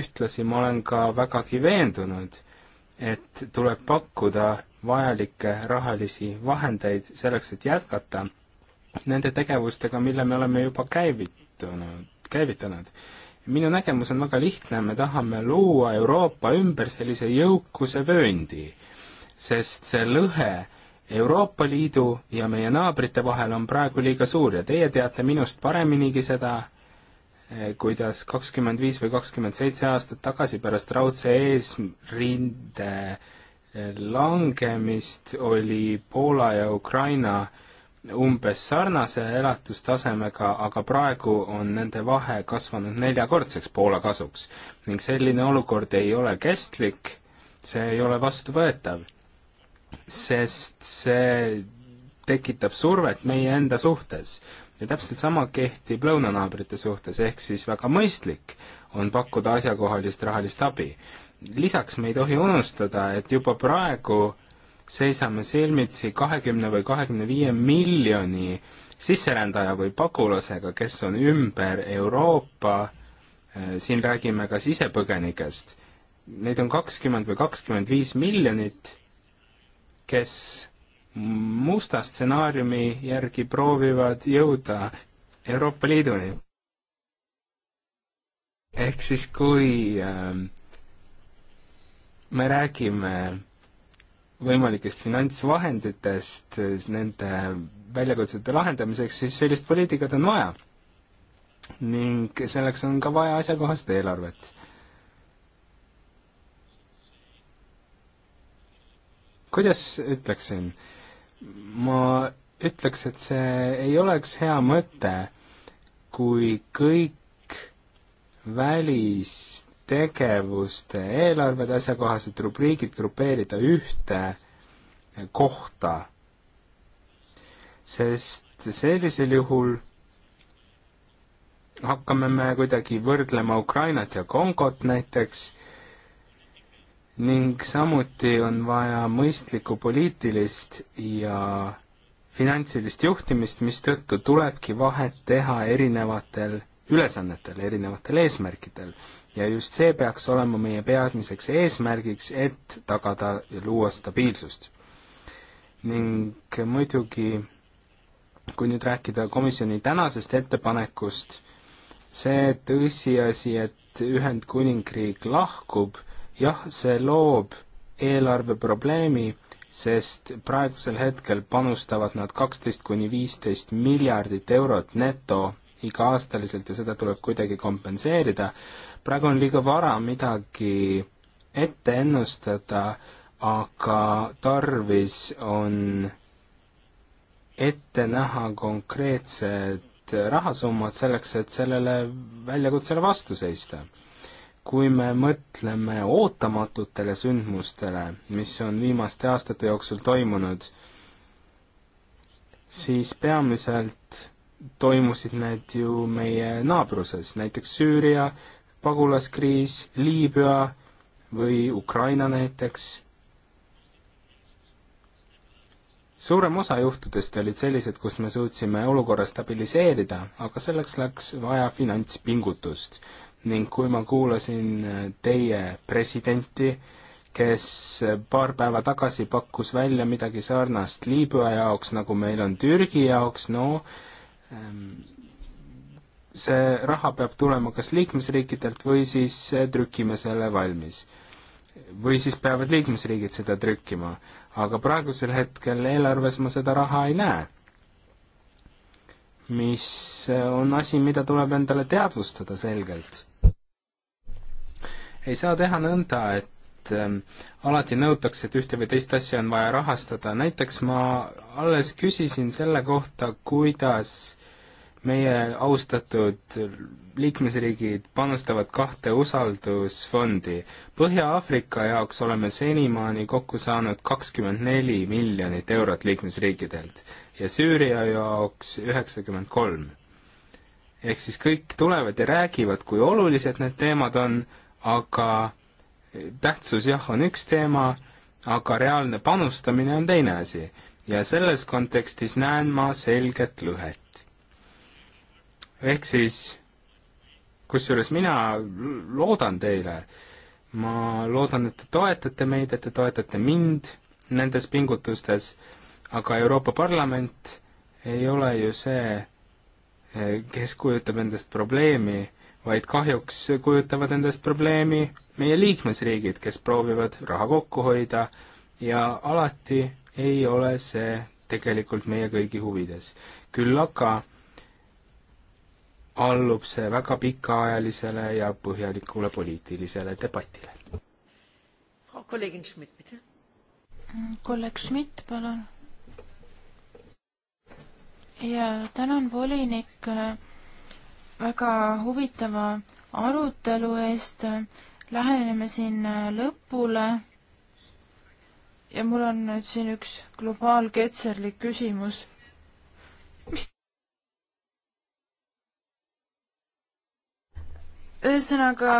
ühtlasi ma olen ka vägagi veendunud, et tuleb pakkuda vajalikke rahalisi vahendeid selleks, et jätkata nende tegevustega, mille me oleme juba käivitunud, käivitanud minu nägemus on väga lihtne, me tahame luua Euroopa ümber sellise jõukuse vööndi, sest see lõhe Euroopa Liidu ja meie naabrite vahel on praegu liiga suur ja teie teate minust pareminigi seda, eh, kuidas kakskümmend viis või kakskümmend seitse aastat tagasi pärast raudse eesrinde eh, langemist oli Poola ja Ukraina umbes sarnase elatustasemega, aga praegu on nende vahe kasvanud neljakordseks Poola kasuks. ning selline olukord ei ole kestlik, see ei ole vastuvõetav sest see tekitab survet meie enda suhtes. ja täpselt sama kehtib lõunanaabrite suhtes, ehk siis väga mõistlik on pakkuda asjakohalist rahalist abi. lisaks me ei tohi unustada, et juba praegu seisame silmitsi kahekümne või kahekümne viie miljoni sisserändaja või pagulasega, kes on ümber Euroopa, siin räägime ka sisepõgenikest, neid on kakskümmend või kakskümmend viis miljonit kes musta stsenaariumi järgi proovivad jõuda Euroopa Liiduni. ehk siis, kui ähm, me räägime võimalikest finantsvahenditest äh, nende väljakutsete lahendamiseks, siis sellist poliitikat on vaja. ning selleks on ka vaja asjakohast eelarvet kuidas ütleksin, ma ütleks, et see ei oleks hea mõte, kui kõik välistegevuste eelarved, asjakohased rubriigid grupeerida ühte kohta, sest sellisel juhul hakkame me kuidagi võrdlema Ukrainat ja Kongot näiteks ning samuti on vaja mõistlikku poliitilist ja finantsilist juhtimist, mistõttu tulebki vahet teha erinevatel ülesannetel, erinevatel eesmärkidel. ja just see peaks olema meie peamiseks eesmärgiks, et tagada ja luua stabiilsust. ning muidugi, kui nüüd rääkida komisjoni tänasest ettepanekust, see tõsiasi, et Ühendkuningriik lahkub, jah, see loob eelarveprobleemi, sest praegusel hetkel panustavad nad kaksteist kuni viisteist miljardit eurot neto iga-aastaliselt ja seda tuleb kuidagi kompenseerida. praegu on liiga vara midagi ette ennustada, aga tarvis on ette näha konkreetsed rahasummad selleks, et sellele väljakutsele vastu seista kui me mõtleme ootamatutele sündmustele, mis on viimaste aastate jooksul toimunud, siis peamiselt toimusid need ju meie naabruses, näiteks Süüria pagulaskriis, Liibüa või Ukraina näiteks. suurem osa juhtudest olid sellised, kus me suutsime olukorra stabiliseerida, aga selleks läks vaja finantspingutust ning kui ma kuulasin äh, teie presidenti, kes äh, paar päeva tagasi pakkus välja midagi sarnast Liibüa jaoks, nagu meil on Türgi jaoks, no ähm, see raha peab tulema kas liikmesriikidelt või siis äh, trükime selle valmis. või siis peavad liikmesriigid seda trükkima, aga praegusel hetkel eelarves ma seda raha ei näe. mis on asi, mida tuleb endale teadvustada selgelt ei saa teha nõnda, et ähm, alati nõutakse, et ühte või teist asja on vaja rahastada, näiteks ma alles küsisin selle kohta, kuidas meie austatud liikmesriigid panustavad kahte usaldusfondi. Põhja-Aafrika jaoks oleme senimaani kokku saanud kakskümmend neli miljonit eurot liikmesriikidelt ja Süüria jaoks üheksakümmend kolm. ehk siis kõik tulevad ja räägivad, kui olulised need teemad on, aga tähtsus jah, on üks teema, aga reaalne panustamine on teine asi. ja selles kontekstis näen ma selget lõhet. ehk siis, kusjuures mina loodan teile, ma loodan, et te toetate meid, et te toetate mind nendes pingutustes, aga Euroopa Parlament ei ole ju see, kes kujutab endast probleemi vaid kahjuks kujutavad endast probleemi meie liikmesriigid, kes proovivad raha kokku hoida ja alati ei ole see tegelikult meie kõigi huvides. küll aga allub see väga pikaajalisele ja põhjalikule poliitilisele debatile. kolleeg Schmidt, palun. ja tänan, volinik äh, väga huvitava arutelu eest. läheneme siin lõpule. ja mul on nüüd siin üks globaalketserlik küsimus. mis ühesõnaga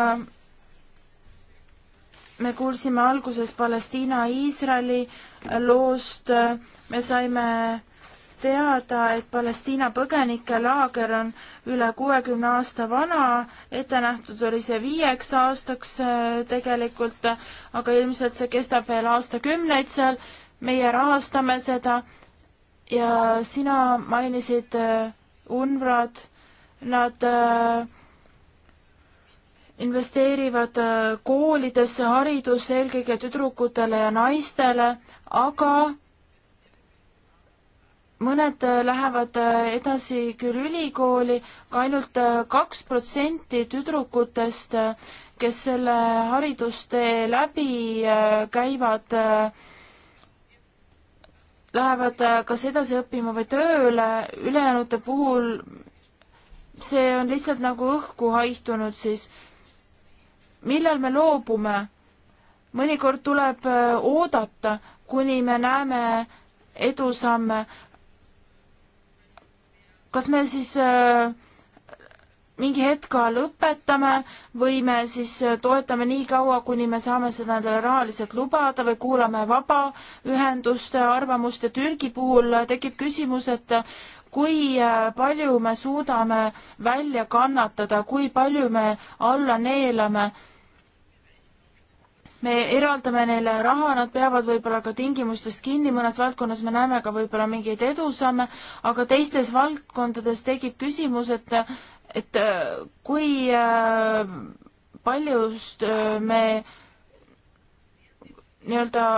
me kuulsime alguses Palestiina-Iisraeli loost, me saime teada, et Palestiina põgenikelaager on üle kuuekümne aasta vana, ette nähtud oli see viieks aastaks äh, tegelikult, aga ilmselt see kestab veel aastakümneid seal, meie rahastame seda ja sina mainisid äh, UNRWA-d, nad äh, investeerivad koolidesse, haridusse, eelkõige tüdrukutele ja naistele, aga mõned äh, lähevad äh, edasi küll ülikooli, aga ainult äh, kaks protsenti tüdrukutest, kes selle haridustee läbi käivad, lähevad kas edasi õppima või tööle, ülejäänute puhul see on lihtsalt nagu õhku haihtunud siis. millal me loobume? mõnikord tuleb oodata, kuni me näeme edusamme kas me siis äh, mingi hetk ka lõpetame või me siis äh, toetame nii kaua, kuni me saame seda endale rahaliselt lubada või kuulame vabaühenduste arvamust ja Türgi puhul äh, tekib küsimus, et äh, kui palju me suudame välja kannatada, kui palju me alla neelame me eraldame neile raha, nad peavad võib-olla ka tingimustest kinni, mõnes valdkonnas me näeme ka võib-olla mingeid edusamme, aga teistes valdkondades tekib küsimus, et, et äh, kui äh, paljust äh, me nii-öelda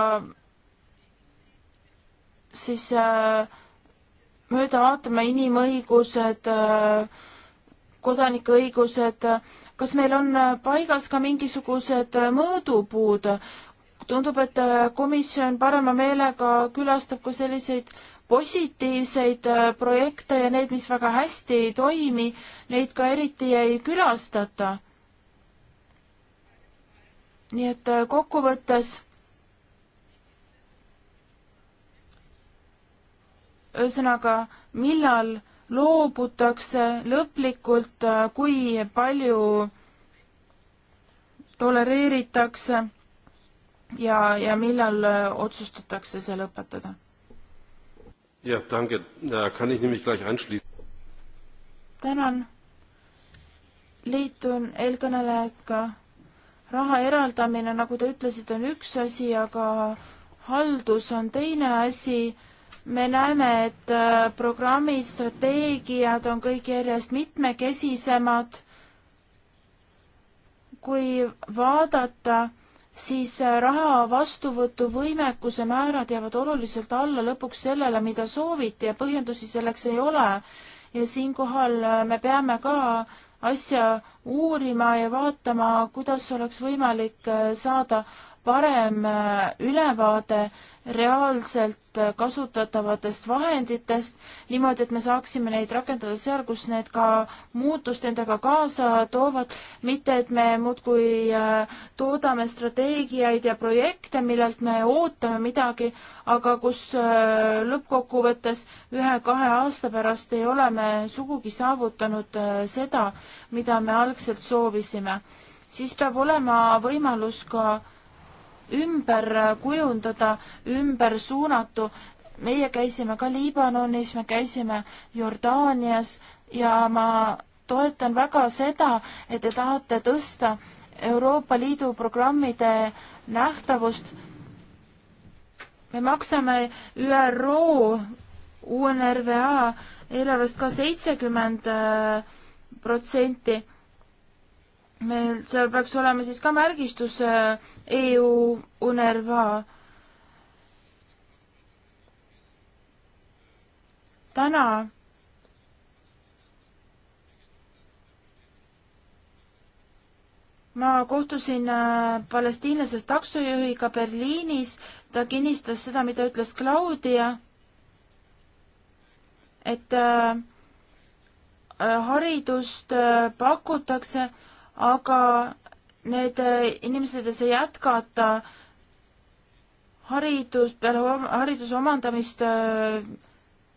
siis äh, mööda vaatame inimõigused, äh, kodanikuõigused, kas meil on äh, paigas ka mingisugused äh, mõõdupuud? tundub, et äh, komisjon parema meelega külastab ka selliseid positiivseid projekte ja neid, mis väga hästi ei toimi, neid ka eriti ei külastata. nii et kokkuvõttes ühesõnaga, millal loobutakse lõplikult, äh, kui palju tolereeritakse ja, ja millal äh, otsustatakse see lõpetada? jah, danke, kann ich nämlich gleich anschließen. tänan. liitun eelkõnelejatega. raha eraldamine, nagu te ütlesite, on üks asi, aga haldus on teine asi me näeme, et äh, programmid, strateegiad on kõik järjest mitmekesisemad. kui vaadata, siis äh, raha vastuvõtuvõimekuse määrad jäävad oluliselt alla lõpuks sellele, mida sooviti ja põhjendusi selleks ei ole. ja siinkohal äh, me peame ka asja uurima ja vaatama, kuidas oleks võimalik saada parem äh, ülevaade reaalselt äh, kasutatavatest vahenditest, niimoodi, et me saaksime neid rakendada seal, kus need ka muutust endaga kaasa toovad, mitte et me muudkui äh, toodame strateegiaid ja projekte, millelt me ootame midagi, aga kus lõppkokkuvõttes ühe-kahe aasta pärast ei ole me sugugi saavutanud seda, mida me algselt soovisime. siis peab olema võimalus ka ümber kujundada, ümber suunatu. meie käisime ka Liibanonis, me käisime Jordaanias ja ma toetan väga seda, et te tahate tõsta Euroopa Liidu programmide nähtavust. me maksame ÜRO UNRWA eelarvest ka seitsekümmend äh, protsenti meil seal peaks olema siis ka märgistus äh, EU UNRWA. täna ma kohtusin äh, palestiinlasest taksojuhiga Berliinis, ta kinnistas seda, mida ütles Claudia, et äh, haridust pakutakse, aga need äh, inimesed ei saa jätkata haridus, peale hariduse omandamist äh,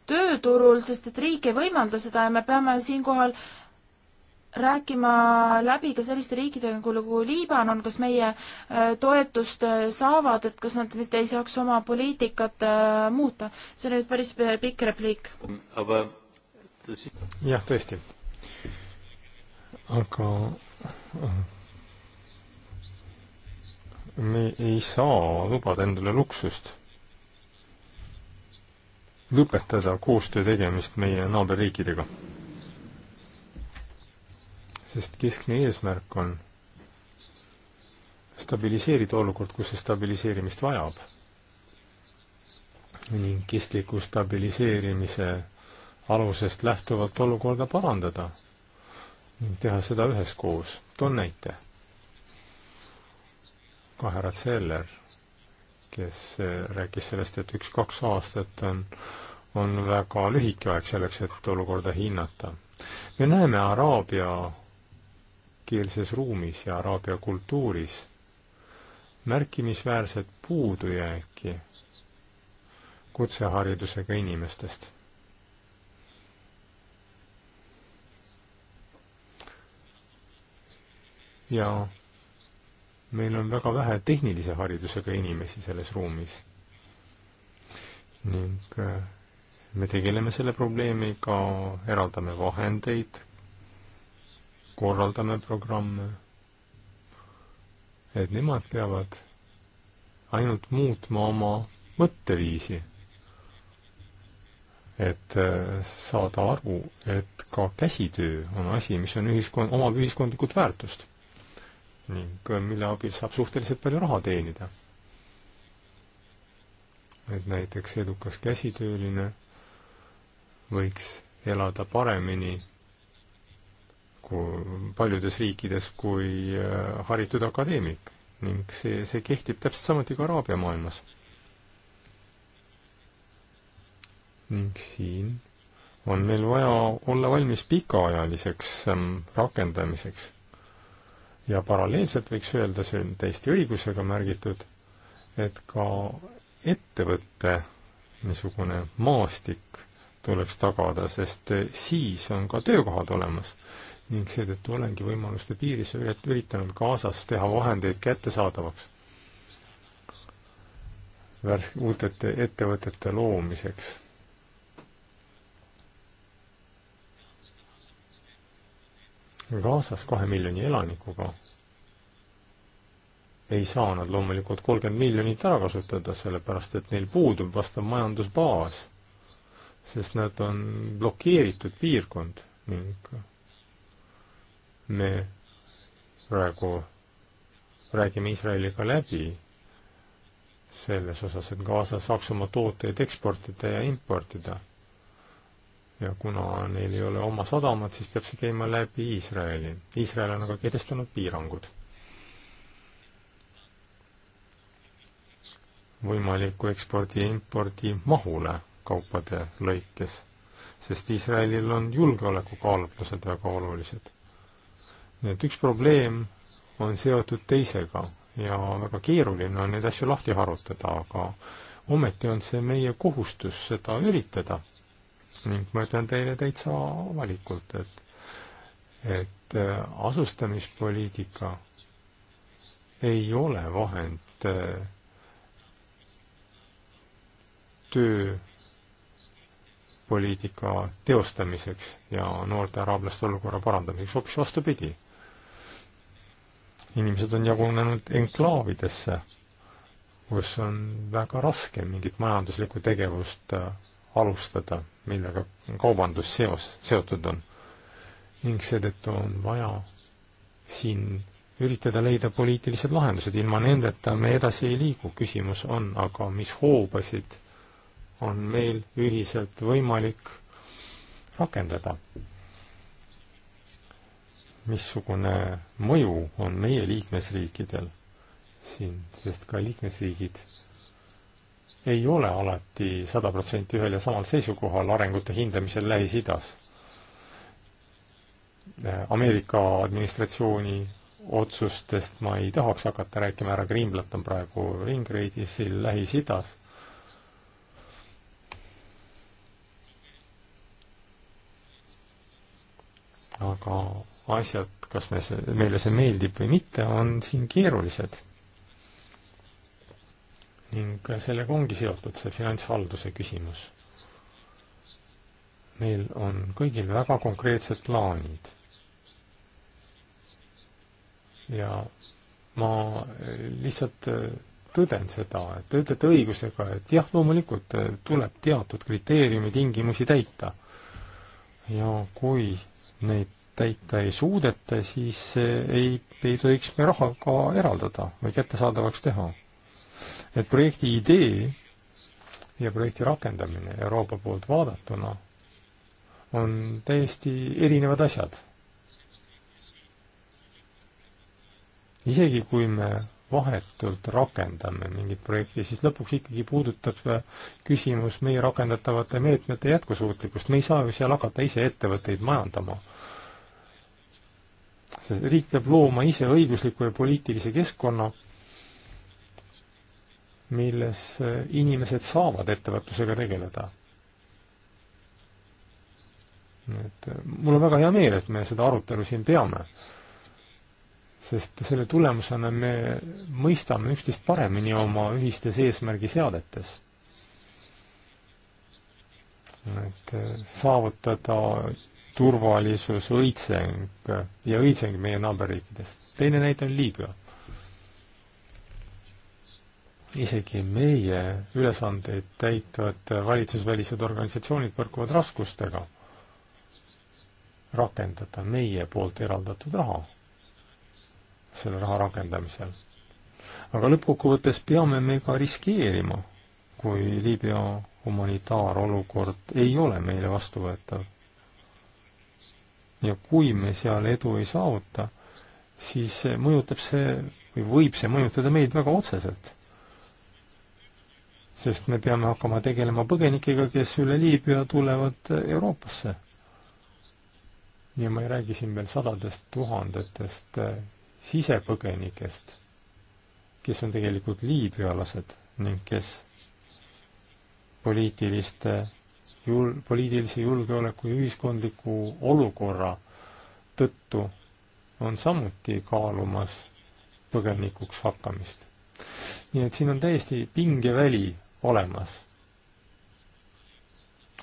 tööturul, sest et riik ei võimalda seda ja me peame siinkohal rääkima läbi ka selliste riikidega nagu Liibanon, kas meie äh, toetust saavad, et kas nad mitte ei saaks oma poliitikat muuta. see oli nüüd päris pikk repliik. aga jah, tõesti. aga me ei saa lubada endale luksust lõpetada koostöö tegemist meie naaberriikidega. sest keskne eesmärk on stabiliseerida olukord, kus see stabiliseerimist vajab. ning kestliku stabiliseerimise alusest lähtuvalt olukorda parandada ning teha seda üheskoos. toon näite. kohe härra Zeller, kes eh, rääkis sellest, et üks-kaks aastat on, on väga lühike aeg selleks, et olukorda hinnata. me näeme araabia keelses ruumis ja araabia kultuuris märkimisväärset puudujääki kutseharidusega inimestest ja meil on väga vähe tehnilise haridusega inimesi selles ruumis. ning äh, me tegeleme selle probleemiga, eraldame vahendeid, korraldame programme, et nemad peavad ainult muutma oma mõtteviisi, et äh, saada aru, et ka käsitöö on asi, mis on ühiskond, omab ühiskondlikult väärtust ning äh, mille abil saab suhteliselt palju raha teenida. et näiteks edukas käsitööline võiks elada paremini kui paljudes riikides kui äh, haritud akadeemik ning see, see kehtib täpselt samuti ka araabia maailmas. ning siin on meil vaja olla valmis pikaajaliseks ähm, rakendamiseks ja paralleelselt võiks öelda, see on täiesti õigusega märgitud, et ka ettevõtte niisugune maastik tuleks tagada, sest siis on ka töökohad olemas ning seetõttu olengi võimaluste piiris üritanud kaasas teha vahendeid kättesaadavaks värske, uutete ettevõtete loomiseks Gazas kahe miljoni elanikuga ei saa nad loomulikult kolmkümmend miljonit ära kasutada, sellepärast et neil puudub vastav majandusbaas, sest nad on blokeeritud piirkond ning me praegu räägime Iisraeliga läbi selles osas, et Gaza saaks oma tooteid eksportida ja importida ja kuna neil ei ole oma sadamat, siis peab see käima läbi Iisraeli. Iisrael on aga kehtestanud piirangud. võimaliku ekspordi ja impordi mahule kaupade lõikes, sest Iisraelil on julgeolekukaalutlused väga olulised. nii et üks probleem on seotud teisega ja väga keeruline on neid asju lahti harutada, aga ometi on see meie kohustus seda üritada ning ma ütlen teile täitsa avalikult, et, et äh, asustamispoliitika ei ole vahend äh, tööpoliitika teostamiseks ja noorte araablaste olukorra parandamiseks, hoopis vastupidi. inimesed on jagunenud enklaavidesse, kus on väga raske mingit majanduslikku tegevust äh, alustada millega kaubandus seos, seotud on. ning seetõttu on vaja siin üritada leida poliitilised lahendused, ilma nendeta me edasi ei liigu, küsimus on aga, mis hoobasid on meil ühiselt võimalik rakendada. missugune mõju on meie liikmesriikidel siin, sest ka liikmesriigid ei ole alati sada protsenti ühel ja samal seisukohal arengute hindamisel Lähis-Idas. Ameerika administratsiooni otsustest ma ei tahaks hakata rääkima, härra Greenblatt on praegu ringreidis Lähis-Idas. aga asjad, kas me, meile see meeldib või mitte, on siin keerulised ning sellega ongi seotud see finantshalduse küsimus. meil on kõigil väga konkreetsed plaanid. ja ma lihtsalt äh, tõden seda, et te ütlete õigusega, et jah, loomulikult äh, tuleb teatud kriteeriumi tingimusi täita. ja kui neid täita ei suudeta, siis äh, ei, ei tohiks me raha ka eraldada või kättesaadavaks teha et projekti idee ja projekti rakendamine Euroopa poolt vaadatuna on täiesti erinevad asjad. isegi kui me vahetult rakendame mingit projekti, siis lõpuks ikkagi puudutab see küsimus meie rakendatavate meetmete jätkusuutlikkust, me ei saa ju seal hakata ise ettevõtteid majandama. riik peab looma ise õigusliku ja poliitilise keskkonna, milles eh, inimesed saavad ettevõtlusega tegeleda. et eh, mul on väga hea meel, et me seda arutelu siin peame. sest selle tulemusena me mõistame üksteist paremini oma ühistes eesmärgiseadetes. et eh, saavutada turvalisus, õitseng ja õitseng meie naaberriikides. teine näide on Liibüa isegi meie ülesandeid täitvad valitsusvälised organisatsioonid põrkuvad raskustega rakendada meie poolt eraldatud raha, selle raha rakendamisel. aga lõppkokkuvõttes peame me ka riskeerima, kui Liibüa humanitaarolukord ei ole meile vastuvõetav. ja kui me seal edu ei saavuta, siis mõjutab see või võib see mõjutada meid väga otseselt sest me peame hakkama tegelema põgenikega, kes üle Liibüa tulevad Euroopasse. ja ma ei räägi siin veel sadadest tuhandetest äh, sisepõgenikest, kes on tegelikult liibüalased ning kes poliitiliste jul-, poliitilise julgeoleku ja ühiskondliku olukorra tõttu on samuti kaalumas põgenikuks hakkamist. nii et siin on täiesti pingeväli olemas.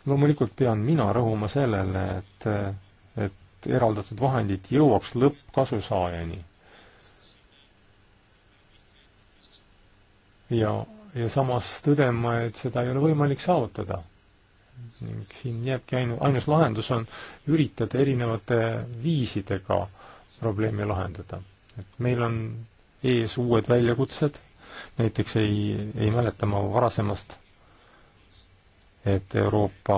loomulikult pean mina rõhuma sellele, et, et eraldatud vahendid jõuaks lõppkasusaajani. ja, ja samas tõdema, et seda ei ole võimalik saavutada ning siin jääbki ainu-, ainus lahendus on üritada erinevate viisidega probleemi lahendada. et meil on ees uued väljakutsed, näiteks ei, ei mäleta ma varasemast, et Euroopa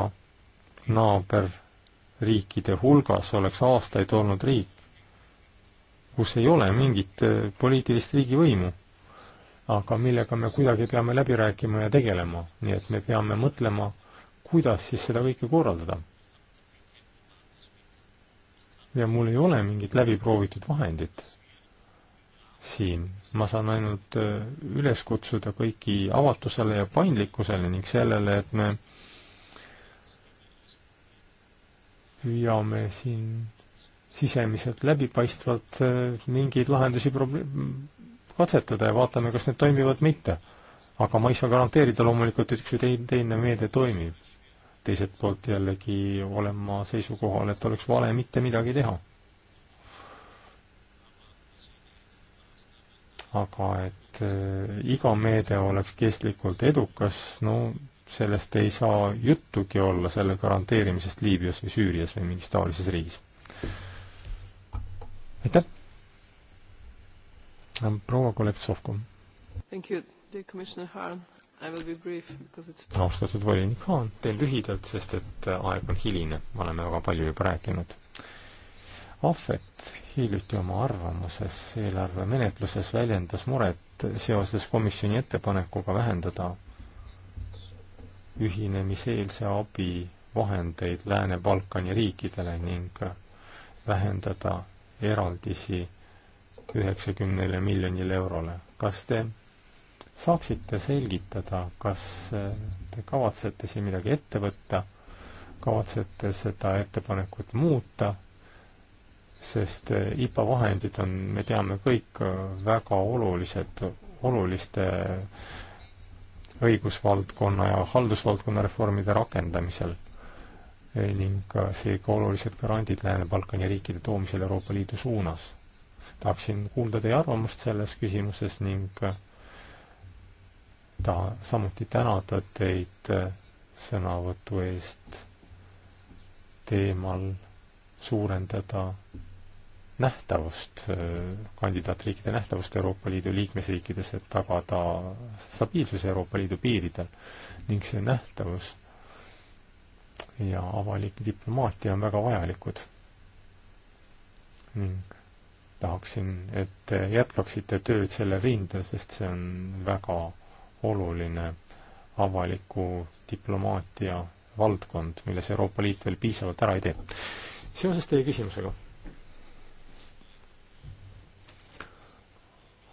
naaberriikide hulgas oleks aastaid olnud riik, kus ei ole mingit äh, poliitilist riigivõimu, aga millega me kuidagi peame läbi rääkima ja tegelema, nii et me peame mõtlema, kuidas siis seda kõike korraldada. ja mul ei ole mingit läbiproovitud vahendit siin. ma saan ainult äh, üles kutsuda kõiki avatusele ja paindlikkusele ning sellele, et me püüame siin sisemiselt läbipaistvalt äh, mingeid lahendusi probleem-, katsetada ja vaatame, kas need toimivad või mitte. aga ma ei saa garanteerida loomulikult, et üks või teine, teine meede toimib. teiselt poolt jällegi olen ma seisukohal, et oleks vale mitte midagi teha aga et äh, iga meede oleks kestlikult edukas, no sellest ei saa juttugi olla, selle garanteerimisest Liibüas või Süürias või mingis taolises riigis. aitäh! Ähm, proua Koletsovko. austatud volinik Haan, teen lühidalt, sest et äh, aeg on hiline, me oleme väga palju juba rääkinud Ahvet hiljuti oma arvamuses eelarve menetluses väljendas muret seoses komisjoni ettepanekuga vähendada ühinemiseelse abi vahendeid Lääne-Balkani riikidele ning vähendada eraldisi üheksakümnele miljonile eurole. kas te saaksite selgitada, kas te kavatsete siin midagi ette võtta, kavatsete seda ettepanekut muuta sest eh, IPA vahendid on, me teame kõik, eh, väga olulised, oluliste õigusvaldkonna ja haldusvaldkonna reformide rakendamisel eh, ning seega olulised garandid Lääne-Balkani riikide toomisel Euroopa Liidu suunas. tahaksin kuulda teie arvamust selles küsimuses ning taha samuti tänada teid sõnavõtu eest teemal suurendada nähtavust, äh, kandidaatriikide nähtavust Euroopa Liidu liikmesriikides, et tagada stabiilsus Euroopa Liidu piiridel ning see nähtavus ja avalik diplomaatia on väga vajalikud. ning tahaksin, et te jätkaksite tööd sellel rindel, sest see on väga oluline avaliku diplomaatia valdkond, milles Euroopa Liit veel piisavalt ära ei tee. seoses teie küsimusega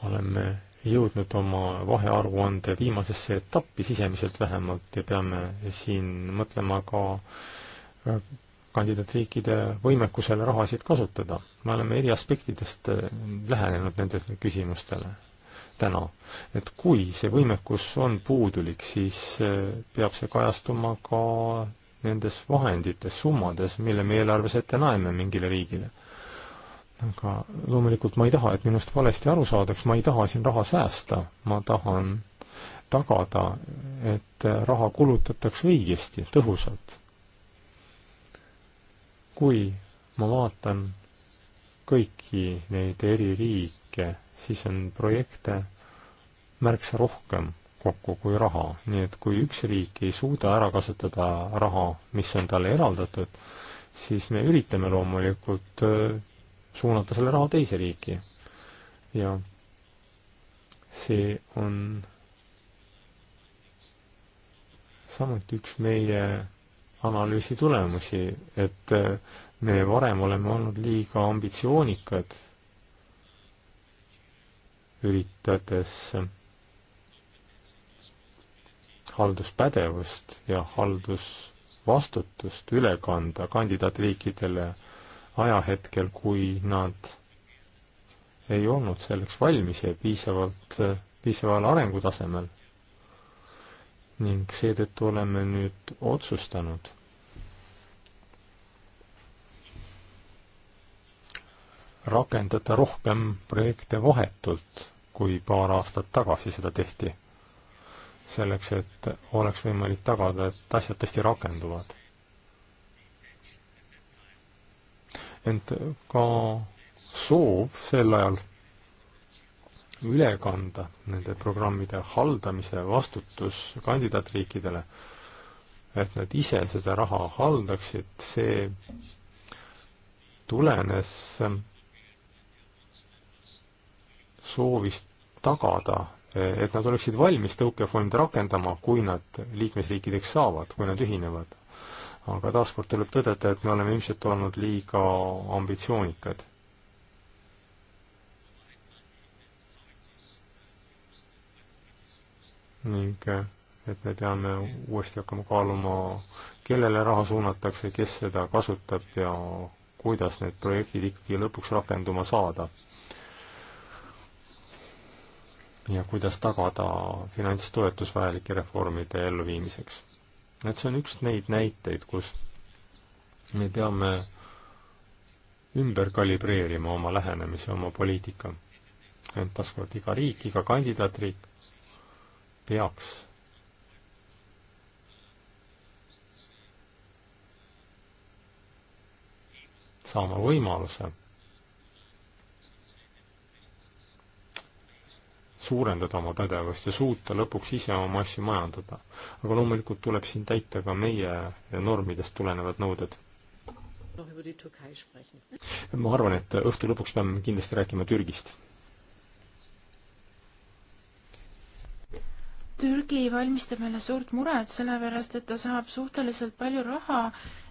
oleme jõudnud oma vahearuande viimasesse etappi sisemiselt vähemalt ja peame siin mõtlema ka äh, kandidaatriikide võimekusele rahasid kasutada. me oleme eri aspektidest äh, lähenenud nendele küsimustele täna. et kui see võimekus on puudulik, siis äh, peab see kajastuma ka nendes vahendites, summades, mille me eelarves ette näeme mingile riigile aga loomulikult ma ei taha, et minust valesti aru saadaks, ma ei taha siin raha säästa, ma tahan tagada, et raha kulutatakse õigesti, tõhusalt. kui ma vaatan kõiki neid eri riike, siis on projekte märksa rohkem kokku kui raha, nii et kui üks riik ei suuda ära kasutada raha, mis on talle eraldatud, siis me üritame loomulikult äh, suunata selle raha teise riiki. ja see on samuti üks meie analüüsi tulemusi, et me varem oleme olnud liiga ambitsioonikad, üritades halduspädevust ja haldusvastutust üle kanda kandidaatriikidele ajahetkel, kui nad ei olnud selleks valmis ja piisavalt, piisaval arengutasemel. ning seetõttu oleme nüüd otsustanud rakendada rohkem projekte vahetult, kui paar aastat tagasi seda tehti. selleks, et oleks võimalik tagada, et asjad tõesti rakenduvad ent ka soov sel ajal üle kanda nende programmide haldamise vastutus kandidaatriikidele, et nad ise seda raha haldaksid, see tulenes soovist tagada, et nad oleksid valmis tõukefonde rakendama, kui nad liikmesriikideks saavad, kui nad ühinevad aga taaskord tuleb tõdeda, et me oleme ilmselt olnud liiga ambitsioonikad. ning et me peame uuesti hakkama kaaluma, kellele raha suunatakse, kes seda kasutab ja kuidas need projektid ikkagi lõpuks rakenduma saada. ja kuidas tagada finantstoetus vajalike reformide elluviimiseks et see on üks neid näiteid, kus me peame ümber kalibreerima oma lähenemise, oma poliitika. ent taaskord iga riik, iga kandidaatriik peaks saama võimaluse suurendada oma pädevust ja suuta lõpuks ise oma asju majandada. aga loomulikult tuleb siin täita ka meie normidest tulenevad nõuded. ma arvan, et õhtu lõpuks peame kindlasti rääkima Türgist. Türgi valmistab meile suurt muret, sellepärast et ta saab suhteliselt palju raha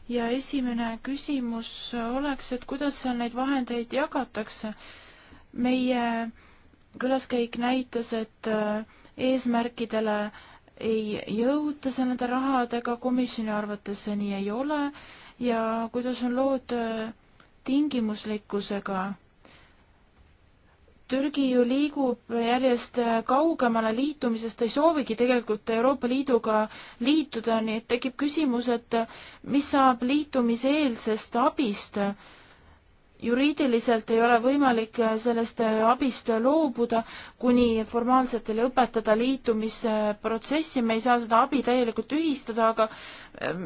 ja esimene küsimus oleks, et kuidas seal neid vahendeid jagatakse. meie äh, külaskäik näitas, et äh, eesmärkidele ei jõuta see nende rahadega, komisjoni arvates see nii ei ole ja kuidas on lood äh, tingimuslikkusega? Türgi ju liigub järjest äh, kaugemale liitumisest, ta ei soovigi tegelikult Euroopa Liiduga liituda, nii et tekib küsimus, et mis saab liitumiseelsest abist juriidiliselt ei ole võimalik äh, sellest äh, abist äh, loobuda, kuni formaalselt ei lõpetada liitumisprotsessi, me ei saa seda abi täielikult tühistada, aga ähm,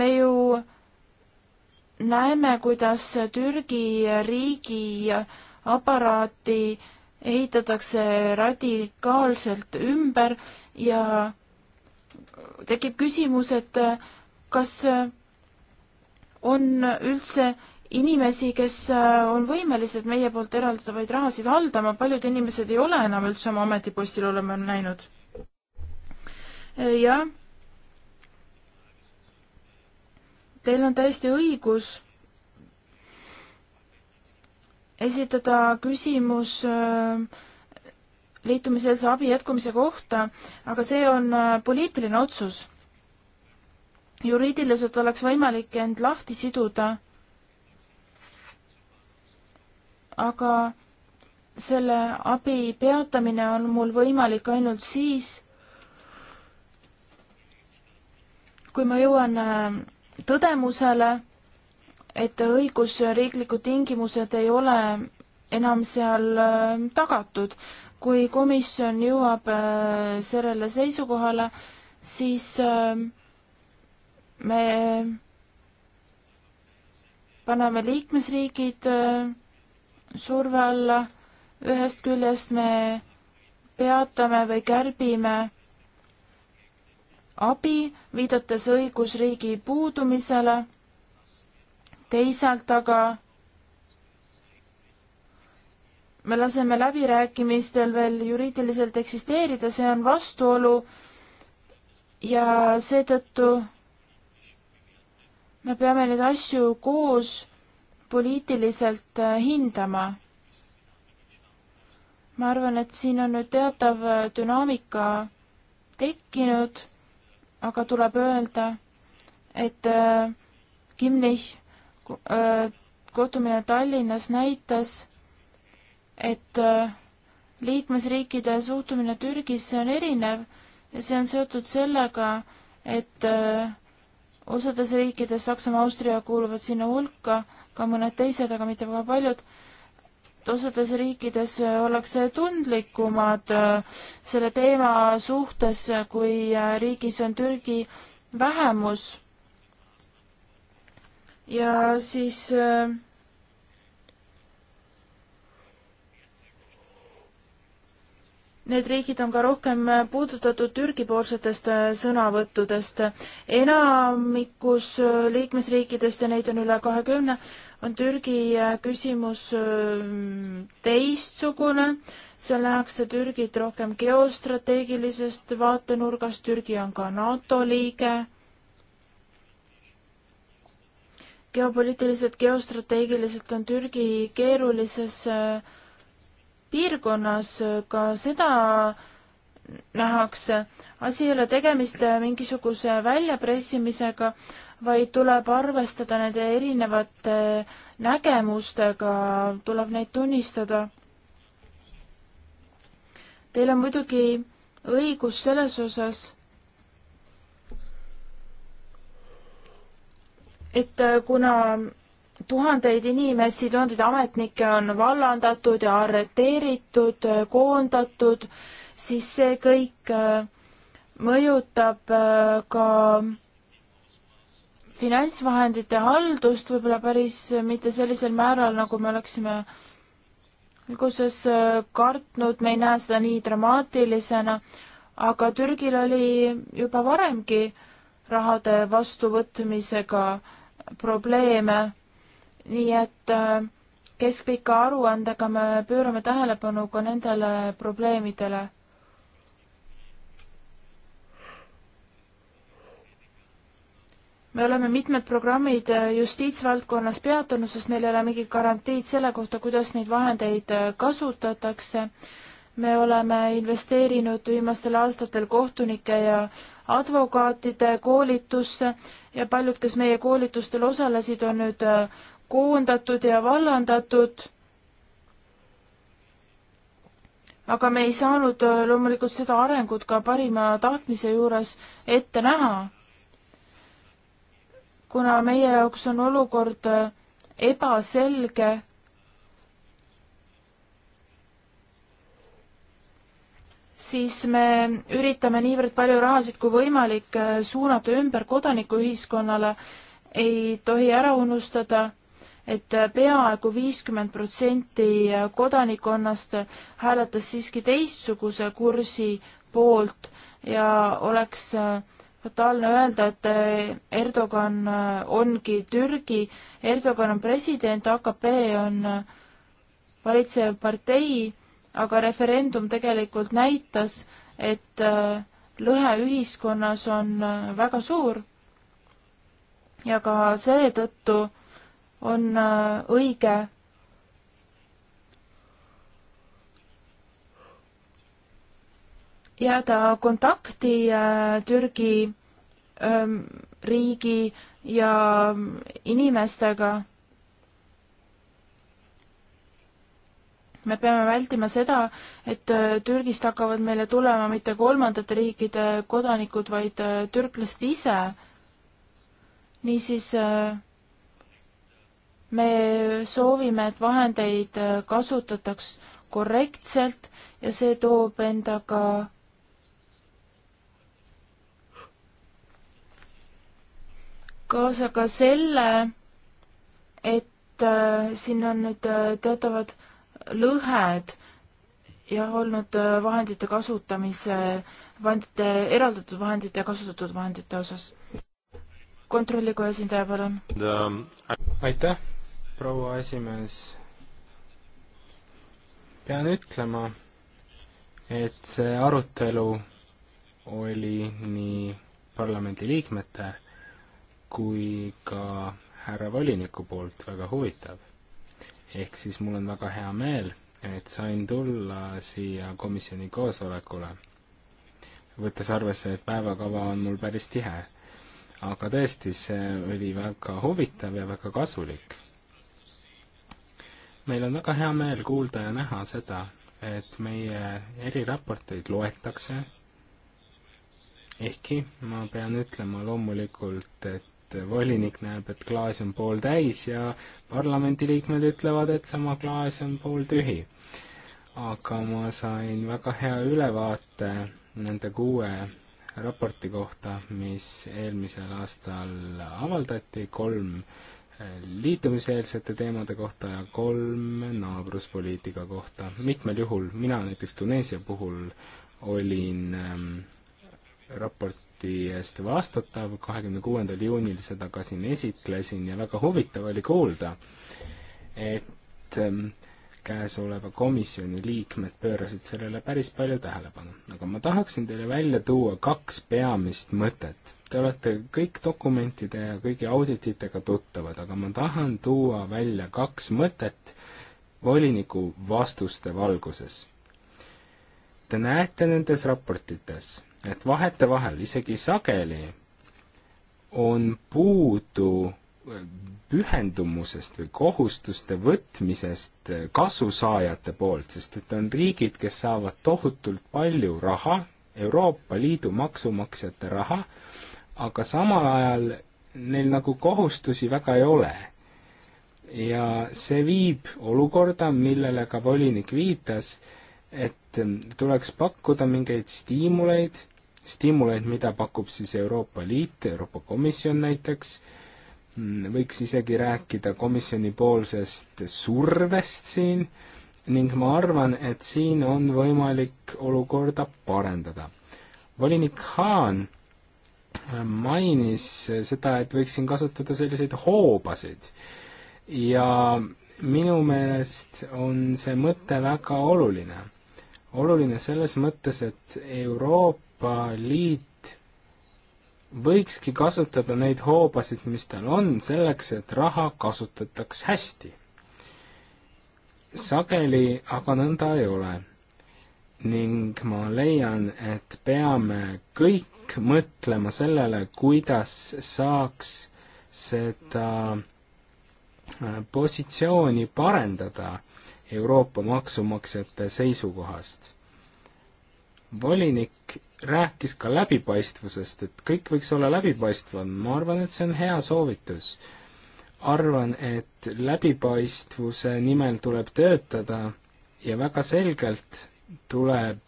me ju näeme, kuidas Türgi riigi aparaati ehitatakse radikaalselt ümber ja tekib küsimus, et kas on üldse inimesi, kes äh, on võimelised meie poolt eraldatavaid rahasid haldama, paljud inimesed ei ole enam üldse oma ametipostil, oleme näinud. Äh, jah. Teil on täiesti õigus esitada küsimus äh, liitumiseelse abi jätkumise kohta, aga see on poliitiline otsus. juriidiliselt oleks võimalik end lahti siduda aga selle abi peatamine on mul võimalik ainult siis, kui ma jõuan äh, tõdemusele, et õigusriiklikud tingimused ei ole enam seal äh, tagatud. kui komisjon jõuab äh, sellele seisukohale, siis me paneme liikmesriigid äh, surve alla. ühest küljest me peatame või kärbime abi, viidates õigusriigi puudumisele, teisalt aga me laseme läbirääkimistel veel juriidiliselt eksisteerida, see on vastuolu ja seetõttu me peame neid asju koos poliitiliselt äh, hindama. ma arvan, et siin on nüüd teatav äh, dünaamika tekkinud, aga tuleb öelda, et Kimlich äh, kohtumine Tallinnas näitas, et liikmesriikide suhtumine Türgisse on erinev ja see on seotud sellega, et osades riikides, Saksamaa, Austria kuuluvad sinna hulka, ka mõned teised, aga mitte väga paljud, et osades riikides äh, ollakse tundlikumad äh, selle teema suhtes, äh, kui riigis on Türgi vähemus. ja siis äh, Need riigid on ka rohkem puudutatud Türgi-poolsetest äh, sõnavõttudest. enamikus äh, liikmesriikidest ja neid on üle kahekümne, on Türgi äh, küsimus teistsugune, seal nähakse Türgit rohkem geostrateegilisest vaatenurgast, Türgi on ka NATO liige. geopoliitiliselt, geostrateegiliselt on Türgi keerulises äh, piirkonnas ka seda nähakse. asi ei ole tegemist mingisuguse väljapressimisega, vaid tuleb arvestada nende erinevate nägemustega, tuleb neid tunnistada. Teil on muidugi õigus selles osas, et kuna tuhandeid inimesi, tuhandeid ametnikke on vallandatud ja arreteeritud, koondatud, siis see kõik äh, mõjutab äh, ka finantsvahendite haldust võib-olla päris mitte sellisel määral, nagu me oleksime alguses äh, kartnud, me ei näe seda nii dramaatilisena, aga Türgil oli juba varemgi rahade vastuvõtmisega probleeme nii et äh, keskpika aruandega me pöörame tähelepanu ka nendele probleemidele me oleme mitmed programmid äh, justiitsvaldkonnas peatunud, sest meil ei ole mingit garantiid selle kohta, kuidas neid vahendeid äh, kasutatakse. me oleme investeerinud viimastel aastatel kohtunike ja advokaatide koolitusse ja paljud, kes meie koolitustel osalesid, on nüüd koondatud ja vallandatud. aga me ei saanud äh, loomulikult seda arengut ka parima tahtmise juures ette näha. kuna meie jaoks on olukord äh, ebaselge, siis me üritame niivõrd palju rahasid kui võimalik äh, suunata ümber kodanikuühiskonnale, ei tohi ära unustada et peaaegu viiskümmend protsenti kodanikkonnast hääletas siiski teistsuguse kursi poolt ja oleks äh, fataalne öelda, et äh, Erdogan äh, ongi Türgi, Erdogan on president, AKP on valitsev partei, aga referendum tegelikult näitas, et lõhe ühiskonnas on väga suur ja ka seetõttu on äh, õige jääda kontakti äh, Türgi ähm, riigi ja ähm, inimestega me peame vältima seda, et äh, Türgist hakkavad meile tulema mitte kolmandate riikide kodanikud, vaid türklased ise. niisiis äh, me soovime, et vahendeid äh, kasutataks korrektselt ja see toob endaga kaasa ka selle, et äh, siin on nüüd äh, teatavad lõhed jah, olnud äh, vahendite kasutamise, vahendite, eraldatud vahendite ja kasutatud vahendite osas. kontrollikoja esindaja, palun. Um, aitäh proua esimees. pean ütlema, et see arutelu oli nii parlamendiliikmete kui ka härra voliniku poolt väga huvitav. ehk siis mul on väga hea meel, et sain tulla siia komisjoni koosolekule, võttes arvesse, et päevakava on mul päris tihe. aga tõesti, see oli väga huvitav ja väga kasulik meil on väga hea meel kuulda ja näha seda, et meie eriraporteid loetakse, ehkki ma pean ütlema loomulikult, et volinik näeb, et klaas on pooltäis ja parlamendiliikmed ütlevad, et sama klaas on pooltühi. aga ma sain väga hea ülevaate nende kuue raporti kohta, mis eelmisel aastal avaldati, kolm liitumiseelsete teemade kohta ja kolm naabruspoliitika kohta. mitmel juhul, mina näiteks Tuneesia puhul olin ähm, raporti eest vastutav, kahekümne kuuendal juunil seda ka siin esitlesin ja väga huvitav oli kuulda, et ähm, käesoleva komisjoni liikmed pöörasid sellele päris palju tähelepanu. aga ma tahaksin teile välja tuua kaks peamist mõtet Te olete kõik dokumentide ja kõigi audititega tuttavad, aga ma tahan tuua välja kaks mõtet voliniku vastuste valguses. Te näete nendes raportites, et vahetevahel isegi sageli on puudu pühendumusest või kohustuste võtmisest kasusaajate poolt, sest et on riigid, kes saavad tohutult palju raha, Euroopa Liidu maksumaksjate raha, aga samal ajal neil nagu kohustusi väga ei ole. ja see viib olukorda, millele ka volinik viitas, et tuleks pakkuda mingeid stiimuleid, stiimuleid, mida pakub siis Euroopa Liit, Euroopa Komisjon näiteks, võiks isegi rääkida komisjonipoolsest survest siin ning ma arvan, et siin on võimalik olukorda parendada. volinik Haan mainis seda, et võiksin kasutada selliseid hoobasid. ja minu meelest on see mõte väga oluline. oluline selles mõttes, et Euroopa Liit võikski kasutada neid hoobasid, mis tal on, selleks, et raha kasutataks hästi. sageli aga nõnda ei ole ning ma leian, et peame kõik kõik mõtlema sellele, kuidas saaks seda äh, positsiooni parendada Euroopa maksumaksjate seisukohast. volinik rääkis ka läbipaistvusest, et kõik võiks olla läbipaistvam, ma arvan, et see on hea soovitus. arvan, et läbipaistvuse nimel tuleb töötada ja väga selgelt tuleb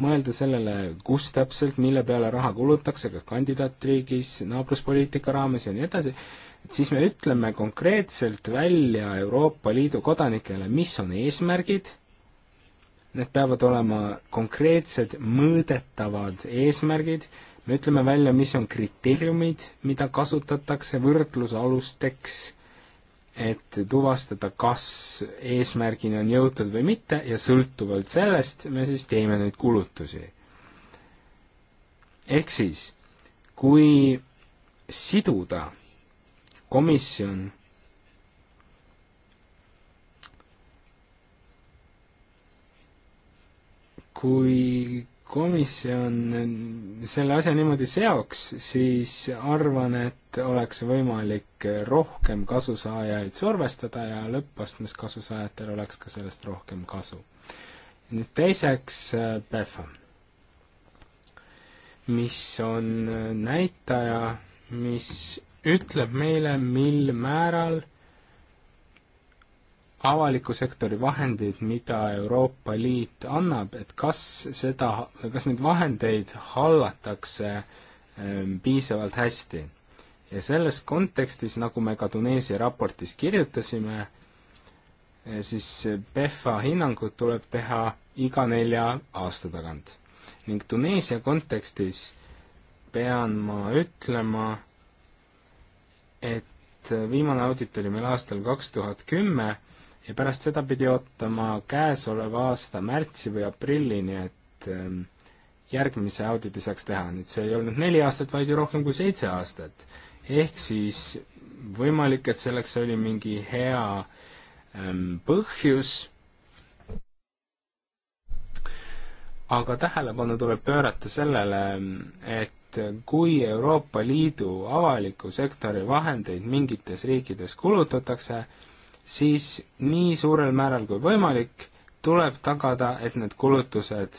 mõelda sellele, kus täpselt, mille peale raha kulutakse, kas kandidaatriigis, naabruspoliitika raames ja nii edasi, et siis me ütleme konkreetselt välja Euroopa Liidu kodanikele, mis on eesmärgid, need peavad olema konkreetsed mõõdetavad eesmärgid, me ütleme välja, mis on kriteeriumid, mida kasutatakse võrdlusalusteks et tuvastada, kas eesmärgini on jõutud või mitte ja sõltuvalt sellest me siis teeme neid kulutusi. ehk siis, kui siduda komisjon kui komisjon selle asja niimoodi seoks, siis arvan, et oleks võimalik rohkem kasusaajaid survestada ja lõppastmes kasusaajatel oleks ka sellest rohkem kasu. nüüd teiseks PEFA, äh, mis on äh, näitaja, mis ütleb meile, mil määral avaliku sektori vahendeid, mida Euroopa Liit annab, et kas seda, kas neid vahendeid hallatakse ähm, piisavalt hästi. ja selles kontekstis, nagu me ka Tuneesia raportis kirjutasime, äh, siis PEFA hinnangud tuleb teha iga nelja aasta tagant. ning Tuneesia kontekstis pean ma ütlema, et viimane audit oli meil aastal kaks tuhat kümme ja pärast seda pidi ootama käesoleva aasta märtsi või aprillini, et ähm, järgmise auditi saaks teha, nüüd see ei olnud neli aastat, vaid ju rohkem kui seitse aastat. ehk siis võimalik, et selleks oli mingi hea ähm, põhjus, aga tähelepanu tuleb pöörata sellele, et kui Euroopa Liidu avaliku sektori vahendeid mingites riikides kulutatakse, siis nii suurel määral kui võimalik tuleb tagada, et need kulutused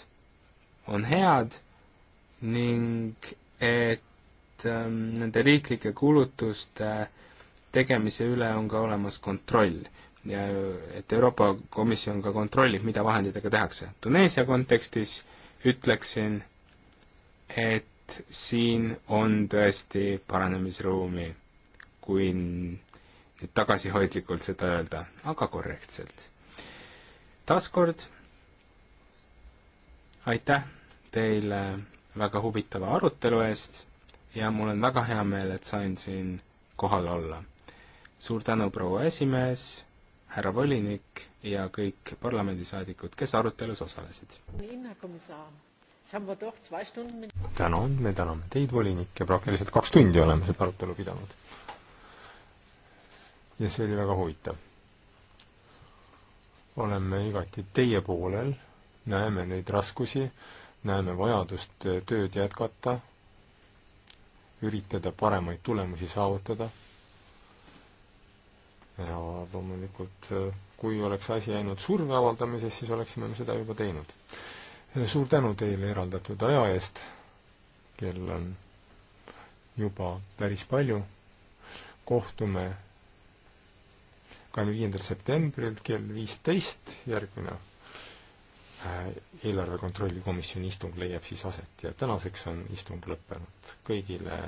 on head ning et ähm, nende riiklike kulutuste tegemise üle on ka olemas kontroll ja et Euroopa Komisjon ka kontrollib, mida vahenditega tehakse. Tuneesia kontekstis ütleksin, et siin on tõesti paranemisruumi, kui tagasihoidlikult seda öelda, aga korrektselt. taaskord aitäh teile väga huvitava arutelu eest ja mul on väga hea meel, et sain siin kohal olla. suur tänu, proua esimees, härra volinik ja kõik parlamendisaadikud, kes arutelus osalesid. tänan, me täname teid, volinik, ja praktiliselt kaks tundi oleme seda arutelu pidanud ja see oli väga huvitav. oleme igati teie poolel, näeme neid raskusi, näeme vajadust tööd jätkata, üritada paremaid tulemusi saavutada ja loomulikult kui oleks asi ainult surve avaldamises, siis oleksime me seda juba teinud. suur tänu teile eraldatud aja eest, kell on juba päris palju, kohtume kahekümne viiendal septembril kell viisteist, järgmine äh, eelarve kontrolli komisjoni istung leiab siis aset ja tänaseks on istung lõppenud. kõigile